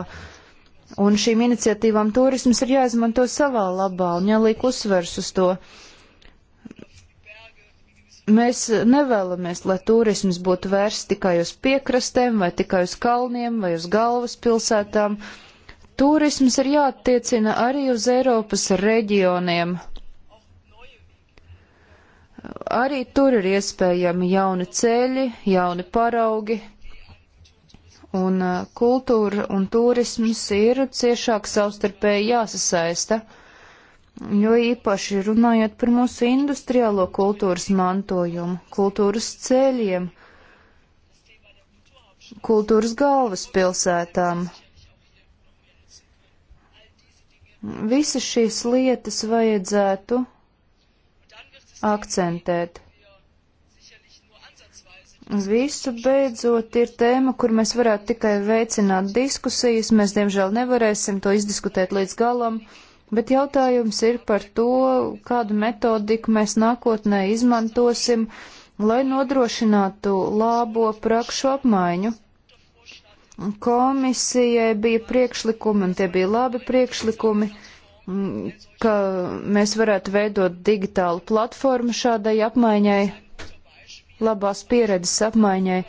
un šīm iniciatīvām turismas ir jāizmanto savā labā un jāliek uzsvers uz to. Mēs nevēlamies, lai turisms būtu vērsts tikai uz piekrastēm, vai tikai uz kalniem, vai uz galvaspilsētām. pilsētām Turisms ir jāattiecina arī uz Eiropas reģioniem. Arī tur ir iespējami jauni ceļi, jauni paraugi, un uh, kultūra un turisms ir ciešāk savstarpēji jāsasaista, jo īpaši runājot par mūsu industriālo kultūras mantojumu, kultūras ceļiem, kultūras galvaspilsētām. pilsētām. Visas šīs lietas vajadzētu akcentēt. Visu beidzot ir tēma, kur mēs varētu tikai veicināt diskusijas. Mēs, diemžēl, nevarēsim to izdiskutēt līdz galam, bet jautājums ir par to, kādu metodiku mēs nākotnē izmantosim, lai nodrošinātu labo prakšu apmaiņu. Komisijai bija priekšlikumi, un tie bija labi priekšlikumi, ka mēs varētu veidot digitālu platformu šādai apmaiņai, labās pieredzes apmaiņai.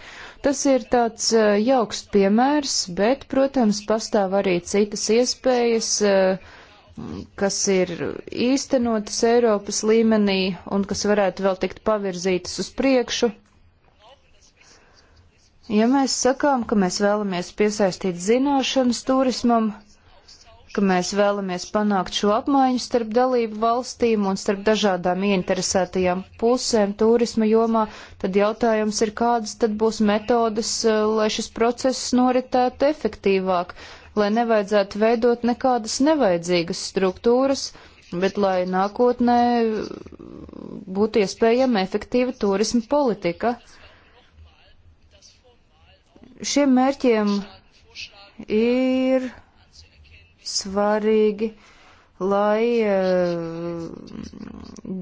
Tas ir tāds e, jauks piemērs, bet, protams, pastāv arī citas iespējas, e, kas ir īstenotas Eiropas līmenī un kas varētu vēl tikt pavirzītas uz priekšu. Ja mēs sakām, ka mēs vēlamies piesaistīt zināšanas turismam, ka mēs vēlamies panākt šo apmaiņu starp dalību valstīm un starp dažādām ieinteresētajām pusēm turisma jomā, tad jautājums ir, kādas tad būs metodas, eh, lai šis process noritētu efektīvāk, lai nevajadzētu veidot nekādas nevajadzīgas struktūras, bet lai nākotnē būtu iespējama efektīva turisma politika. Šiem mērķiem ir svarīgi, lai eh,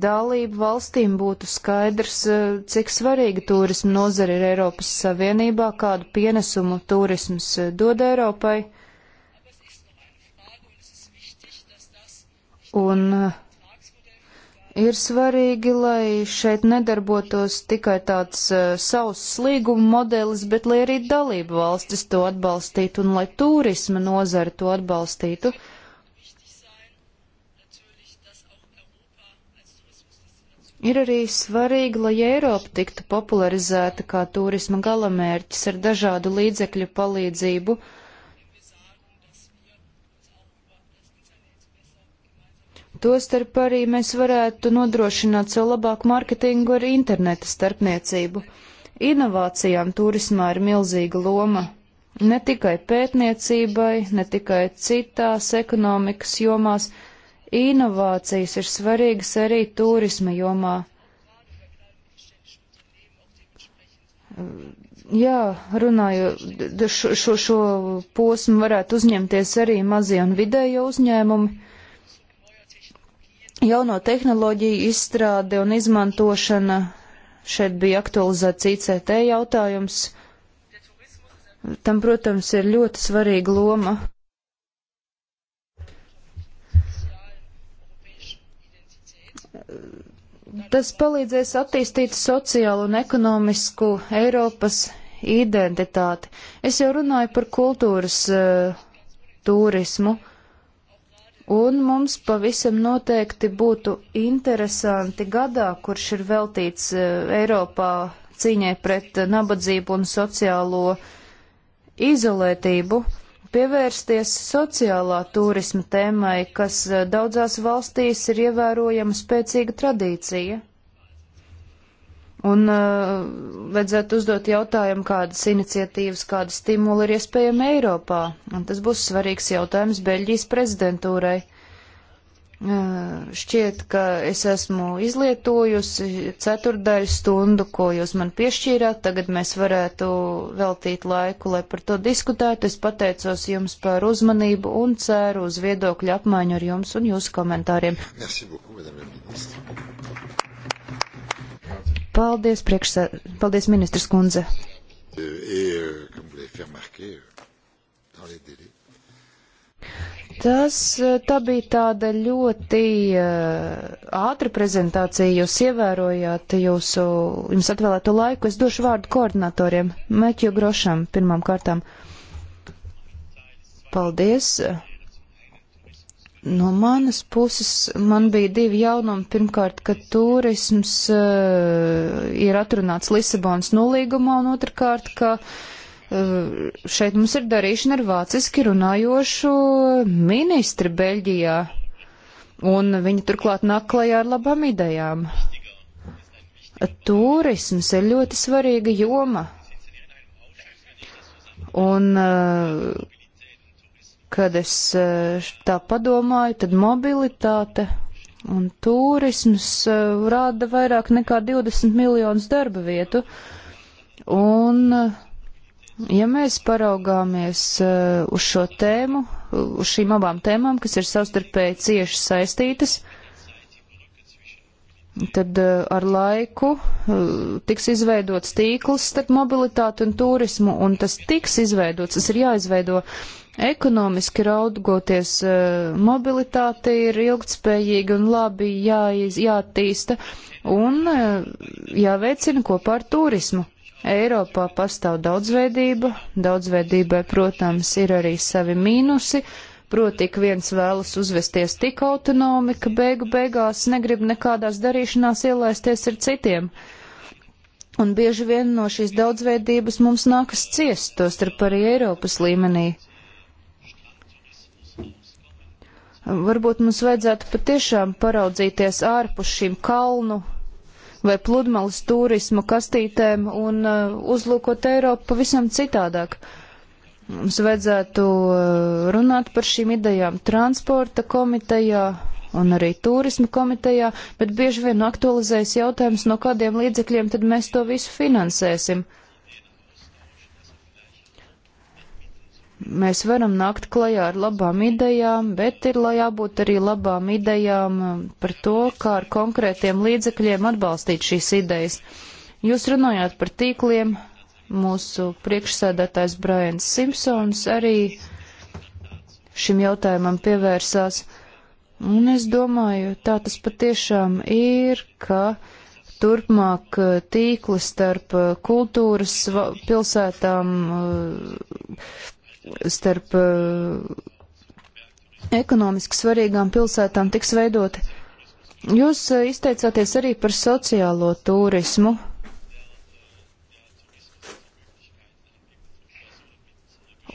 dalību valstīm būtu skaidrs, eh, cik svarīga turisma nozara ir Eiropas Savienībā, kādu pienesumu turisms eh, dod Eiropai. Un uh, Ir svarīgi, lai šeit nedarbotos tikai tāds uh, savs slīguma modelis, bet lai arī dalību valstis to atbalstītu un lai turisma nozara to atbalstītu. Ir arī svarīgi, lai Eiropa tiktu popularizēta kā turisma galamērķis ar dažādu līdzekļu palīdzību. Uh, Tostarp arī mēs varētu nodrošināt sev labāku mārketingu ar interneta starpniecību. Inovācijām turismā ir milzīga loma. Ne tikai pētniecībai, ne tikai citās ekonomikas jomās, inovācijas ir svarīgas arī turisma jomā. Jā, runāju, šo, šo, šo posmu varētu uzņemties arī mazie un vidējo uzņēmumi jauno tehnoloģiju izstrāde un izmantošana. Šeit bija aktualizēts ICT jautājums. Tam, protams, ir ļoti svarīga loma. Tas palīdzēs attīstīt sociālu un ekonomisku Eiropas identitāti. Es jau runāju par kultūras uh, turismu. Uh, Un mums pavisam noteikti būtu interesanti gadā, kurš ir veltīts e, Eiropā cīņai pret e, nabadzību un sociālo izolētību, pievērsties sociālā turisma tēmai, kas e, daudzās valstīs ir ievērojama spēcīga tradīcija. Un uh, vajadzētu uzdot jautājumu, kādas iniciatīvas, kāda stimula ir iespējama Eiropā. Un tas būs svarīgs jautājums Beļģijas prezidentūrai. Uh, šķiet, ka es esmu izlietojusi ceturdaļu stundu, ko jūs man piešķīrāt. Tagad mēs varētu veltīt laiku, lai par to diskutētu. Es pateicos jums par uzmanību un ceru uz viedokļu apmaiņu ar jums un jūsu komentāriem. Merci beaucoup, madame la ministre. Paldies, priekšsē... Paldies ministrs kundze. Tas tā bija tāda ļoti eh, ātra prezentācija. Jūs ievērojāt jūsu, jums atvēlēto laiku. Es došu vārdu koordinatoriem. Meķu Grošam pirmām kārtām. Paldies. No manas puses man bija divi jaunumi. Pirmkārt, ka turisms uh, ir atrunāts Lisabonas nolīgumā, un otrkārt, ka uh, šeit mums ir darīšana ar vāciski runājošu ministri Beļģijā, un viņi turklāt nāk klajā ar labām idejām. Turisms ir ļoti svarīga joma. Un uh, Kad es eh, tā padomāju, tad mobilitāte un turisms eh, rāda vairāk nekā 20 miljonus darba vietu. Un, eh, ja mēs paraugāmies uz šo tēmu, uz šīm abām tēmām, kas ir savstarpēji cieši saistītas, uh, tad eh, ar laiku eh, tiks izveidots tīkls starp mobilitāti un turismu, un tas tiks izveidots, tas ir jāizveido ekonomiski raugoties, eh, mobilitāte ir ilgtspējīga un labi jāiz, jātīsta un jāveicina kopā ar turismu. Eiropā pastāv daudzveidība, daudzveidībai, protams, ir arī savi mīnusi, uh, Proti, ik viens vēlas uzvesties tik autonomi, ka beigu beigās negrib nekādās darīšanās ielaisties ar citiem. Un bieži vien no šīs daudzveidības mums nākas ciest, tostarp arī Eiropas līmenī. Varbūt mums vajadzētu patiešām paraudzīties ārpus šīm kalnu vai pludmales turismu kastītēm un uh, uzlūkot Eiropu pavisam citādāk. Uh, Mums vajadzētu eh, runāt par šīm idejām transporta komitejā un arī turisma komitejā, bet bieži vien aktualizējas jautājums, no kādiem līdzekļiem tad mēs to visu finansēsim. Mēs varam nākt klajā ar labām idejām, bet ir lai jābūt arī labām idejām eh, par to, kā ar konkrētiem līdzekļiem atbalstīt šīs idejas. Jūs runājāt par tīkliem, mūsu priekšsēdētājs Brians Simpsons arī šim jautājumam pievērsās. Un es domāju, tā tas patiešām ir, ka turpmāk uh, tīkli starp uh, kultūras pilsētām, uh, starp ekonomiski svarīgām pilsētām tiks veidoti. Jūs izteicāties arī par sociālo turismu,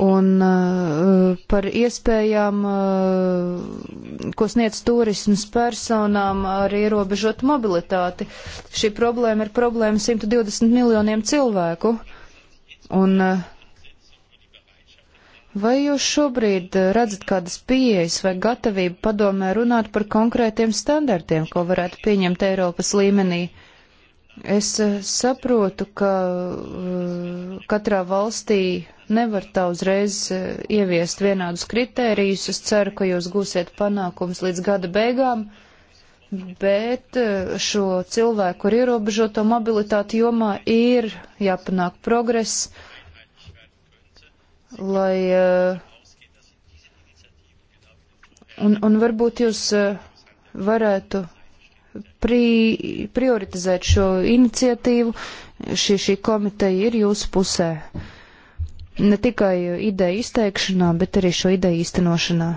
un uh, par iespējām, uh, ko sniedz turismas personām ar ierobežotu mobilitāti. Šī problēma ir problēma 120 miljoniem cilvēku. Un, uh, Vai jūs šobrīd redzat kādas pieejas vai gatavību padomē runāt par konkrētiem standartiem, ko varētu pieņemt Eiropas līmenī? Es saprotu, ka katrā valstī Nevar tā uzreiz e, ieviest vienādus kritērijus. Es ceru, ka jūs gūsiet panākums līdz gada beigām, bet e, šo cilvēku ar ierobežoto mobilitāti jomā ir jāpanāk progress, lai. E, un, un varbūt jūs varētu pri, prioritizēt šo iniciatīvu. Šī, šī komiteja ir jūsu pusē ne tikai ideju izteikšanā, bet arī šo ideju īstenošanā.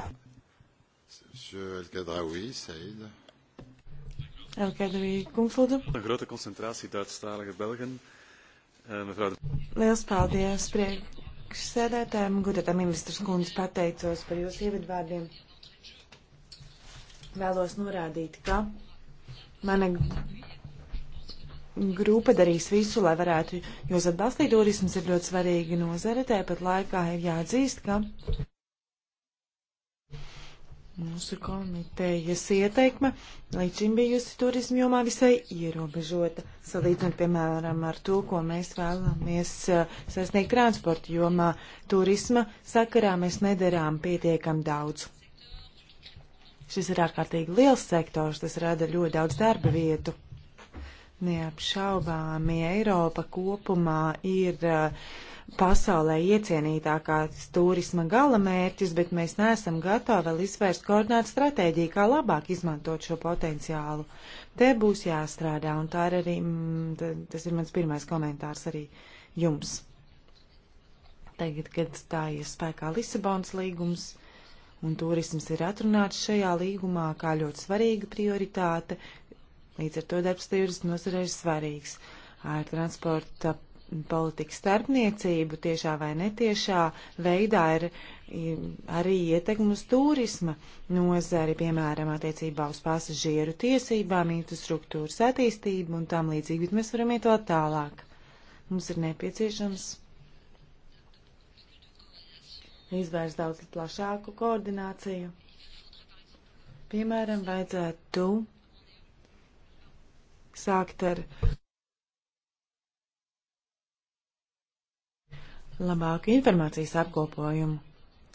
Grote koncentrācija Duitstālaga Belgen. Eh, Liels paldies priekšsēdētājiem, gudatam ministrs kundze pateicos par jūsu ievadvārdiem. Vēlos norādīt, ka mana grupa darīs visu, lai varētu jūs atbalstīt. Turisms ir ļoti svarīga nozare, tāpat laikā ir jāatzīst, ka mūsu komitejas ieteikme līdz šim bijusi turismu jomā visai ierobežota, salīdzinot, piemēram, ar to, ko mēs vēlamies uh, sasniegt transporta jomā. Turisma sakarā mēs nedarām pietiekam daudz. Šis ir ārkārtīgi liels sektors, tas rada ļoti daudz darba vietu. Neapšaubāmi Eiropa kopumā ir eh, pasaulē iecienītākās turisma galamērķis, bet mēs neesam gatavi vēl izvērst koordinētu stratēģiju, kā labāk izmantot šo potenciālu. Te būs jāstrādā, un tā ir arī, mm, tas ir mans pirmais komentārs arī jums. Tagad, kad stājies spēkā Lisabonas līgums, un turisms ir atrunāts šajā līgumā kā ļoti svarīga prioritāte, Līdz ar to darbs tīras nozare ir svarīgs. Ar transporta politikas starpniecību tiešā vai netiešā veidā ir arī ietekmi uz turisma nozari, piemēram, attiecībā uz pasažieru tiesībām, infrastruktūras attīstību un tam līdzīgi, bet mēs varam iet vēl tālāk. Mums ir nepieciešams izvērst daudz plašāku koordināciju. Piemēram, vajadzētu sākt ar labāku informācijas apkopojumu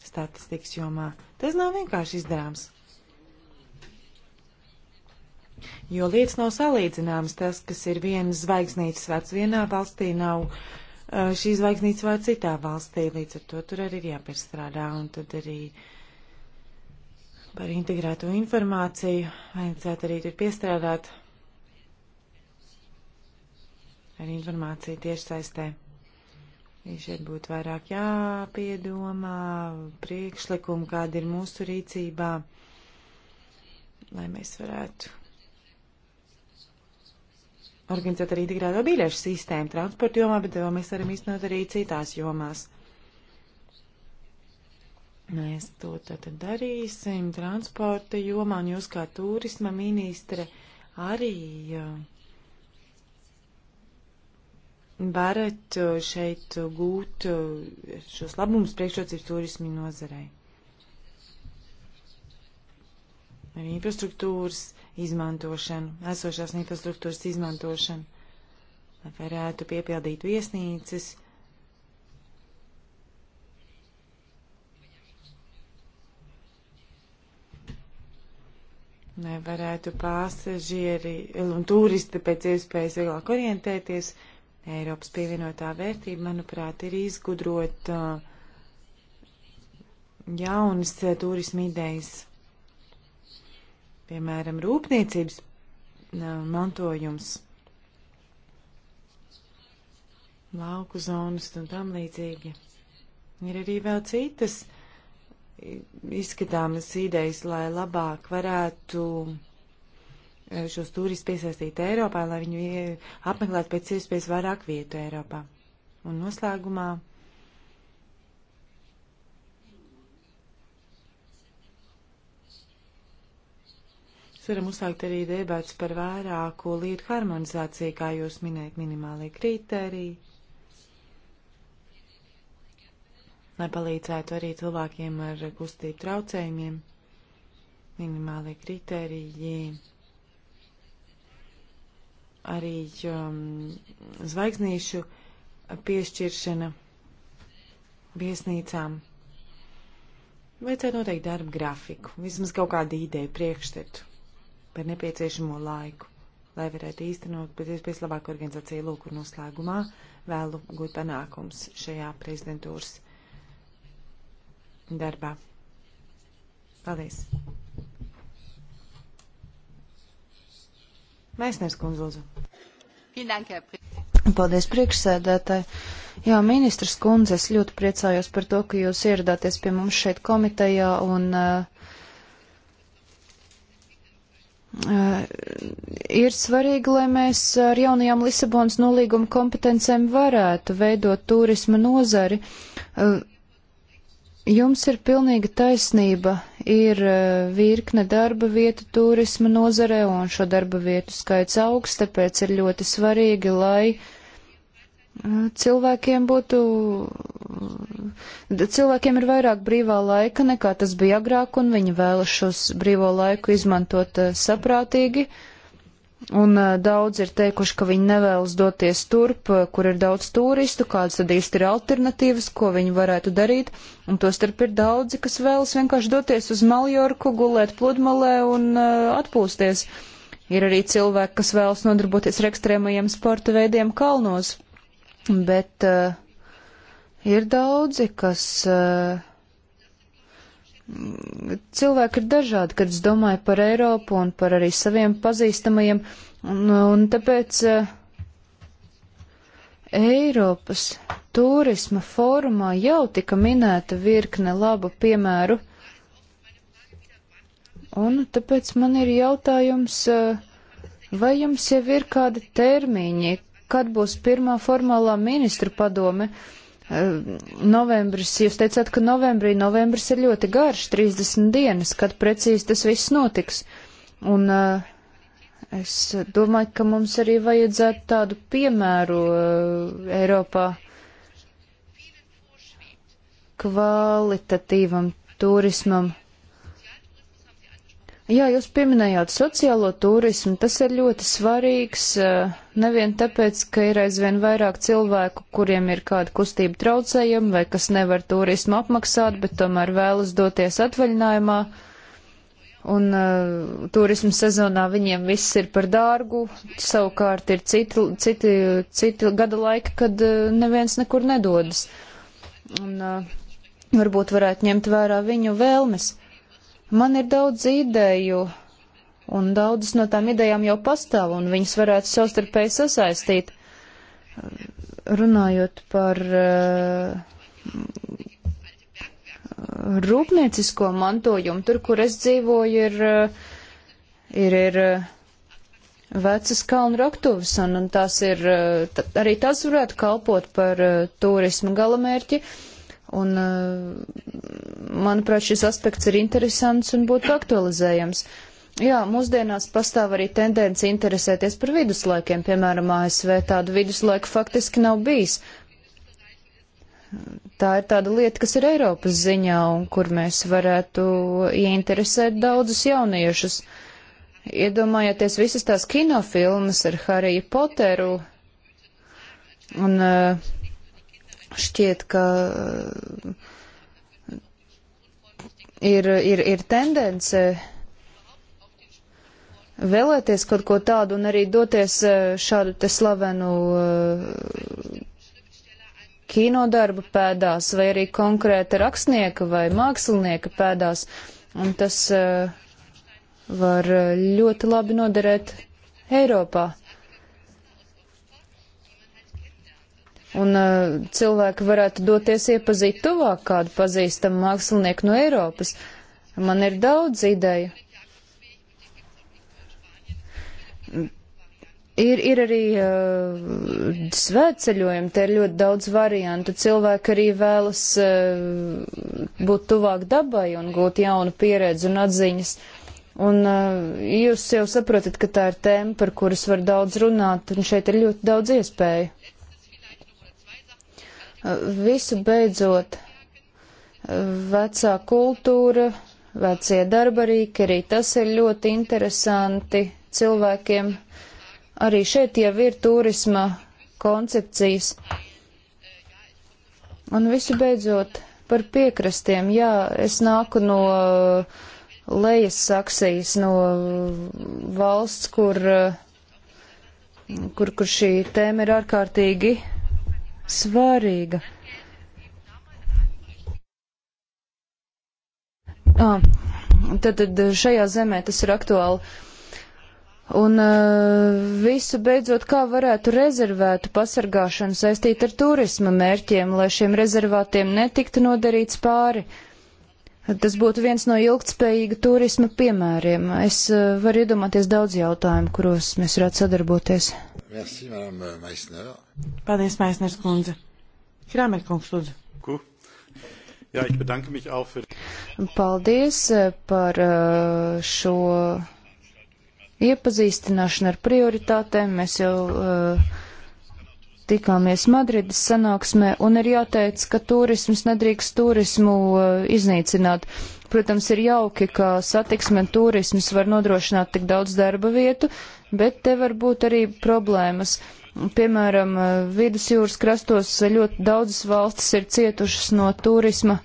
statistikas jomā. Tas nav vienkārši izdarāms. Jo lietas nav salīdzināmas. Tas, kas ir vienas zvaigznītes vērts vienā valstī, nav uh, šī zvaigznītes vērts citā valstī. Līdz ar to tur arī ir jāpierstrādā. Un tad arī par integrēto informāciju vajadzētu arī tur piestrādāt ar informāciju tiešsaistē. Ja šeit būtu vairāk jāpiedomā, priekšlikumi, kāda ir mūsu rīcībā, lai mēs varētu organizēt arī integrēto biļešu sistēmu transporta jomā, bet to mēs varam iznot arī citās jomās. Mēs to tad darīsim transporta jomā, un jūs kā turisma ministre arī. Uh, varat uh, šeit uh, gūt uh, šos labumus priekšrocības turismi nozarei. Ar infrastruktūras izmantošanu, esošās infrastruktūras izmantošanu, lai varētu piepildīt viesnīcas. Lai varētu pasažieri un turisti pēc iespējas vieglāk orientēties, uh, Eiropas pievienotā vērtība, manuprāt, ir izgudrot uh, jaunas uh, turisma idejas, piemēram, rūpniecības uh, mantojums, lauku zonas un tam līdzīgi. Ir arī vēl citas izskatāmas idejas, lai labāk varētu Eh, šos turistus piesaistīt Eiropā, lai viņi eh, apmeklētu pēc iespējas vairāk vietu Eiropā. Un noslēgumā. varam uzsākt arī debats par vairāku lietu harmonizāciju, kā jūs minējat, minimālie kriteriji, lai palīdzētu arī cilvēkiem ar kustību traucējumiem. Minimālie kriteriji arī um, zvaigznīšu piešķiršana viesnīcām. Vajadzētu noteikti darba grafiku, vismaz kaut kādu ideju, priekšstatu par nepieciešamo laiku, lai varētu īstenot pēc iespējas labāku organizāciju lūku un noslēgumā vēlu gūt panākums šajā prezidentūras darbā. Paldies! Mēsners kundze, lūdzu. Paldies priekšsēdētāji. Jā, ministrs kundze, es ļoti priecājos par to, ka jūs ieradāties pie mums šeit komitejā un uh, Uh, ir svarīgi, lai mēs ar jaunajām Lisabonas nolīguma kompetencēm varētu veidot turisma nozari. Uh, jums ir pilnīga taisnība ir eh, virkne darba vietu turisma nozarē, un šo darba vietu skaits augsts, tāpēc ir ļoti svarīgi, lai eh, cilvēkiem būtu, eh, cilvēkiem ir vairāk brīvā laika nekā tas bija agrāk, un viņi vēlas šos brīvo laiku izmantot saprātīgi. Uh, Un daudz ir teikuši, ka viņi nevēlas doties turp, kur ir daudz turistu, kādas tad īsti ir alternatīvas, ko viņi varētu darīt. Un to starp ir daudzi, kas vēlas vienkārši doties uz Maljorku, gulēt pludmalē un uh, atpūsties. Ir arī cilvēki, kas vēlas nodarboties ar ekstrēmajiem sporta veidiem kalnos. Bet uh, ir daudzi, kas uh, Cilvēki ir dažādi, kad es domāju par Eiropu un par arī saviem pazīstamajiem, un, un tāpēc uh, Eiropas turisma fórumā jau tika minēta virkne labu piemēru, un tāpēc man ir jautājums, uh, vai jums jau ir kādi termiņi, kad būs pirmā formālā ministra padome? Uh, Ehm, novembris, jūs teicāt, ka novembrī novembris ir ļoti garš, 30 dienas, kad precīzi tas viss notiks. Un eh, es domāju, ka mums arī vajadzētu tādu piemēru eh, Eiropā kvalitatīvam turismam. Jā, jūs pieminējāt sociālo turismu, tas ir ļoti svarīgs, eh, nevien tāpēc, ka ir aizvien vairāk cilvēku, kuriem ir kāda kustība traucējuma vai kas nevar turismu apmaksāt, bet tomēr vēlas doties atvaļinājumā, un uh, turismu sezonā viņiem viss ir par dārgu, savukārt ir citi, citi, citi gada laika, kad uh, neviens nekur nedodas, un uh, varbūt varētu ņemt vērā viņu vēlmes. Uh, Man ir daudz ideju, un daudzas no tām idejām jau pastāv, un viņas varētu savstarpēji sasaistīt. Runājot par uh, rūpniecisko mantojumu, tur, kur es dzīvoju, ir, eh, ir, ir eh, vecas kalnu raktuves, un, un tās ir, tā, arī tas varētu kalpot par uh, turismu galamērķi. Uh, Un, eh, manuprāt, šis aspekts ir interesants un būtu aktualizējams. Jā, mūsdienās pastāv arī tendence interesēties par viduslaikiem, piemēram, ASV tādu viduslaiku faktiski nav bijis. Tā ir tāda lieta, kas ir Eiropas ziņā un kur mēs varētu ieinteresēt daudzus jauniešus. Iedomājieties visas tās kinofilmas ar Hariju Poteru un uh, šķiet, ka eh, ir, ir, ir tendence vēlēties kaut ko tādu un arī doties eh, šādu te slavenu eh, kinodarbu pēdās vai arī konkrēta rakstnieka vai mākslinieka pēdās. Un tas var ļoti labi noderēt Eiropā. un uh, cilvēki varētu doties iepazīt tuvāk kādu pazīstamu mākslinieku no Eiropas. Man ir daudz ideju. Ir, ir arī uh, svētceļojumi, te ir ļoti daudz variantu. Cilvēki arī vēlas uh, būt tuvāk dabai un gūt jaunu pieredzi un atziņas. Un uh, jūs jau saprotat, ka tā ir tēma, par kuras var daudz runāt, un šeit ir ļoti daudz iespēju. Visu beidzot, vecā kultūra, vecie darbarīki, arī tas ir ļoti interesanti cilvēkiem. Arī šeit jau ir turisma koncepcijas. Un visu beidzot par piekrastiem. Jā, es nāku no uh, lejas saksijas, no uh, valsts, kur, uh, kur, kur šī tēma ir ārkārtīgi svarīga. Ah, tad, tad šajā zemē tas ir aktuāli. Un uh, visu beidzot, kā varētu rezervētu pasargāšanu saistīt ar turisma mērķiem, lai šiem rezervātiem netiktu nodarīts pāri. Tas būtu viens no ilgtspējīga turisma piemēriem. Es uh, varu iedomāties daudz jautājumu, kuros mēs varētu sadarboties. Merci, Madame Meisner. Paldies, Meisners kundze. Kramer kungs, lūdzu. Ko? Jā, ich bedanke mich auch für. Paldies eh, par eh, šo iepazīstināšanu ar prioritātēm. Mēs jau uh, tikāmies Madrides sanāksmē, un ir jāteic, ka turisms nedrīkst turismu uh, iznīcināt. Uh, Protams, ir jauki, ka satiksme un turisms var nodrošināt tik daudz darba vietu, bet te var būt arī problēmas. Piemēram, eh, vidusjūras krastos ļoti daudzas valstis ir cietušas no turisma.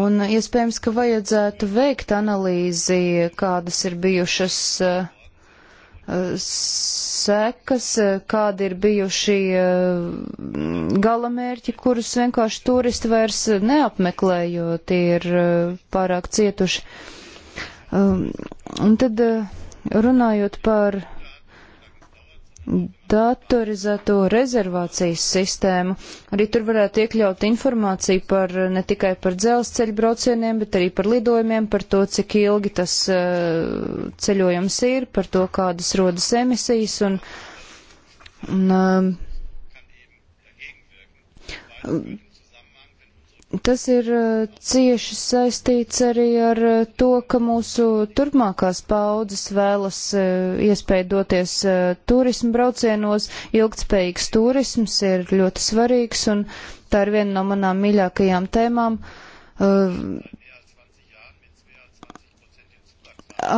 Un iespējams, ka vajadzētu veikt analīzi, kādas ir bijušas uh, sekas, kādi ir bijuši eh, galamērķi, kurus vienkārši turisti vairs neapmeklē, jo tie ir eh, pārāk cietuši. Um, un tad eh, runājot par datorizēto rezervācijas sistēmu. Arī tur varētu iekļaut informāciju par eh, ne tikai par dzelzceļa braucieniem, bet arī par lidojumiem, par to, cik ilgi tas uh, ceļojums ir, par to, kādas rodas emisijas un, un uh, Tas ir uh, cieši saistīts arī ar uh, to, ka mūsu turpmākās paudzes vēlas uh, iespēju doties turismu braucienos. Ilgtspējīgs turisms ir ļoti svarīgs un tā ir viena no manām mīļākajām tēmām.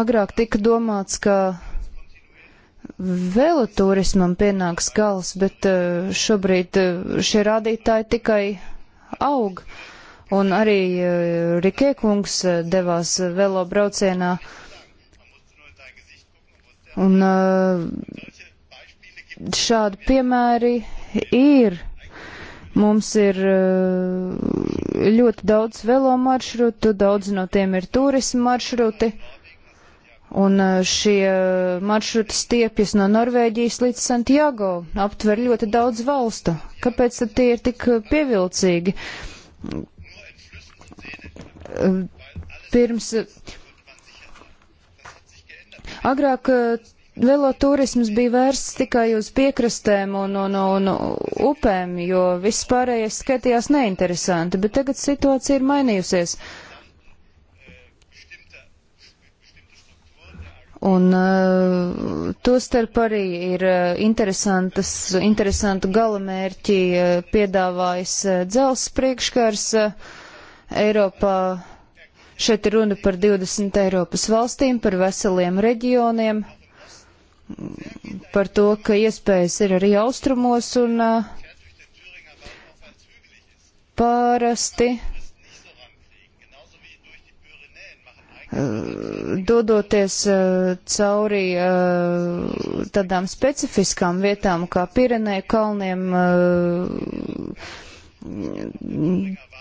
Agrāk tika domāts, ka veloturismam pienāks gals, bet šobrīd šie rādītāji tikai aug. Un arī eh, Rikē kungs eh, devās velo braucienā. Un eh, šādi piemēri ir. Mums ir ļoti daudz velo maršrutu, daudz no tiem ir turismu maršruti. Un uh, šie maršruti stiepjas no Norvēģijas līdz Santiago, aptver ļoti daudz valstu. Kāpēc tad tie ir tik uh, pievilcīgi? Uh, pirms agrāk velotūrisms bija vērsts tikai uz piekrastēm un, un, un upēm, jo viss pārējais skatījās neinteresanti, bet tagad situācija ir mainījusies. Uh, Un uh, eh, to starp arī ir eh, interesantu galamērķi uh, eh, piedāvājis uh, dzels priekškars uh, Eiropā. Šeit ir runa par 20 Eiropas valstīm, par veseliem reģioniem, par to, ka iespējas ir arī austrumos un uh, parasti dodoties eh, cauri eh, tādām specifiskām vietām kā Pirenēju kalniem, eh,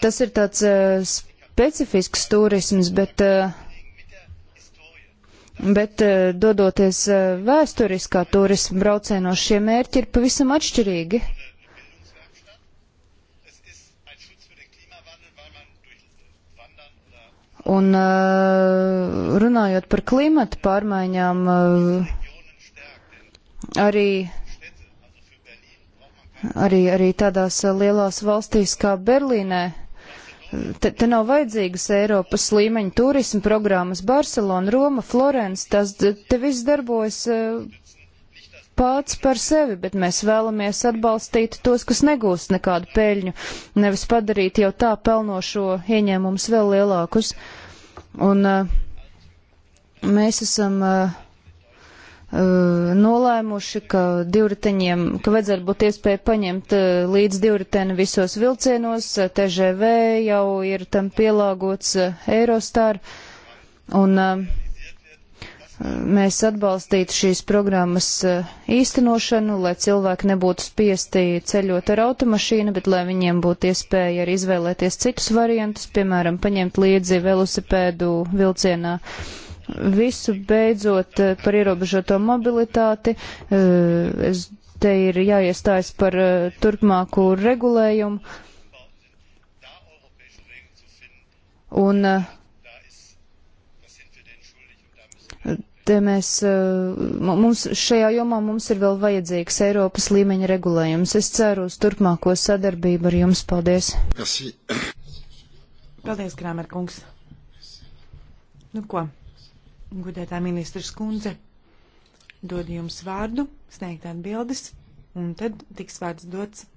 tas ir tāds specifisks turisms, bet, bet dodoties vēsturiskā turisma braucienos, šie mērķi ir pavisam atšķirīgi. Un eh, runājot par klimatu pārmaiņām, eh, arī, arī, arī tādās eh, lielās valstīs kā Berlīnē. Te, te nav vajadzīgas Eiropas līmeņa turisma programmas Barcelona, Roma, Florence, tas te viss darbojas pats par sevi, bet mēs vēlamies atbalstīt tos, kas negūst nekādu peļņu, nevis padarīt jau tā pelnošo ieņēmumus vēl lielākus. Uh, Un uh, mēs esam uh, uh, nolēmuši, ka divriteņiem, ka vajadzētu būt iespēja paņemt uh, līdz divriteni visos vilcienos, uh, TŽV jau ir tam pielāgots uh, Eurostar. Un, uh, mēs atbalstītu šīs programmas eh, īstenošanu, lai cilvēki nebūtu spiesti ceļot ar automašīnu, bet lai viņiem būtu iespēja arī izvēlēties citus variantus, piemēram, paņemt līdzi velosipēdu vilcienā. Visu beidzot eh, par ierobežoto mobilitāti, eh, es te ir jāiestājas par turpmāku regulējumu. Un uh, Te mēs, eh, mums šajā jomā mums ir vēl vajadzīgs Eiropas līmeņa regulējums. Es ceru uz turpmāko sadarbību ar jums. Paldies! Merci. Paldies, Krāmer kungs! Nu ko, gudētā ministrs kundze, dod jums vārdu, sniegt atbildes, un tad tiks vārds dots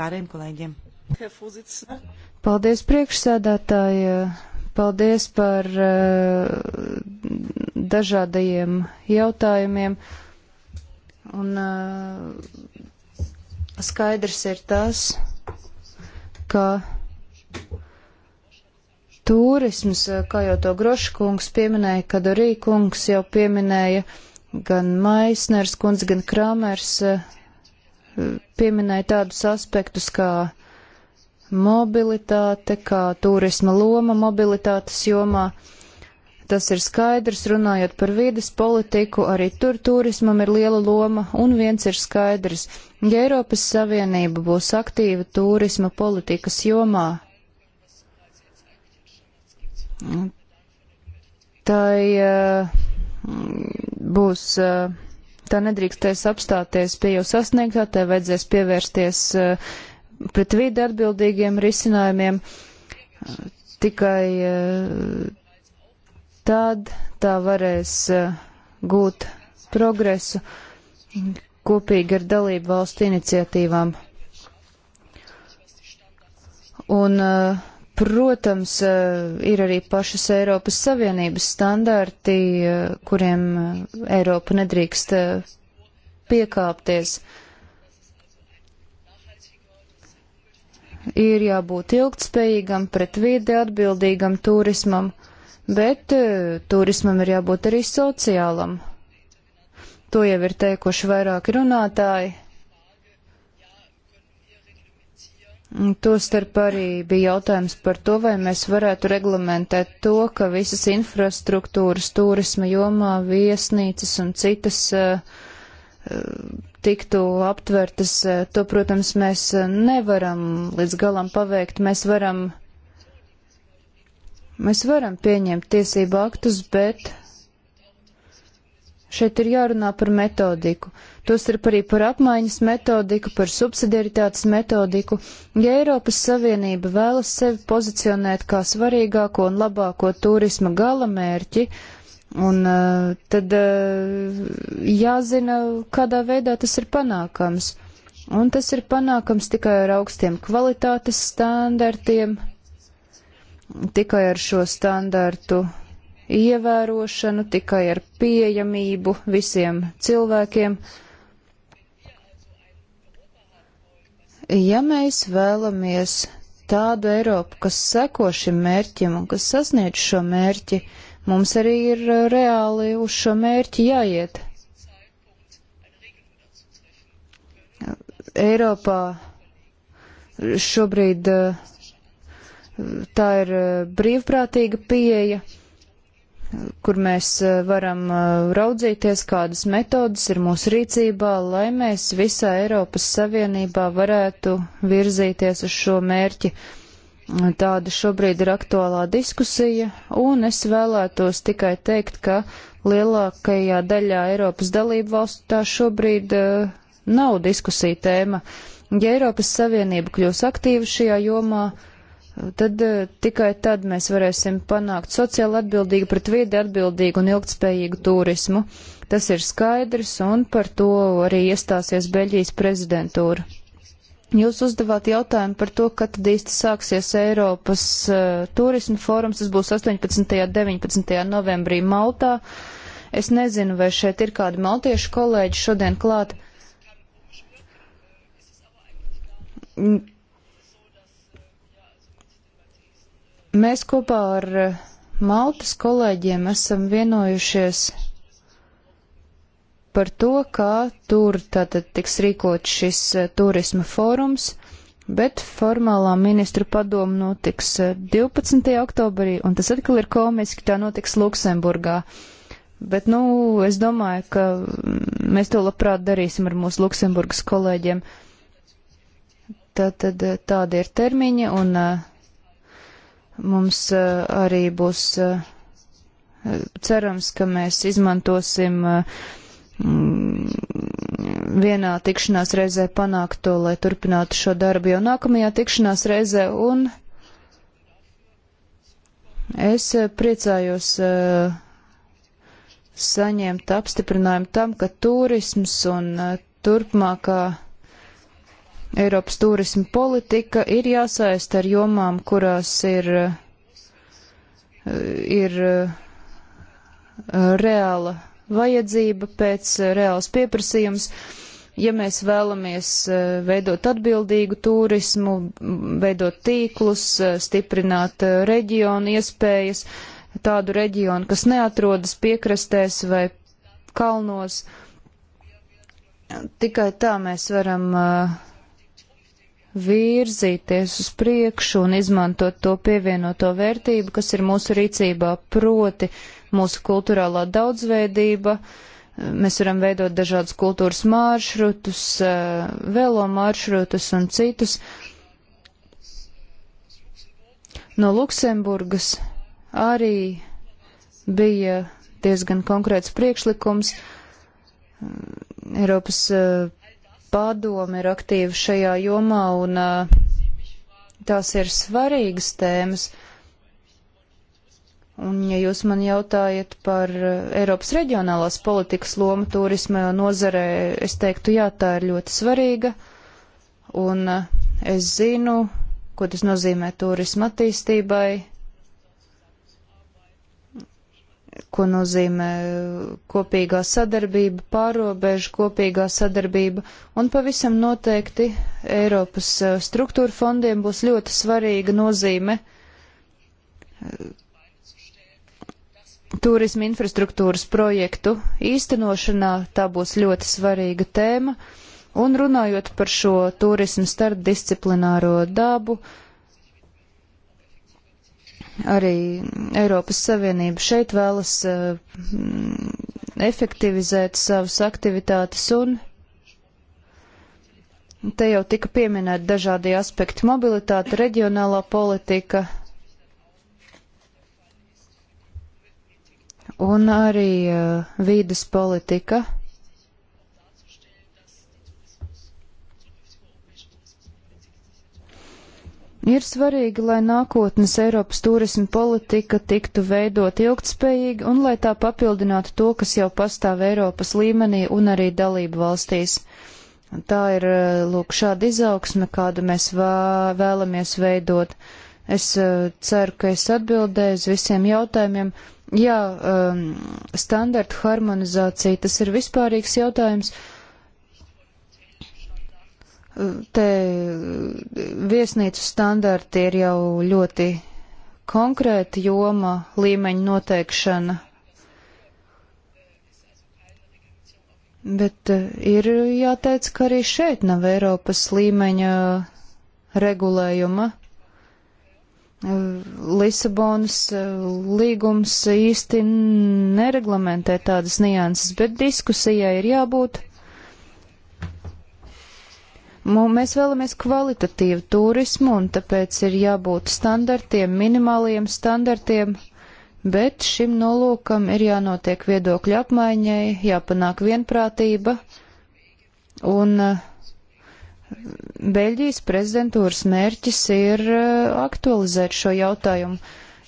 pārējiem kolēģiem. Paldies, priekšsēdētāji! Paldies par uh, dažādajiem jautājumiem. Un uh, skaidrs ir tas, ka turisms, eh, kā jau to Groškungs pieminēja, kad arī kungs jau pieminēja, gan Maisners kundze, gan Kramers pieminēja tādus aspektus kā uh, mobilitāte, kā turisma loma mobilitātes jomā. Tas ir skaidrs, runājot par vides politiku, arī tur turismam ir liela loma, un viens ir skaidrs, ja Eiropas Savienība būs aktīva turisma politikas jomā, tai uh, būs, uh, tā nedrīkstēs apstāties pie jau sasniegtā, tai vajadzēs pievērsties uh, pret vidi atbildīgiem risinājumiem. Tikai eh, tad tā varēs eh, gūt progresu kopīgi ar dalību valstu iniciatīvām. Un, eh, protams, ir arī pašas Eiropas Savienības standarti, kuriem Eiropa nedrīkst piekāpties. Uh, ir jābūt ilgtspējīgam, pret vidi atbildīgam turismam, bet e, turismam ir jābūt arī sociālam. To jau ir teikuši vairāki runātāji. Tostarp arī bija jautājums par to, vai mēs varētu reglamentēt to, ka visas infrastruktūras turisma jomā viesnīcas un citas uh, tiktu aptvertas, eh, to, protams, mēs eh, nevaram līdz galam paveikt. Mēs varam, mēs varam pieņemt tiesību aktus, bet šeit ir jārunā par metodiku. Tostarp arī par apmaiņas metodiku, par subsidiaritātes metodiku. Ja Eiropas Savienība vēlas sevi pozicionēt kā svarīgāko un labāko turisma galamērķi, mērķi, Un uh, tad uh, jāzina, kādā veidā tas ir panākams. Un tas ir panākams tikai ar augstiem kvalitātes standartiem, tikai ar šo standartu ievērošanu, tikai ar pieejamību visiem cilvēkiem. Ja mēs vēlamies tādu Eiropu, kas seko šim mērķim un kas sasniedz šo mērķi, uh, Mums arī ir uh, reāli uz šo mērķi jāiet. Eiropā šobrīd uh, tā ir uh, brīvprātīga pieeja, kur mēs varam raudzīties, kādas metodas ir mūsu rīcībā, lai mēs visā Eiropas Savienībā varētu virzīties uz šo mērķi. Tāda šobrīd ir aktuālā diskusija, un es vēlētos tikai teikt, ka lielākajā daļā Eiropas dalību valstu tā šobrīd uh, nav diskusija tēma. Ja Eiropas Savienība kļūs aktīva šajā jomā, tad uh, tikai tad mēs varēsim panākt sociāli atbildīgu, pret vidi atbildīgu un ilgtspējīgu turismu. Tas ir skaidrs, un par to arī iestāsies Beļģijas prezidentūra. Jūs uzdevāt jautājumu par to, kad tad īsti sāksies Eiropas uh, turismu forums. Tas būs 18. un 19. novembrī Maltā. Es nezinu, vai šeit ir kādi maltiešu kolēģi šodien klāt. Mēs kopā ar uh, Maltas kolēģiem esam vienojušies par to, kā tur tātad tiks rīkot šis eh, turisma fórums, bet formālā ministru padoma notiks 12. Eh, oktobrī, un tas atkal ir komiski, tā notiks Luksemburgā. Bet, nu, es domāju, ka mm, mēs to labprāt darīsim ar mūsu Luksemburgas kolēģiem. Tātad eh, tādi ir termiņi, un mums arī būs cerams, ka mēs izmantosim uh, Mm, vienā tikšanās reizē panākt to, lai turpinātu šo darbu jau nākamajā tikšanās reizē, un es eh, priecājos eh, saņemt apstiprinājumu tam, ka turisms un eh, turpmākā Eiropas turisma politika ir jāsaist ar jomām, kurās ir, ir reāla vajadzība, pēc eh, reāls pieprasījums. Ja mēs vēlamies eh, veidot atbildīgu turismu, veidot tīklus, eh, stiprināt reģionu iespējas, tādu reģionu, kas neatrodas piekrastēs vai kalnos, tikai tā mēs varam virzīties uz priekšu un izmantot to pievienoto vērtību, kas ir mūsu rīcībā, proti mūsu kultūrālā daudzveidība, mēs varam veidot dažādus kultūras maršrutus, eh, velo maršrutus un citus. No Luksemburgas arī bija diezgan konkrēts priekšlikums. Eiropas eh, padome ir aktīva šajā jomā un eh, tās ir svarīgas tēmas. Uh, Un, ja jūs man jautājat par eh, Eiropas reģionālās politikas lomu turisma nozarē, es teiktu, jā, tā ir ļoti svarīga. Un eh, es zinu, ko tas nozīmē turisma attīstībai, ko nozīmē kopīgā sadarbība, pārobežu kopīgā sadarbība. Un pavisam noteikti Eiropas eh, struktūra fondiem būs ļoti svarīga nozīme turisma infrastruktūras projektu īstenošanā. Tā būs ļoti svarīga tēma. Un runājot par šo turismu starpdisciplināro dabu, arī Eiropas Savienība šeit vēlas uh, efektivizēt savas aktivitātes un te jau tika pieminēti dažādi aspekti - mobilitāte, reģionālā politika, un arī uh, eh, vīdas politika. Ir svarīgi, lai nākotnes Eiropas turisma politika tiktu veidot ilgtspējīgi un lai tā papildinātu to, kas jau pastāv Eiropas līmenī un arī dalību valstīs. Tā ir, uh, lūk, šāda izaugsme, kādu mēs vā, vēlamies veidot. Es uh, ceru, ka es atbildēju uz visiem jautājumiem. Jā, um, standartu harmonizācija, tas ir vispārīgs jautājums. Te viesnīcu standarti ir jau ļoti konkrēta joma līmeņa noteikšana. Bet uh, ir jāteic, ka arī šeit nav Eiropas līmeņa regulējuma. Lisabonas eh, līgums īsti nereglamentē tādas nianses, bet diskusijai ir jābūt. Mēs vēlamies kvalitatīvu turismu, un tāpēc ir jābūt standartiem, minimāliem standartiem, bet šim nolūkam ir jānotiek viedokļu apmaiņai, jāpanāk vienprātība, un uh, Beļģijas prezidentūras mērķis ir uh, aktualizēt šo jautājumu.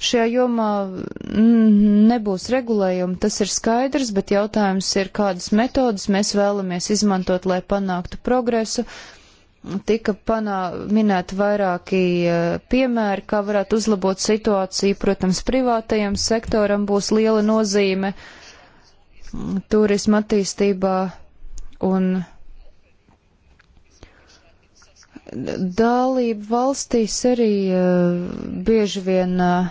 Šajā jomā mm, nebūs regulējuma, tas ir skaidrs, bet jautājums ir, kādas metodas mēs vēlamies izmantot, lai panāktu progresu. Tika panā, minēti vairāki uh, piemēri, kā varētu uzlabot situāciju. Protams, privātajam sektoram būs liela nozīme turisma attīstībā un dalību valstīs arī eh, bieži vien eh,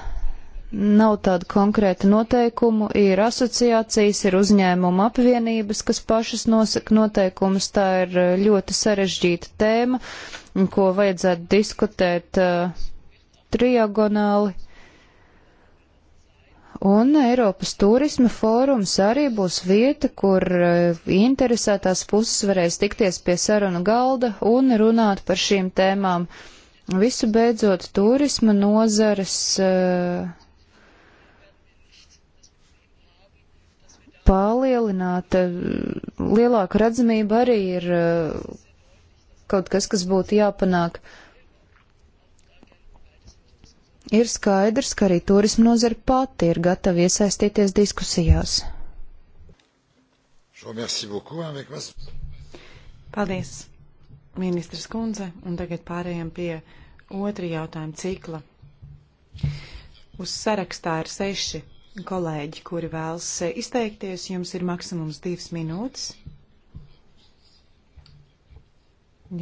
nav tāda konkrēta noteikumu, ir asociācijas, ir uzņēmuma apvienības, kas pašas nosaka noteikumus, tā ir eh, ļoti sarežģīta tēma, ko vajadzētu diskutēt triagonāli. Un Eiropas turisma fórums arī būs vieta, kur eh, interesētās puses varēs tikties pie sarunu galda un runāt par šīm tēmām. Visu beidzot, turisma nozares eh, palielināta, eh, lielāka redzamība arī ir kaut kas, kas būtu jāpanāk. Uh, ir skaidrs, ka arī turismu nozara pati ir gatava iesaistīties diskusijās. Paldies, ministrs kundze, un tagad pārējām pie otra jautājuma cikla. Uz sarakstā ir seši kolēģi, kuri vēlas izteikties. Jums ir maksimums divas minūtes,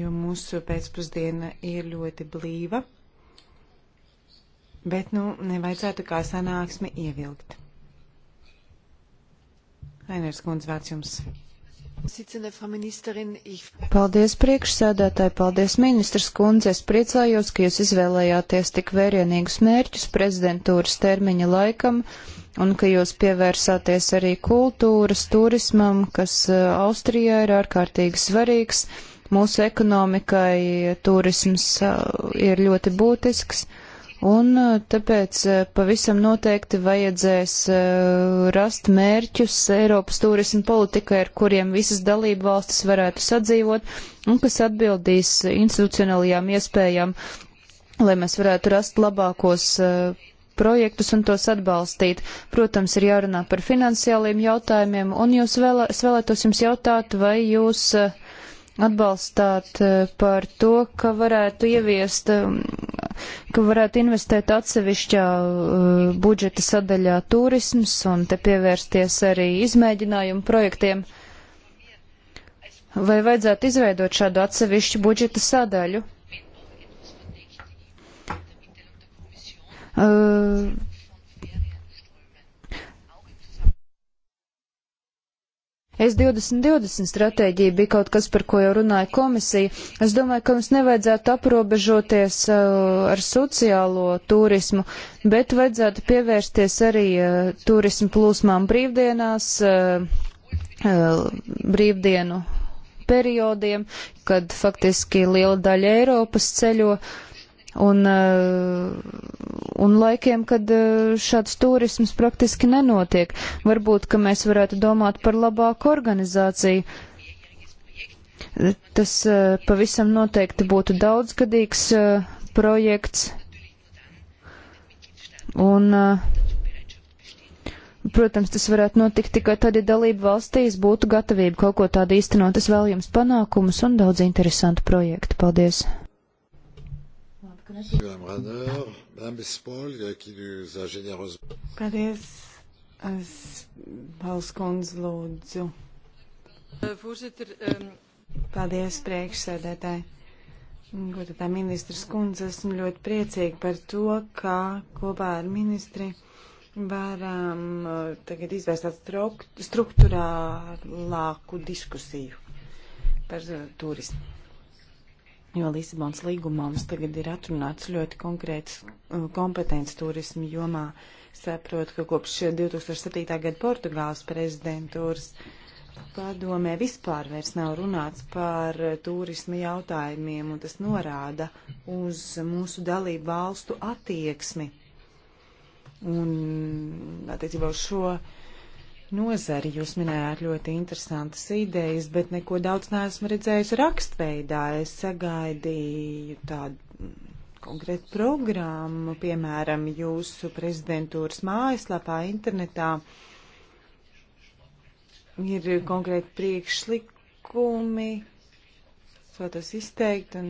jo mūsu pēcpusdiena ir ļoti blīva. Bet, nu, nevajadzētu kā sanāksmi ievilkt. Ainērs Kundz, vārds jums. Paldies priekšsēdētāji, paldies ministrs kundze. Es priecājos, ka jūs izvēlējāties tik vērienīgus mērķus prezidentūras termiņa laikam un ka jūs pievērsāties arī kultūras turismam, kas eh, Austrijā ir ārkārtīgi svarīgs. Mūsu ekonomikai turisms eh, ir ļoti būtisks. Un eh, tāpēc eh, pavisam noteikti vajadzēs eh, rast mērķus Eiropas turismu politikai, ar kuriem visas dalību valstis varētu sadzīvot un kas atbildīs institucionālajām iespējām, lai mēs varētu rast labākos projektus un tos atbalstīt. Protams, ir jārunā par finansiāliem jautājumiem, un jūs vēlē, es vēlētos jums jautāt, vai jūs atbalstāt par to, ka varētu ieviest mm, ka varētu investēt atsevišķā uh, budžeta sadaļā turisms un te pievērsties arī izmēģinājumu projektiem. Vai vajadzētu izveidot šādu atsevišķu budžeta sadaļu? Uh, Es 2020 stratēģija bija kaut kas, par ko jau runāja komisija. Es domāju, ka mums nevajadzētu aprobežoties uh, ar sociālo turismu, bet vajadzētu pievērsties arī uh, turismu plūsmām brīvdienās, uh, uh, brīvdienu periodiem, kad faktiski liela daļa Eiropas ceļo. Uh, un, eh, un laikiem, kad eh, šāds turisms praktiski nenotiek. Varbūt, ka mēs varētu domāt par labāku organizāciju. Tas eh, pavisam noteikti būtu daudzgadīgs projekts. Un, protams, tas varētu notikt tikai tad, ja dalību valstīs būtu gatavība kaut ko tādu īstenot. Es vēl jums panākumus un daudz interesantu projektu. Paldies! Paldies, Balskundz, lūdzu. Ehm, Paldies, priekšsēdētāji. Godātā ministras kundze, esmu ļoti priecīga par to, ka kopā ar ministri varam eh, tagad izvērst tādu struktūrālāku diskusiju par eh, turismu jo Lisabonas līgumā mums tagad ir atrunāts ļoti konkrēts uh, kompetences turismu jomā. Saprotu, ka kopš 2007. gada Portugāles prezidentūras padomē vispār vairs nav runāts par turismu jautājumiem, un tas norāda uz mūsu dalību valstu attieksmi. Un attiecībā uz šo uh, nozari. Jūs minējāt ļoti interesantas idejas, bet neko daudz neesmu redzējusi rakstveidā. Es sagaidīju tādu konkrētu programmu, piemēram, jūsu prezidentūras mājaslapā internetā. Ir konkrēti priekšlikumi, to tas izteikt, un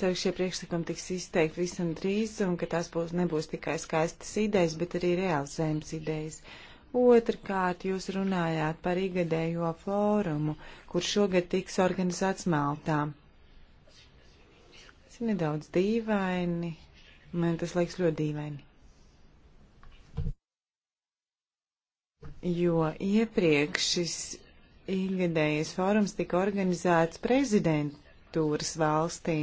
ceru, ka šie priekšlikumi tiks izteikti visam drīz, un ka tās būs, nebūs tikai skaistas idejas, bet arī realizējums idejas. Uh, Otrkārt, jūs runājāt par igadējo fórumu, kur šogad tiks organizēts Maltā. Tas ir nedaudz dīvaini. Man tas liekas ļoti dīvaini. Jo iepriekš šis ikgadējais fórums tika organizēts prezidentūras valstī,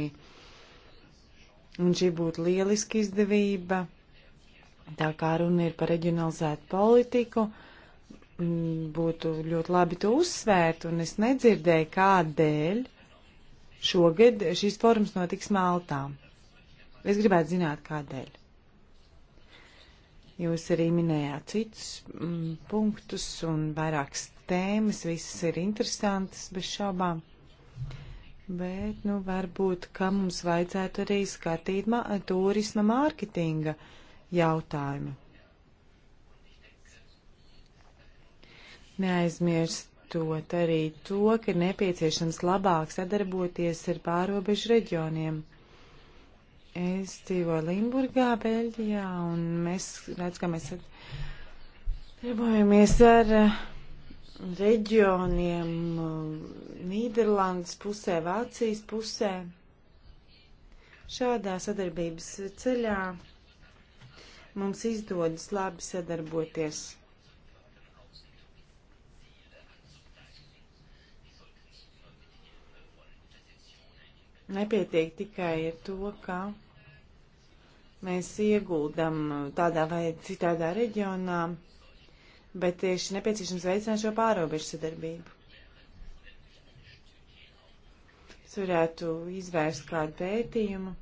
un šī būtu lieliski izdevība Tā kā runa ir par reģionalizētu politiku, būtu ļoti labi to uzsvērt, un es nedzirdēju, kādēļ šogad šīs forums notiks Maltā. Es gribētu zināt, kādēļ. Jūs arī minējāt citus mm, punktus un vairākas tēmas, visas ir interesantas bez šaubām. Bet, nu, varbūt, ka mums vajadzētu arī skatīt ma turisma mārketinga uh, jautājumi. Neaizmirstot arī to, ka ir nepieciešams labāk sadarboties ar pārobežu reģioniem. Es dzīvoju Limburgā, Beļģijā, un mēs redzam, ka mēs darbojamies ar uh, reģioniem uh, Nīderlandes pusē, Vācijas pusē. Šādā sadarbības ceļā Mums izdodas labi sadarboties. Nepietiek tikai ar to, ka mēs ieguldam tādā vai citādā reģionā, bet tieši nepieciešams veicināt šo pārobežu sadarbību. Es varētu izvērst kādu pētījumu.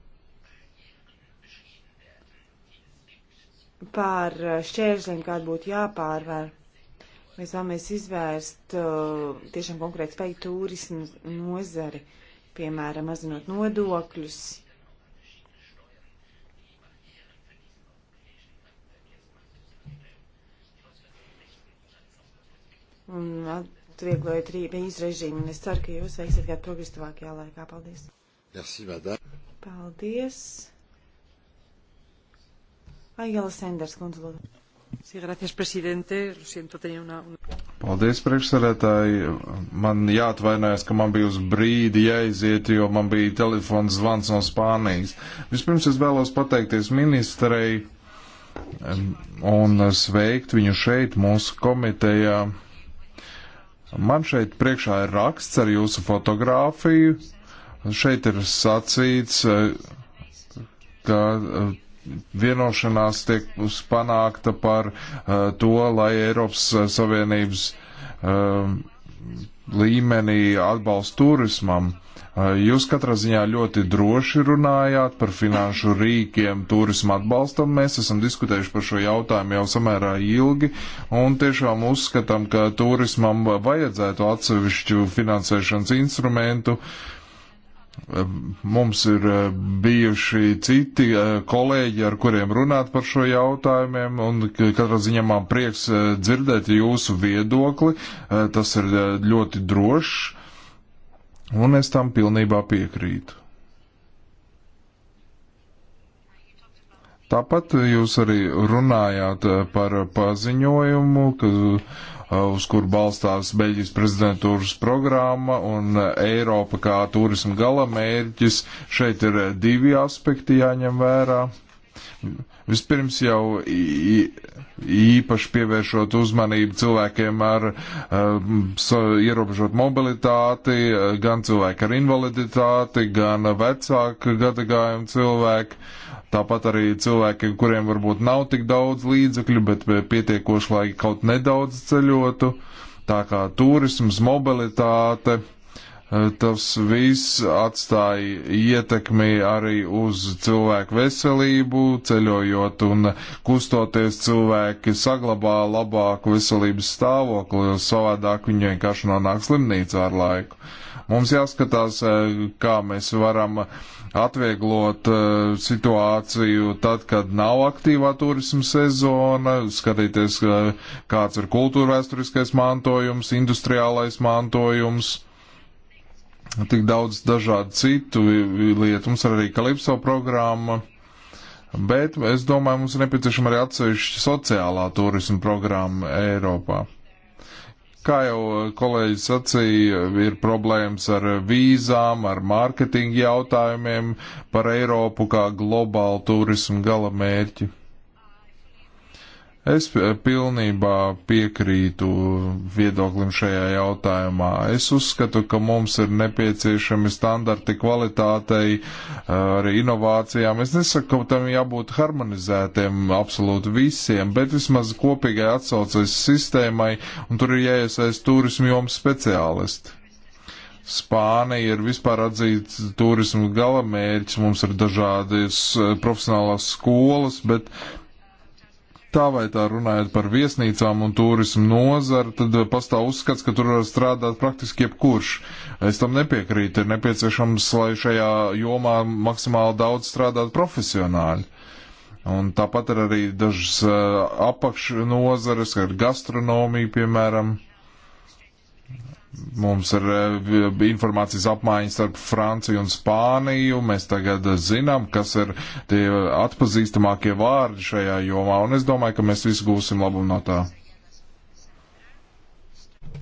par eh, šķēršļiem, kāda būtu jāpārvar. Mēs vēlamies izvērst uh, tiešām konkrēti spēju turismu nozari, piemēram, mazinot nodokļus. Un atvieglojot rīpējas režīmu, un es ceru, ka jūs veiksiet kādu progresīvākajā laikā. Paldies! Merci, madame. Paldies! Aigela Sanders, kundze, lūdzu. Sí, gracias, presidente. Lo siento, tenía una... Paldies, priekšsēdētāji. Man jāatvainojas, ka man bija uz brīdi jāiziet, jo man bija telefons zvans no Spānijas. Vispirms es vēlos pateikties ministrei un sveikt viņu šeit, mūsu komitejā. Man šeit priekšā ir raksts ar jūsu fotogrāfiju. Šeit ir sacīts, eh, ka eh, vienošanās tiek panākta par uh, to, lai Eiropas Savienības uh, līmenī atbalstu turismam. Uh, jūs katrā ziņā ļoti droši runājāt par finanšu rīkiem turismu atbalstam. Mēs esam diskutējuši par šo jautājumu jau samērā ilgi un tiešām uzskatām, ka turismam vajadzētu atsevišķu finansēšanas instrumentu uh, Mums ir eh, bijuši citi eh, kolēģi, ar kuriem runāt par šo jautājumiem, un katrā ziņā man prieks eh, dzirdēt jūsu viedokli. Tas ir ļoti drošs, un es tam pilnībā piekrītu. Tāpat jūs arī runājāt par paziņojumu, ka uz kur balstās Beļģijas prezidentūras programma un Eiropa kā turisma galamērķis. Šeit ir divi aspekti jāņem vērā. Vispirms jau īpaši pievēršot uzmanību cilvēkiem ar um, ierobežot mobilitāti, gan cilvēki ar invaliditāti, gan vecāku gadagājumu cilvēki. Tāpat arī cilvēki, kuriem varbūt nav tik daudz līdzekļu, bet pietiekoši, lai kaut nedaudz ceļotu, tā kā turisms, mobilitāte, e, tas viss atstāja ietekmi arī uz cilvēku veselību, ceļojot un kustoties cilvēki saglabā labāku veselības stāvokli, jo savādāk viņi vienkārši nonāk slimnīcā ar laiku. Mums jāskatās, eh, kā mēs varam atvieglot eh, situāciju tad, kad nav aktīvā turisma sezona, skatīties, eh, kāds ir kultūra vēsturiskais mantojums, industriālais mantojums. Tik daudz dažādu citu lietu. Mums ir arī Kalipso programma. Bet es domāju, mums ir nepieciešama arī atsevišķa sociālā turisma programma Eiropā. Kā jau kolēģis sacīja, ir problēmas ar vīzām, ar mārketinga jautājumiem par Eiropu kā globālu turismu galamērķi. Es eh, pilnībā piekrītu viedoklim šajā jautājumā. Es uzskatu, ka mums ir nepieciešami standarti kvalitātei, eh, arī inovācijām. Es nesaku, ka tam jābūt harmonizētiem absolūti visiem, bet vismaz kopīgai atsaucēs sistēmai, un tur ir jāiesaist turismu joms speciālisti. Spānija ir vispār atzīts turismu galamērķis, mums ir dažādas eh, profesionālās skolas, bet tā vai tā runājot par viesnīcām un turismu nozaru, tad pastāv uzskats, ka tur var strādāt praktiski jebkurš. Es tam nepiekrītu. Ir nepieciešams, lai šajā jomā maksimāli daudz strādātu profesionāļi. Un tāpat ir arī dažas eh, apakšnozares, kā gastronomija, piemēram. Uh, Mums ir eh, informācijas apmaiņas starp Franciju un Spāniju. Mēs tagad zinām, kas ir tie atpazīstamākie vārdi šajā jomā, un es domāju, ka mēs visi gūsim labumu no tā.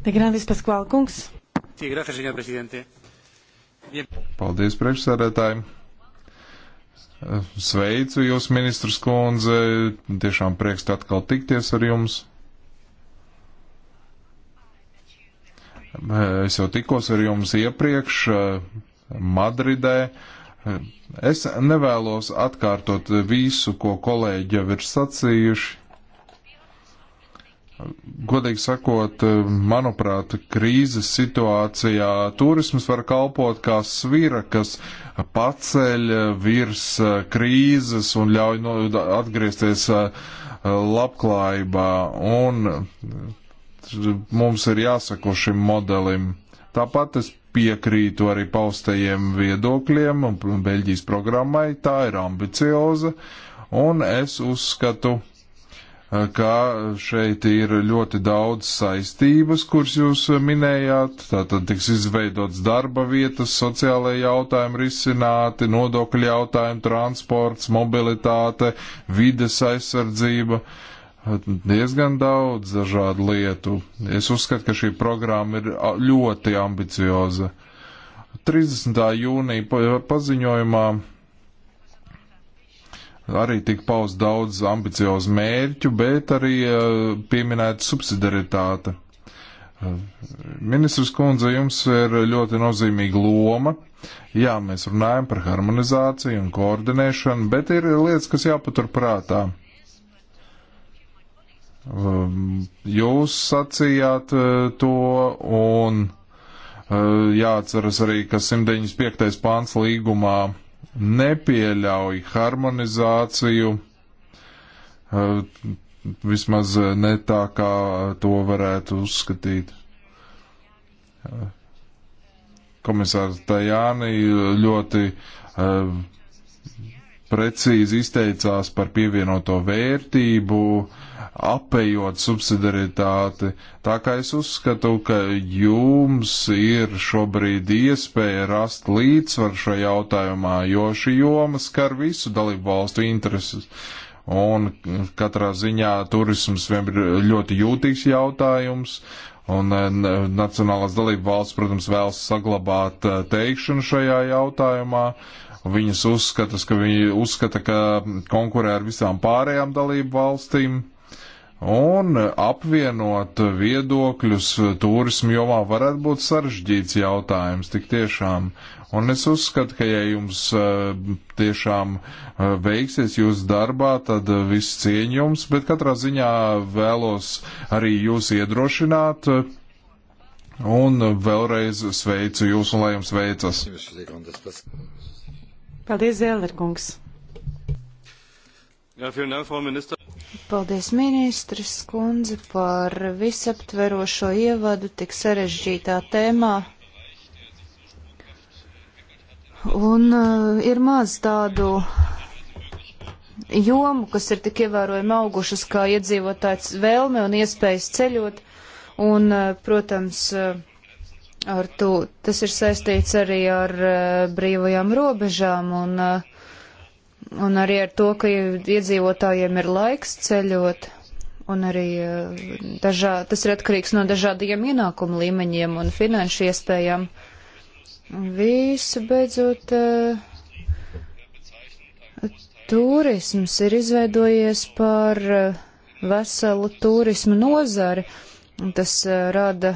De Grandis Pascual Kungs. Paldies, priekšsēdētāji. Sveicu jūs, ministrs kundze. Tiešām prieks atkal tikties ar jums. Es jau tikos ar jums iepriekš eh, Madridē. Es nevēlos atkārtot visu, ko kolēģi jau ir sacījuši. Godīgi sakot, manuprāt, krīzes situācijā turisms var kalpot kā svira, kas paceļ virs eh, krīzes un ļauj atgriezties eh, labklājībā. Un mums ir jāsako šim modelim. Tāpat es piekrītu arī paustajiem viedokļiem un Beļģijas programmai. Tā ir ambicioza un es uzskatu, eh, ka šeit ir ļoti daudz saistības, kuras jūs minējāt. Tātad tiks izveidots darba vietas, sociālajie jautājumi risināti, nodokļu jautājumi, transports, mobilitāte, vides aizsardzība. Uh, diezgan daudz dažādu lietu. Es uzskatu, ka šī programma ir ļoti ambicioza. 30. jūnija paziņojumā arī tika paust daudz ambiciozu mērķu, bet arī pieminēta subsidaritāte. Ministrs kundze, jums ir ļoti nozīmīga loma. Jā, mēs runājam par harmonizāciju un koordinēšanu, bet ir lietas, kas jāpatur prātā Um, jūs sacījāt uh, to, un uh, jāatceras arī, ka 195. pāns līgumā nepieļauj harmonizāciju, uh, vismaz ne tā, kā to varētu uzskatīt komisārs Tajāni ļoti uh, precīzi izteicās par pievienoto vērtību uh, apējot subsidiaritāti. Tā kā es uzskatu, ka jums ir šobrīd iespēja rast līdzsvaru šajā jautājumā, jo šī joma skar visu dalību valstu intereses. Un katrā ziņā turisms vien ir ļoti jūtīgs jautājums. Un eh, Nacionālās dalību valsts, protams, vēlas saglabāt eh, teikšanu šajā jautājumā. Viņas uzskatas, ka viņi uzskata, ka konkurē ar visām pārējām dalību valstīm un apvienot viedokļus turismu jomā varētu būt sarežģīts jautājums tik tiešām. Un es uzskatu, ka ja jums eh, tiešām eh, veiksies jūs darbā, tad eh, viss cieņums, bet katrā ziņā vēlos arī jūs iedrošināt. Un vēlreiz sveicu jūs un lai jums veicas. Paldies, Zēlerkungs. Ja, vielen Dank, Frau Minister. Paldies, ministrs kundze, par visaptverošo ievadu tik sarežģītā tēmā. Un uh, ir maz tādu jomu, kas ir tik ievērojami augušas, kā iedzīvotājs vēlme un iespējas ceļot. Un, uh, protams, uh, ar to tas ir saistīts arī ar uh, brīvajām robežām. Un, uh, un arī ar to, ka iedzīvotājiem ir laiks ceļot, un arī eh, dažā, tas ir atkarīgs no dažādiem ienākumu līmeņiem un finanšu iespējām. Visu beidzot, eh, turisms ir izveidojies par eh, veselu turismu nozari, un tas rada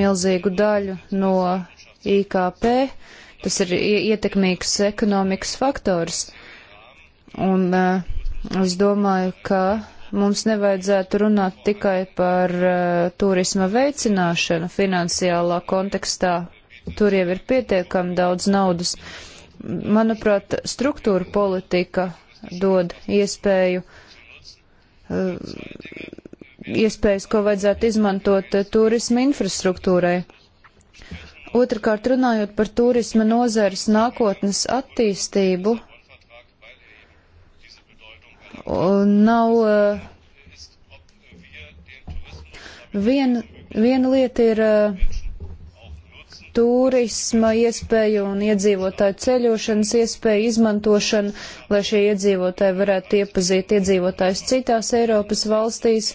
milzīgu daļu no IKP. Tas ir ietekmīgs ekonomikas faktors. Uh, Un uh, es domāju, ka mums nevajadzētu runāt tikai par uh, turisma veicināšanu finansiālā kontekstā. Tur jau ir pietiekami daudz naudas. Manuprāt, struktūra politika dod iespēju, uh, iespējas, ko vajadzētu izmantot turisma infrastruktūrai. Otrakārt, runājot par turisma nozares nākotnes attīstību, nav. Eh, vien, viena lieta ir eh, turisma iespēju un iedzīvotāju ceļošanas iespēju izmantošanu, lai šie iedzīvotāji varētu iepazīt iedzīvotājus citās Eiropas valstīs.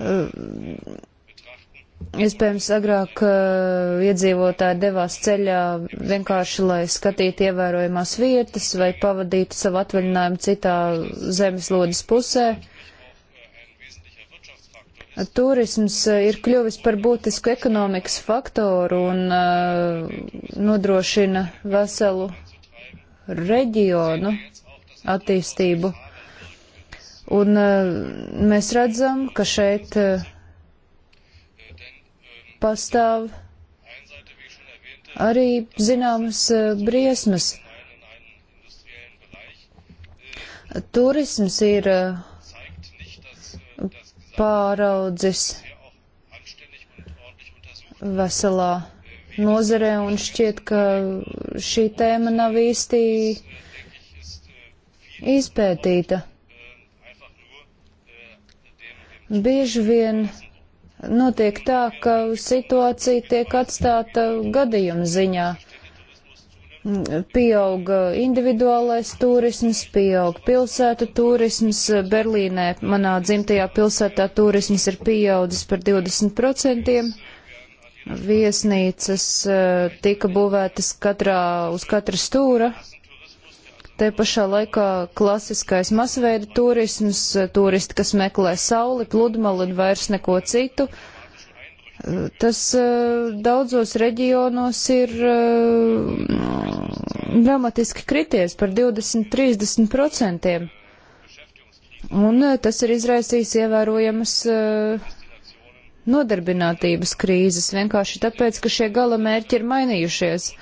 Eh, Iespējams, agrāk uh, iedzīvotāji devās ceļā vienkārši, lai skatītu ievērojamās vietas vai pavadītu savu atvaļinājumu citā zemeslodes pusē. Turisms eh, ir kļuvis par būtisku ekonomikas faktoru un uh, nodrošina veselu reģionu attīstību. Un uh, mēs redzam, ka šeit uh, pastāv arī zināmas e, briesmas. Turisms ir e, pāraudzis veselā nozarē un šķiet, ka šī tēma nav īsti izpētīta. Bieži vien uh, notiek tā, ka situācija tiek atstāta gadījuma ziņā. Pieauga individuālais turisms, pieauga pilsētu turisms. Berlīnē, manā dzimtajā pilsētā, turisms ir pieaudzis par 20%. Viesnīcas eh, tika būvētas katrā, uz katra stūra, Te pašā laikā klasiskais masveida turisms, turisti, kas meklē sauli, pludmali un vairs neko citu, tas eh, daudzos reģionos ir eh, dramatiski krities par 20-30%. Un eh, tas ir izraisījis ievērojamas nodarbinātības krīzes, vienkārši tāpēc, ka šie gala mērķi ir mainījušies.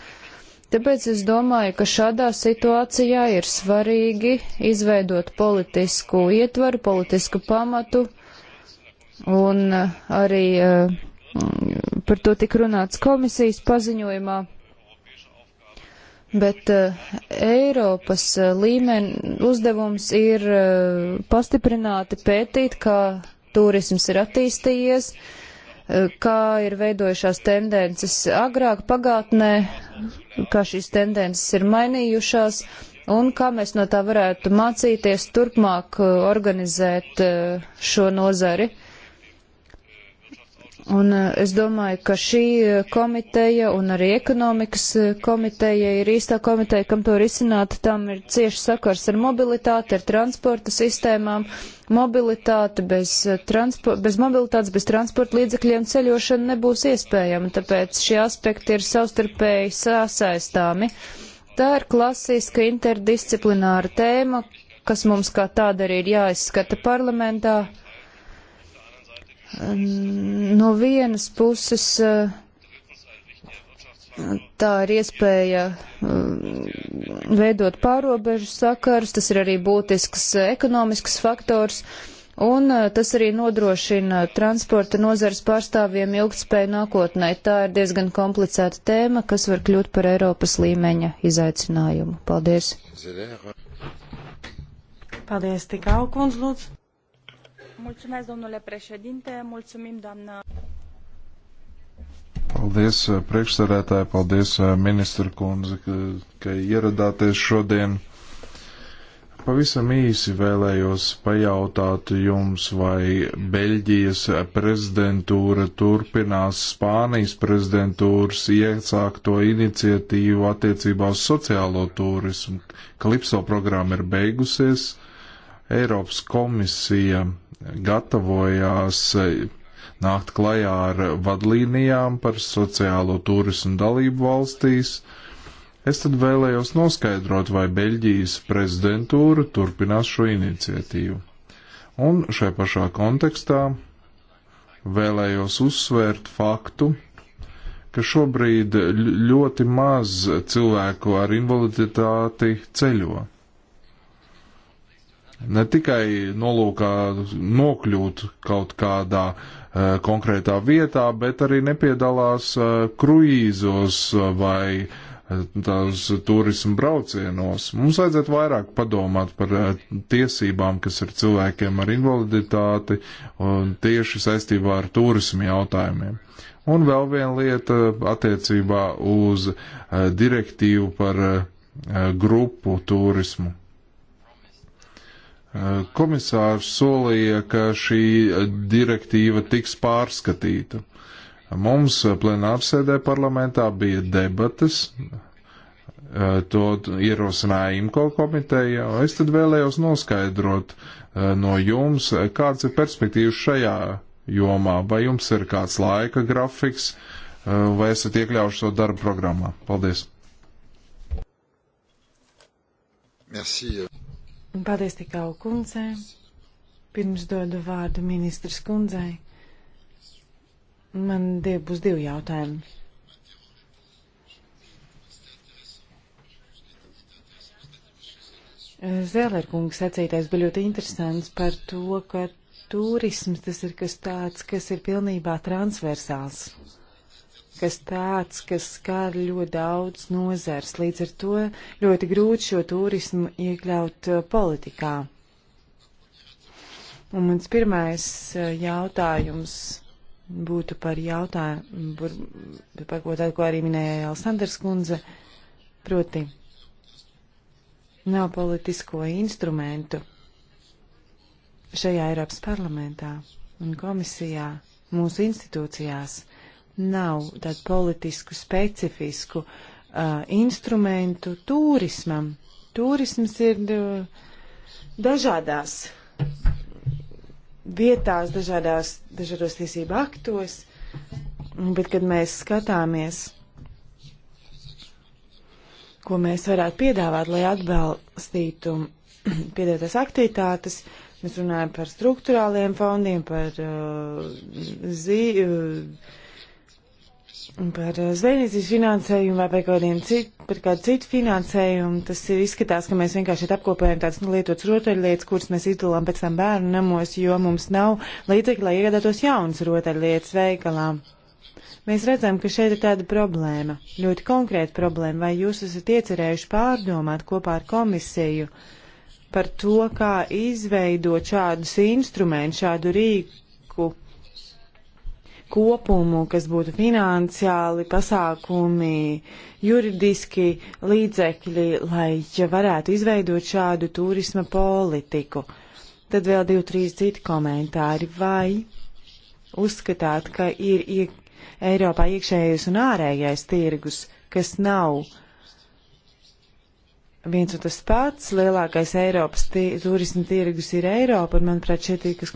Tāpēc es domāju, ka šādā situācijā ir svarīgi izveidot politisku ietvaru, politisku pamatu, un arī eh, par to tik runāts komisijas paziņojumā. Bet uh, Eiropas uh, eh, līmeņa uzdevums ir uh, pastiprināti pētīt, kā turisms ir attīstījies, uh, kā ir veidojušās tendences agrāk pagātnē, kā šīs tendences ir mainījušās un kā mēs no tā varētu mācīties turpmāk eh, organizēt eh, šo nozari. Uh, Un eh, es domāju, ka šī eh, komiteja un arī ekonomikas eh, komiteja ir īstā komiteja, kam to risināt. Tam ir cieši sakars ar mobilitāti, ar transporta sistēmām. Mobilitāte bez, transpo, bez mobilitātes, bez transporta līdzekļiem ceļošana nebūs iespējama, tāpēc šie aspekti ir savstarpēji sasaistāmi. Tā ir klasiska interdisciplināra tēma, kas mums kā tāda arī ir jāizskata parlamentā no vienas puses eh, tā ir iespēja eh, veidot pārobežu sakars, tas ir arī būtisks eh, ekonomisks faktors, un tas arī nodrošina transporta nozares pārstāvjiem ilgtspēju nākotnē. Tā ir diezgan komplicēta tēma, kas var kļūt par Eiropas līmeņa izaicinājumu. Paldies! Paldies, tik augums, lūdzu! Mulțumesc, domnule președinte, mulțumim, doamnă. Paldies, uh, priekšsarētāji, paldies, uh, ministra kundze, ka, ka ieradāties šodien. Pavisam īsi vēlējos pajautāt jums, vai Beļģijas prezidentūra turpinās Spānijas prezidentūras iesākto iniciatīvu attiecībā uz sociālo turismu. Kalipso programma ir beigusies. Eiropas komisija gatavojās e, nākt klajā ar vadlīnijām par sociālo turismu dalību valstīs. Es tad vēlējos noskaidrot, vai Beļģijas prezidentūra turpinās šo iniciatīvu. Un šai pašā kontekstā vēlējos uzsvērt faktu, ka šobrīd ļoti maz cilvēku ar invaliditāti ceļo ne tikai nolūkā nokļūt kaut kādā uh, konkrētā vietā, bet arī nepiedalās uh, kruīzos eh, vai tās turismu braucienos. Mums vajadzētu vairāk padomāt par uh, tiesībām, kas ir cilvēkiem ar invaliditāti un tieši saistībā ar turismu jautājumiem. Un vēl viena lieta attiecībā uz direktīvu par grupu turismu Komisārs solīja, ka šī direktīva tiks pārskatīta. Mums plenārsēdē parlamentā bija debates, eh, to ierosināja IMCO komiteja. Es tad vēlējos noskaidrot eh, no jums, eh, kāds ir perspektīvas šajā jomā, vai jums ir kāds laika grafiks, vai esat iekļaujuši to darba programmā. Paldies! Merci. Paldies tikau kundzei. Pirms dodu vārdu ministras kundzei. Man die, būs divi jautājumi. Zēlērkungs sacītais bija ļoti interesants par to, ka turisms tas ir kas tāds, kas ir pilnībā transversāls kas tāds, kas skar ļoti daudz nozars. Līdz ar to ļoti grūti šo turismu iekļaut uh, politikā. Un mans pirmais uh, jautājums būtu par jautājumu, par, par ko tādu, ko arī minēja Alessandrs Kundze, proti nav politisko instrumentu šajā Eiropas parlamentā un komisijā, mūsu institūcijās. Uh, nav tādu politisku specifisku uh, instrumentu turismam. Turisms ir uh, dažādās vietās, dažādās, dažādos tiesību aktos, bet kad mēs skatāmies, ko mēs varētu piedāvāt, lai atbalstītu piedētās aktivitātes, mēs runājam par struktūrāliem fondiem, par uh, zi, uh, Par eh, zvejniecības finansējumu vai par, cit, par kādu citu finansējumu tas ir, izskatās, ka mēs vienkārši apkopējam tādas nu, lietotas rotaļlietas, kuras mēs izdalām pēc tam bērnu namos, jo mums nav līdzekļi, lai iegādātos jaunas rotaļlietas veikalā. Mēs redzam, ka šeit ir tāda problēma, ļoti konkrēta problēma, vai jūs esat iecerējuši pārdomāt kopā ar komisiju par to, kā izveidot šādus instrumentus, šādu rīku kopumu, kas būtu finansiāli pasākumi, juridiski līdzekļi, lai ja varētu izveidot šādu turisma politiku. Tad vēl divi, trīs citi komentāri. Vai uzskatāt, ka ir iek Eiropā iekšējais un ārējais tirgus, kas nav uh, viens un tas pats. Lielākais Eiropas tī, turismu tirgus ir Eiropa, un manuprāt, šeit ir kas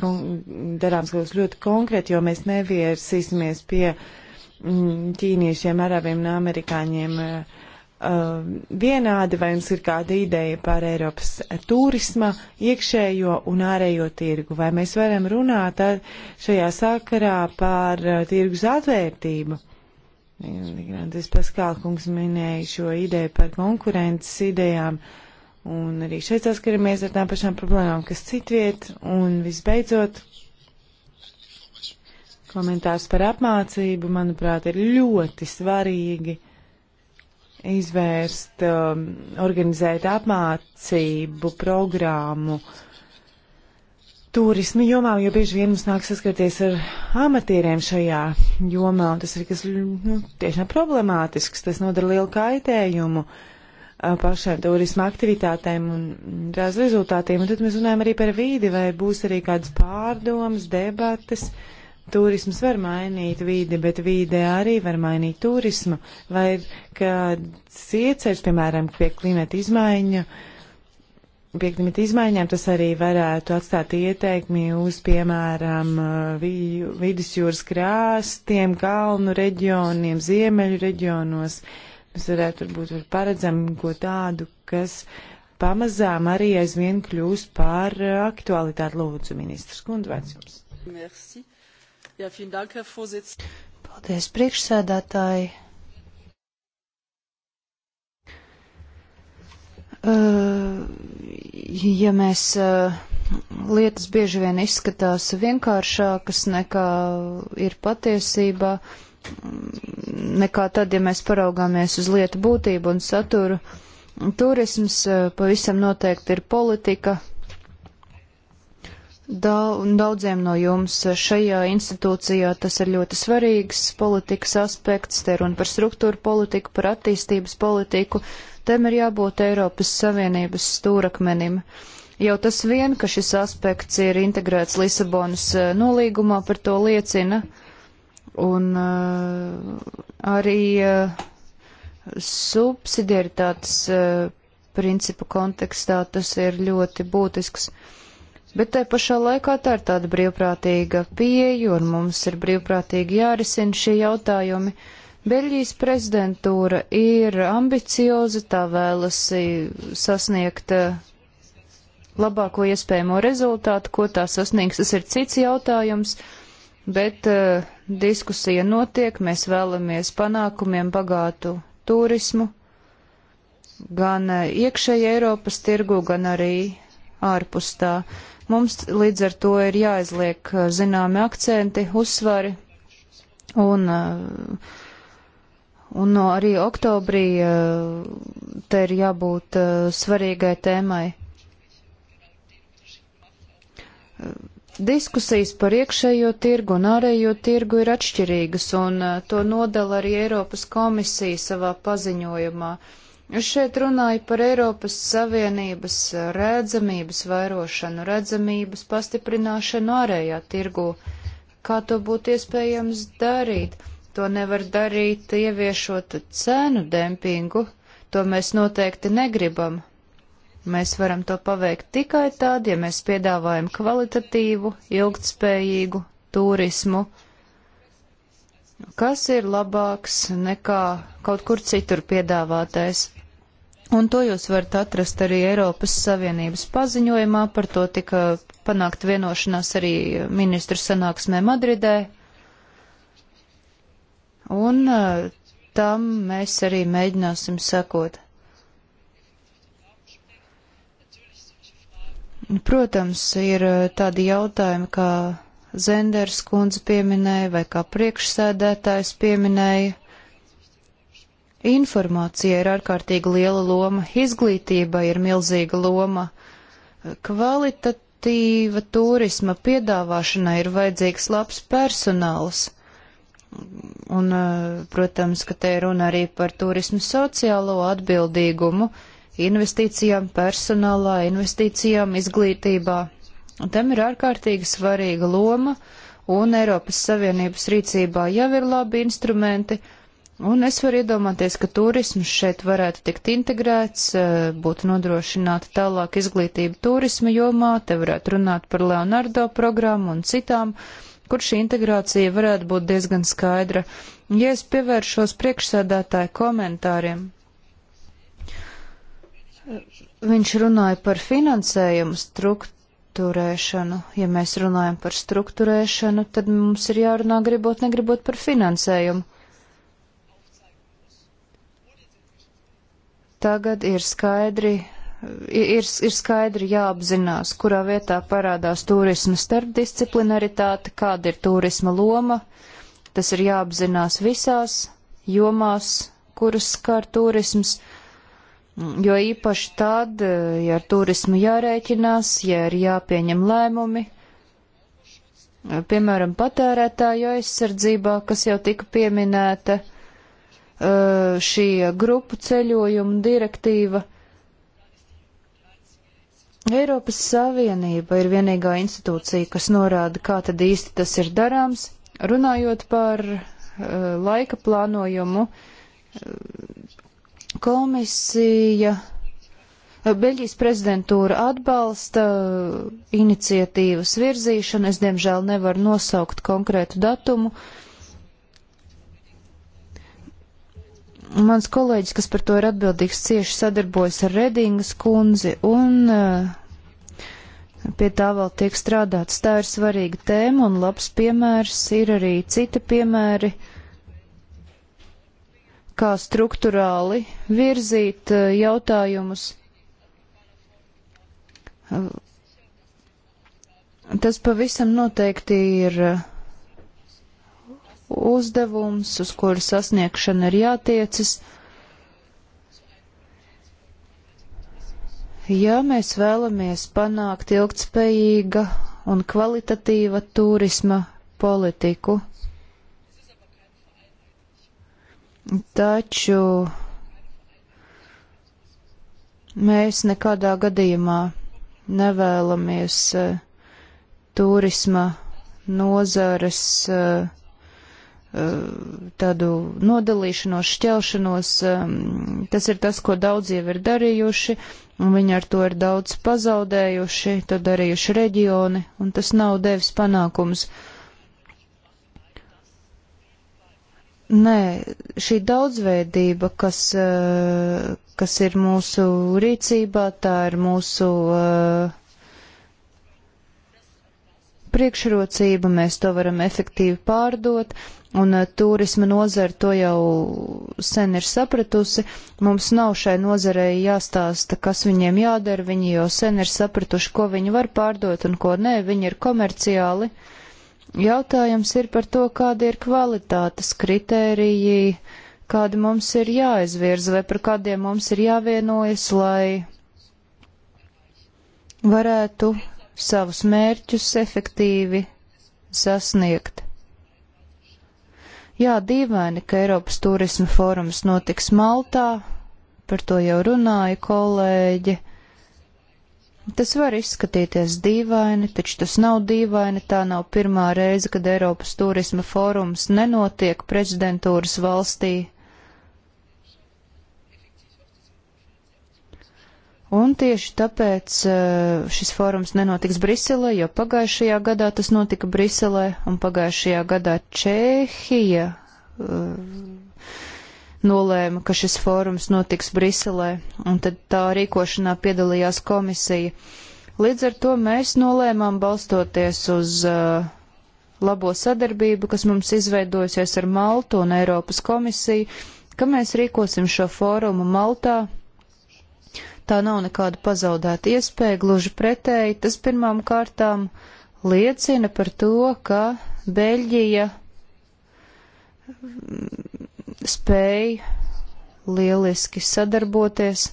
darāms kaut kas ļoti konkrēti, jo mēs nevērsīsimies pie mm, ķīniešiem, arabiem un amerikāņiem uh, vienādi, vai jums ir kāda ideja par Eiropas turisma iekšējo un ārējo tirgu, vai mēs varam runāt šajā sakarā par eh, tirgus atvērtību. Migrantis Paskālkungs minēja šo ideju par konkurences idejām, un arī šeit saskaramies ar tām pašām problēmām, kas citviet, un visbeidzot, komentārs par apmācību, manuprāt, ir ļoti svarīgi izvērst, um, organizēt apmācību programmu uh, turismu jomā, jo bieži vien mums nāk saskarties ar amatieriem šajā jomā, un tas ir kas nu, tiešām problemātisks, tas nodara lielu kaitējumu pašām turisma aktivitātēm un tās rezultātiem. Un tad mēs runājam arī par vīdi, vai būs arī kādas pārdomas, debates. Turisms var mainīt vīdi, bet vīde arī var mainīt turismu, vai kāds ieceļš, piemēram, pie klimata izmaiņu. Uh, pieklimata izmaiņām, tas arī varētu atstāt ieteikmi uz, piemēram, vidusjūras krāstiem, kalnu reģioniem, ziemeļu reģionos. Mēs varētu turbūt var paredzam ko tādu, kas pamazām arī aizvien kļūs par aktualitāti lūdzu ministrs Kundvērts jums. Merci. Ja, dank, Paldies, priekšsēdētāji. Eh, ja mēs eh, lietas bieži vien izskatās vienkāršākas nekā ir patiesībā, nekā tad, ja mēs paraugāmies uz lietu būtību un saturu, turisms eh, pavisam noteikti ir politika. Daudziem no jums šajā institūcijā tas ir ļoti svarīgs politikas aspekts, te runa par struktūru politiku, par attīstības politiku, uh, debatēm ir jābūt Eiropas Savienības stūrakmenim. Jau tas vien, ka šis aspekts ir integrēts Lisabonas e, nolīgumā, par to liecina. Un uh, arī uh, subsidiaritātes uh, principu kontekstā tas ir ļoti būtisks. Bet te pašā laikā tā ir tāda brīvprātīga pieeja, un mums ir brīvprātīgi jārisina šie jautājumi. Uh, Beļģijas prezidentūra ir ambicioza, tā vēlas e, sasniegt e, labāko iespējamo rezultātu, ko tā sasniegs, tas ir cits jautājums, bet uh, diskusija notiek, mēs vēlamies panākumiem bagātu turismu, gan iekšēji Eiropas tirgu, gan arī ārpus tā. Mums līdz ar to ir jāizliek zināmi akcenti, uzsvari un uh, Un no arī oktobrī eh, te ir jābūt eh, svarīgai tēmai. Eh, diskusijas par iekšējo tirgu un ārējo tirgu ir atšķirīgas, un to nodala arī Eiropas komisija savā paziņojumā. Es šeit runāju par Eiropas Savienības redzamības vairošanu, redzamības pastiprināšanu ārējā tirgu, kā to būtu iespējams darīt. To nevar darīt, ieviešot cenu dempingu. To mēs noteikti negribam. Mēs varam to paveikt tikai tad, ja mēs piedāvājam kvalitatīvu, ilgtspējīgu turismu, kas ir labāks nekā kaut kur citur piedāvātais. Un to jūs varat atrast arī Eiropas Savienības paziņojumā, par to tika panākt vienošanās arī ministru sanāksmē Madridē. Un eh, tam mēs arī mēģināsim sekot. Protams, ir eh, tādi jautājumi, kā Zenders kundze pieminēja vai kā priekšsēdētājs pieminēja. Informācija ir ārkārtīgi liela loma, izglītība ir milzīga loma, kvalitatīva turisma piedāvāšanai ir vajadzīgs labs personāls. Un, uh, protams, ka te runa arī par turismu sociālo atbildīgumu, investīcijām personālā, investīcijām izglītībā. Un tam ir ārkārtīgi svarīga loma, un Eiropas Savienības rīcībā jau ir labi instrumenti, un es varu iedomāties, ka turisms šeit varētu tikt integrēts, uh, būtu nodrošināta tālāk izglītība turisma jomā, te varētu runāt par Leonardo programmu un citām. Uh, kur šī integrācija varētu būt diezgan skaidra. Ja es pievēršos priekšsēdētāju komentāriem, viņš runāja par finansējumu struktūrēšanu. Ja mēs runājam par struktūrēšanu, tad mums ir jārunā gribot, negribot par finansējumu. Tagad ir skaidri ir, ir skaidri jāapzinās, kurā vietā parādās turisma starpdisciplinaritāte, kāda ir turisma loma. Tas ir jāapzinās visās jomās, kuras skar turisms, jo īpaši tad, ja ar turismu jārēķinās, ja ir jāpieņem lēmumi, piemēram, patērētāju aizsardzībā, kas jau tika pieminēta, šī grupu ceļojuma direktīva – Eiropas Savienība ir vienīgā institūcija, kas norāda, kā tad īsti tas ir darāms. Runājot par uh, laika plānojumu, uh, komisija, uh, Beļģijas prezidentūra atbalsta uh, iniciatīvas virzīšanu. Es, diemžēl, nevaru nosaukt konkrētu datumu. Uh, mans kolēģis, kas par to ir atbildīgs, cieši sadarbojas ar Redingas kundzi un eh, pie tā vēl tiek strādāts. Tā ir svarīga tēma un labs piemērs. Ir arī citi piemēri, kā struktūrāli virzīt eh, jautājumus. Eh, tas pavisam noteikti ir. Uh, uzdevums, uz kuru sasniegšana ir jātiecas. Ja mēs vēlamies panākt ilgtspējīga un kvalitatīva turisma politiku, taču mēs nekādā gadījumā nevēlamies uh, turisma nozares uh, Eh, tādu nodalīšanos, šķelšanos. Tas ir tas, ko daudz jau ir darījuši, un viņi ar to ir daudz pazaudējuši, to darījuši reģioni, un tas nav devis panākums. Nē, šī daudzveidība, kas, eh, kas ir mūsu rīcībā, tā ir mūsu uh, priekšrocība, mēs to varam efektīvi pārdot, un uh, turisma nozara to jau sen ir sapratusi. Mums nav šai nozarei jāstāsta, kas viņiem jādara, viņi jau sen ir sapratuši, ko viņi var pārdot un ko nē, viņi ir komerciāli. Jautājums ir par to, kāda ir kvalitātes kritēriji, kādi mums ir jāizvirza vai par kādiem mums ir jāvienojas, lai varētu savus mērķus efektīvi sasniegt. Jā, dīvaini, ka Eiropas turisma fórums notiks Maltā, par to jau runāja kolēģi. Tas var izskatīties dīvaini, taču tas nav dīvaini. Tā nav pirmā reize, kad Eiropas turisma fórums nenotiek prezidentūras valstī. Un tieši tāpēc eh, šis fórums nenotiks Briselē, jo pagājušajā gadā tas notika Briselē, un pagājušajā gadā Čehija uh, nolēma, ka šis fórums notiks Briselē, un tad tā rīkošanā piedalījās komisija. Līdz ar to mēs nolēmām balstoties uz uh, labo sadarbību, kas mums izveidojusies ar Maltu un Eiropas komisiju, ka mēs rīkosim šo fórumu Maltā Tā nav nekāda pazaudēta iespēja, gluži pretēji, tas pirmām kārtām liecina par to, ka Beļģija spēja lieliski sadarboties,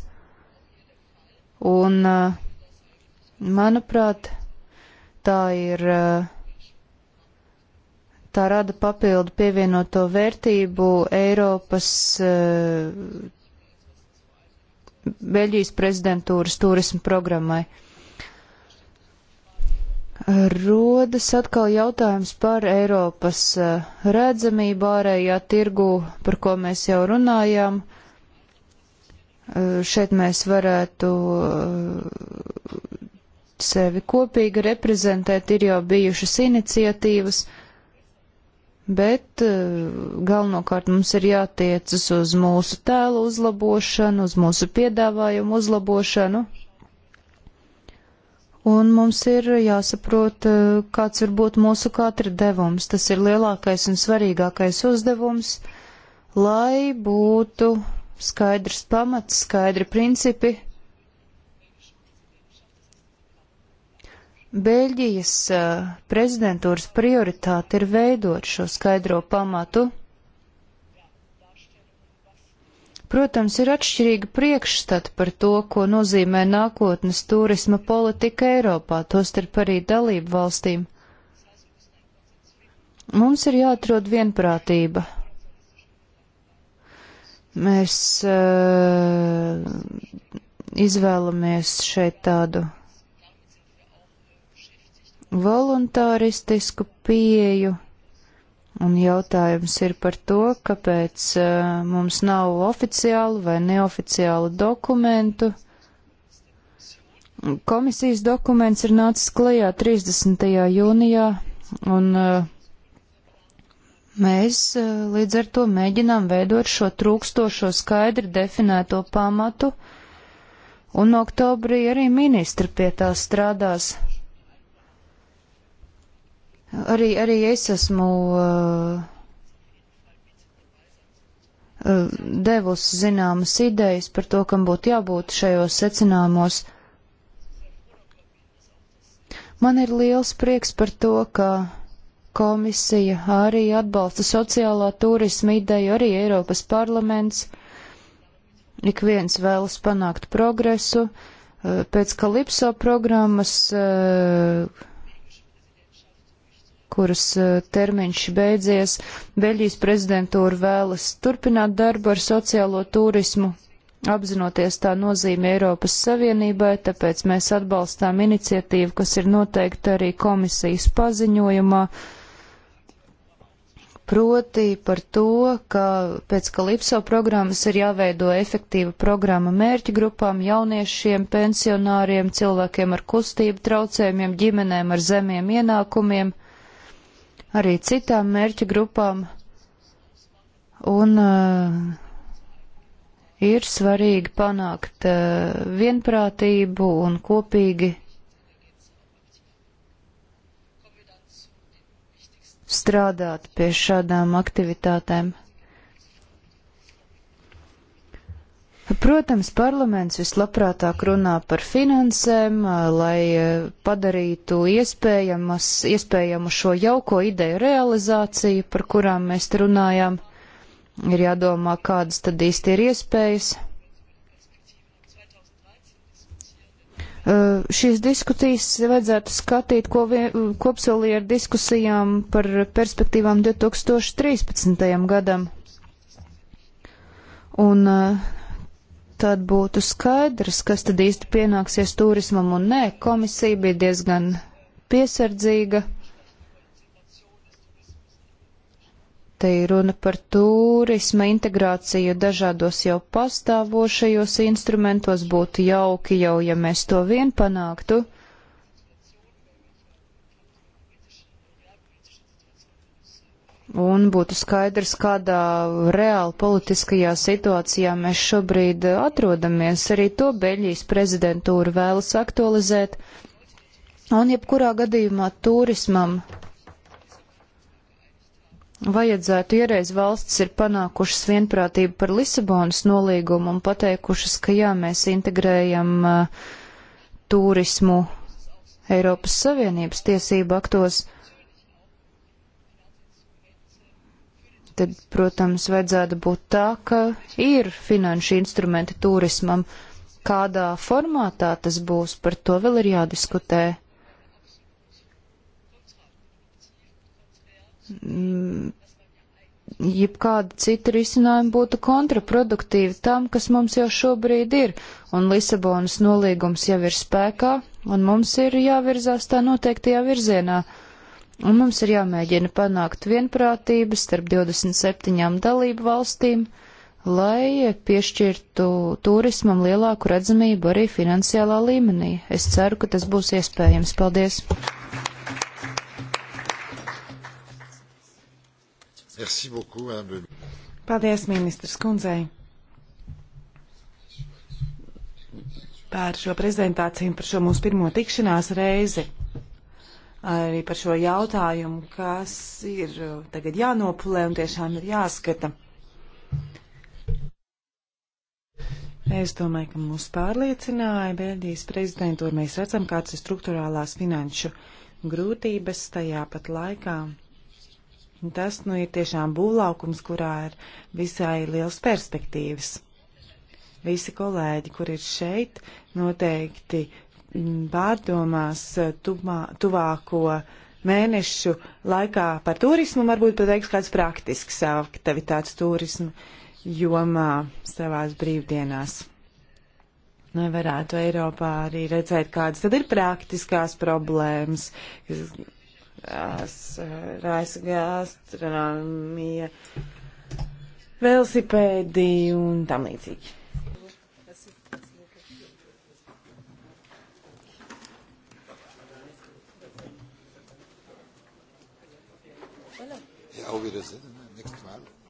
un, uh, manuprāt, tā ir, uh, tā rada papildu pievienoto vērtību Eiropas uh, Beļģijas prezidentūras turismu programmai. Rodas atkal jautājums par Eiropas eh, redzamību ārējā tirgū, par ko mēs jau runājām. Eh, šeit mēs varētu eh, sevi kopīgi reprezentēt, ir jau bijušas iniciatīvas. Uh, bet eh, galvenokārt mums ir jātiecas uz mūsu tēlu uzlabošanu, uz mūsu piedāvājumu uzlabošanu. Un mums ir jāsaprot, eh, kāds var būt mūsu katra devums. Tas ir lielākais un svarīgākais uzdevums, lai būtu skaidrs pamats, skaidri principi, Beļģijas prezidentūras prioritāte ir veidot šo skaidro pamatu. Protams, ir atšķirīga priekšstata par to, ko nozīmē nākotnes turisma politika Eiropā, tostarp arī dalību valstīm. Mums ir jāatrod vienprātība. Mēs uh, izvēlamies šeit tādu voluntāristisku pieju, un jautājums ir par to, kāpēc uh, mums nav oficiālu vai neoficiālu dokumentu. Komisijas dokuments ir nācis klajā 30. jūnijā, un uh, mēs uh, līdz ar to mēģinām veidot šo trūkstošo skaidri definēto pamatu, un oktobrī arī ministri pie tā strādās. Arī, arī es esmu uh, eh, eh, devusi zināmas idejas par to, kam būtu jābūt šajos secinājumos. Man ir liels prieks par to, ka komisija arī atbalsta sociālā turisma ideju, arī Eiropas parlaments. Ik viens vēlas panākt progresu. Eh, pēc Kalipso programmas uh, kuras e, termiņš beidzies. Beļģijas prezidentūra vēlas turpināt darbu ar sociālo turismu, apzinoties tā nozīme Eiropas Savienībai, tāpēc mēs atbalstām iniciatīvu, kas ir noteikta arī komisijas paziņojumā, proti par to, ka pēc Kalipso programmas ir jāveido efektīva programma mērķu grupām, jauniešiem, pensionāriem, cilvēkiem ar kustību traucējumiem, ģimenēm ar zemiem ienākumiem arī citām mērķa grupām, un uh, ir svarīgi panākt uh, vienprātību un kopīgi strādāt pie šādām aktivitātēm. Protams, parlaments vislabprātāk runā par finansēm, lai padarītu iespējamu šo jauko ideju realizāciju, par kurām mēs runājām. Ir jādomā, kādas tad īsti ir iespējas. Šīs diskusijas vajadzētu skatīt kopsolī ar diskusijām par perspektīvām 2013. gadam. Un uh, tad būtu skaidrs, kas tad īsti pienāksies turismam un nē. Komisija bija diezgan piesardzīga. Te ir runa par turisma integrāciju dažādos jau pastāvošajos instrumentos. Būtu jauki jau, ja mēs to vien panāktu. un būtu skaidrs, kādā reāli politiskajā situācijā mēs šobrīd atrodamies. Arī to Beļģijas prezidentūra vēlas aktualizēt. Un jebkurā gadījumā turismam vajadzētu iereiz valsts ir panākušas vienprātību par Lisabonas nolīgumu un pateikušas, ka jā, mēs integrējam uh, turismu Eiropas Savienības tiesību aktos. tad, protams, vajadzētu būt tā, ka ir finanšu instrumenti turismam. Kādā formātā tas būs, par to vēl ir jādiskutē. Mm, jebkāda cita risinājuma būtu kontraproduktīva tam, kas mums jau šobrīd ir, un Lisabonas nolīgums jau ir spēkā, un mums ir jāvirzās tā noteiktajā virzienā. Uh, un mums ir jāmēģina panākt vienprātības starp 27 dalību valstīm, lai piešķirtu turismam lielāku redzamību arī finansiālā līmenī. Es ceru, ka tas būs iespējams. Paldies! Beaucoup, Paldies, ministrs kundzei, par šo prezentāciju un par šo mūsu pirmo tikšanās reizi arī par šo jautājumu, kas ir uh, tagad jānoplē un tiešām ir jāskata. Es domāju, ka mūs pārliecināja Bēļģijas prezidentūra. Mēs redzam, kāds ir struktūrālās finanšu grūtības tajā pat laikā. Tas nu ir tiešām būvlaukums, kurā ir visai liels perspektīvas visi kolēģi, kur ir šeit, noteikti pārdomās eh, tuvā, tuvāko mēnešu laikā par turismu, varbūt pateiks kāds praktisks aktivitātes turismu jomā savās brīvdienās. Lai varētu Eiropā arī redzēt, kādas tad ir praktiskās problēmas, kas eh, raisa gastronomija, velosipēdi un tam līdzīgi. Auf Wiedersehen.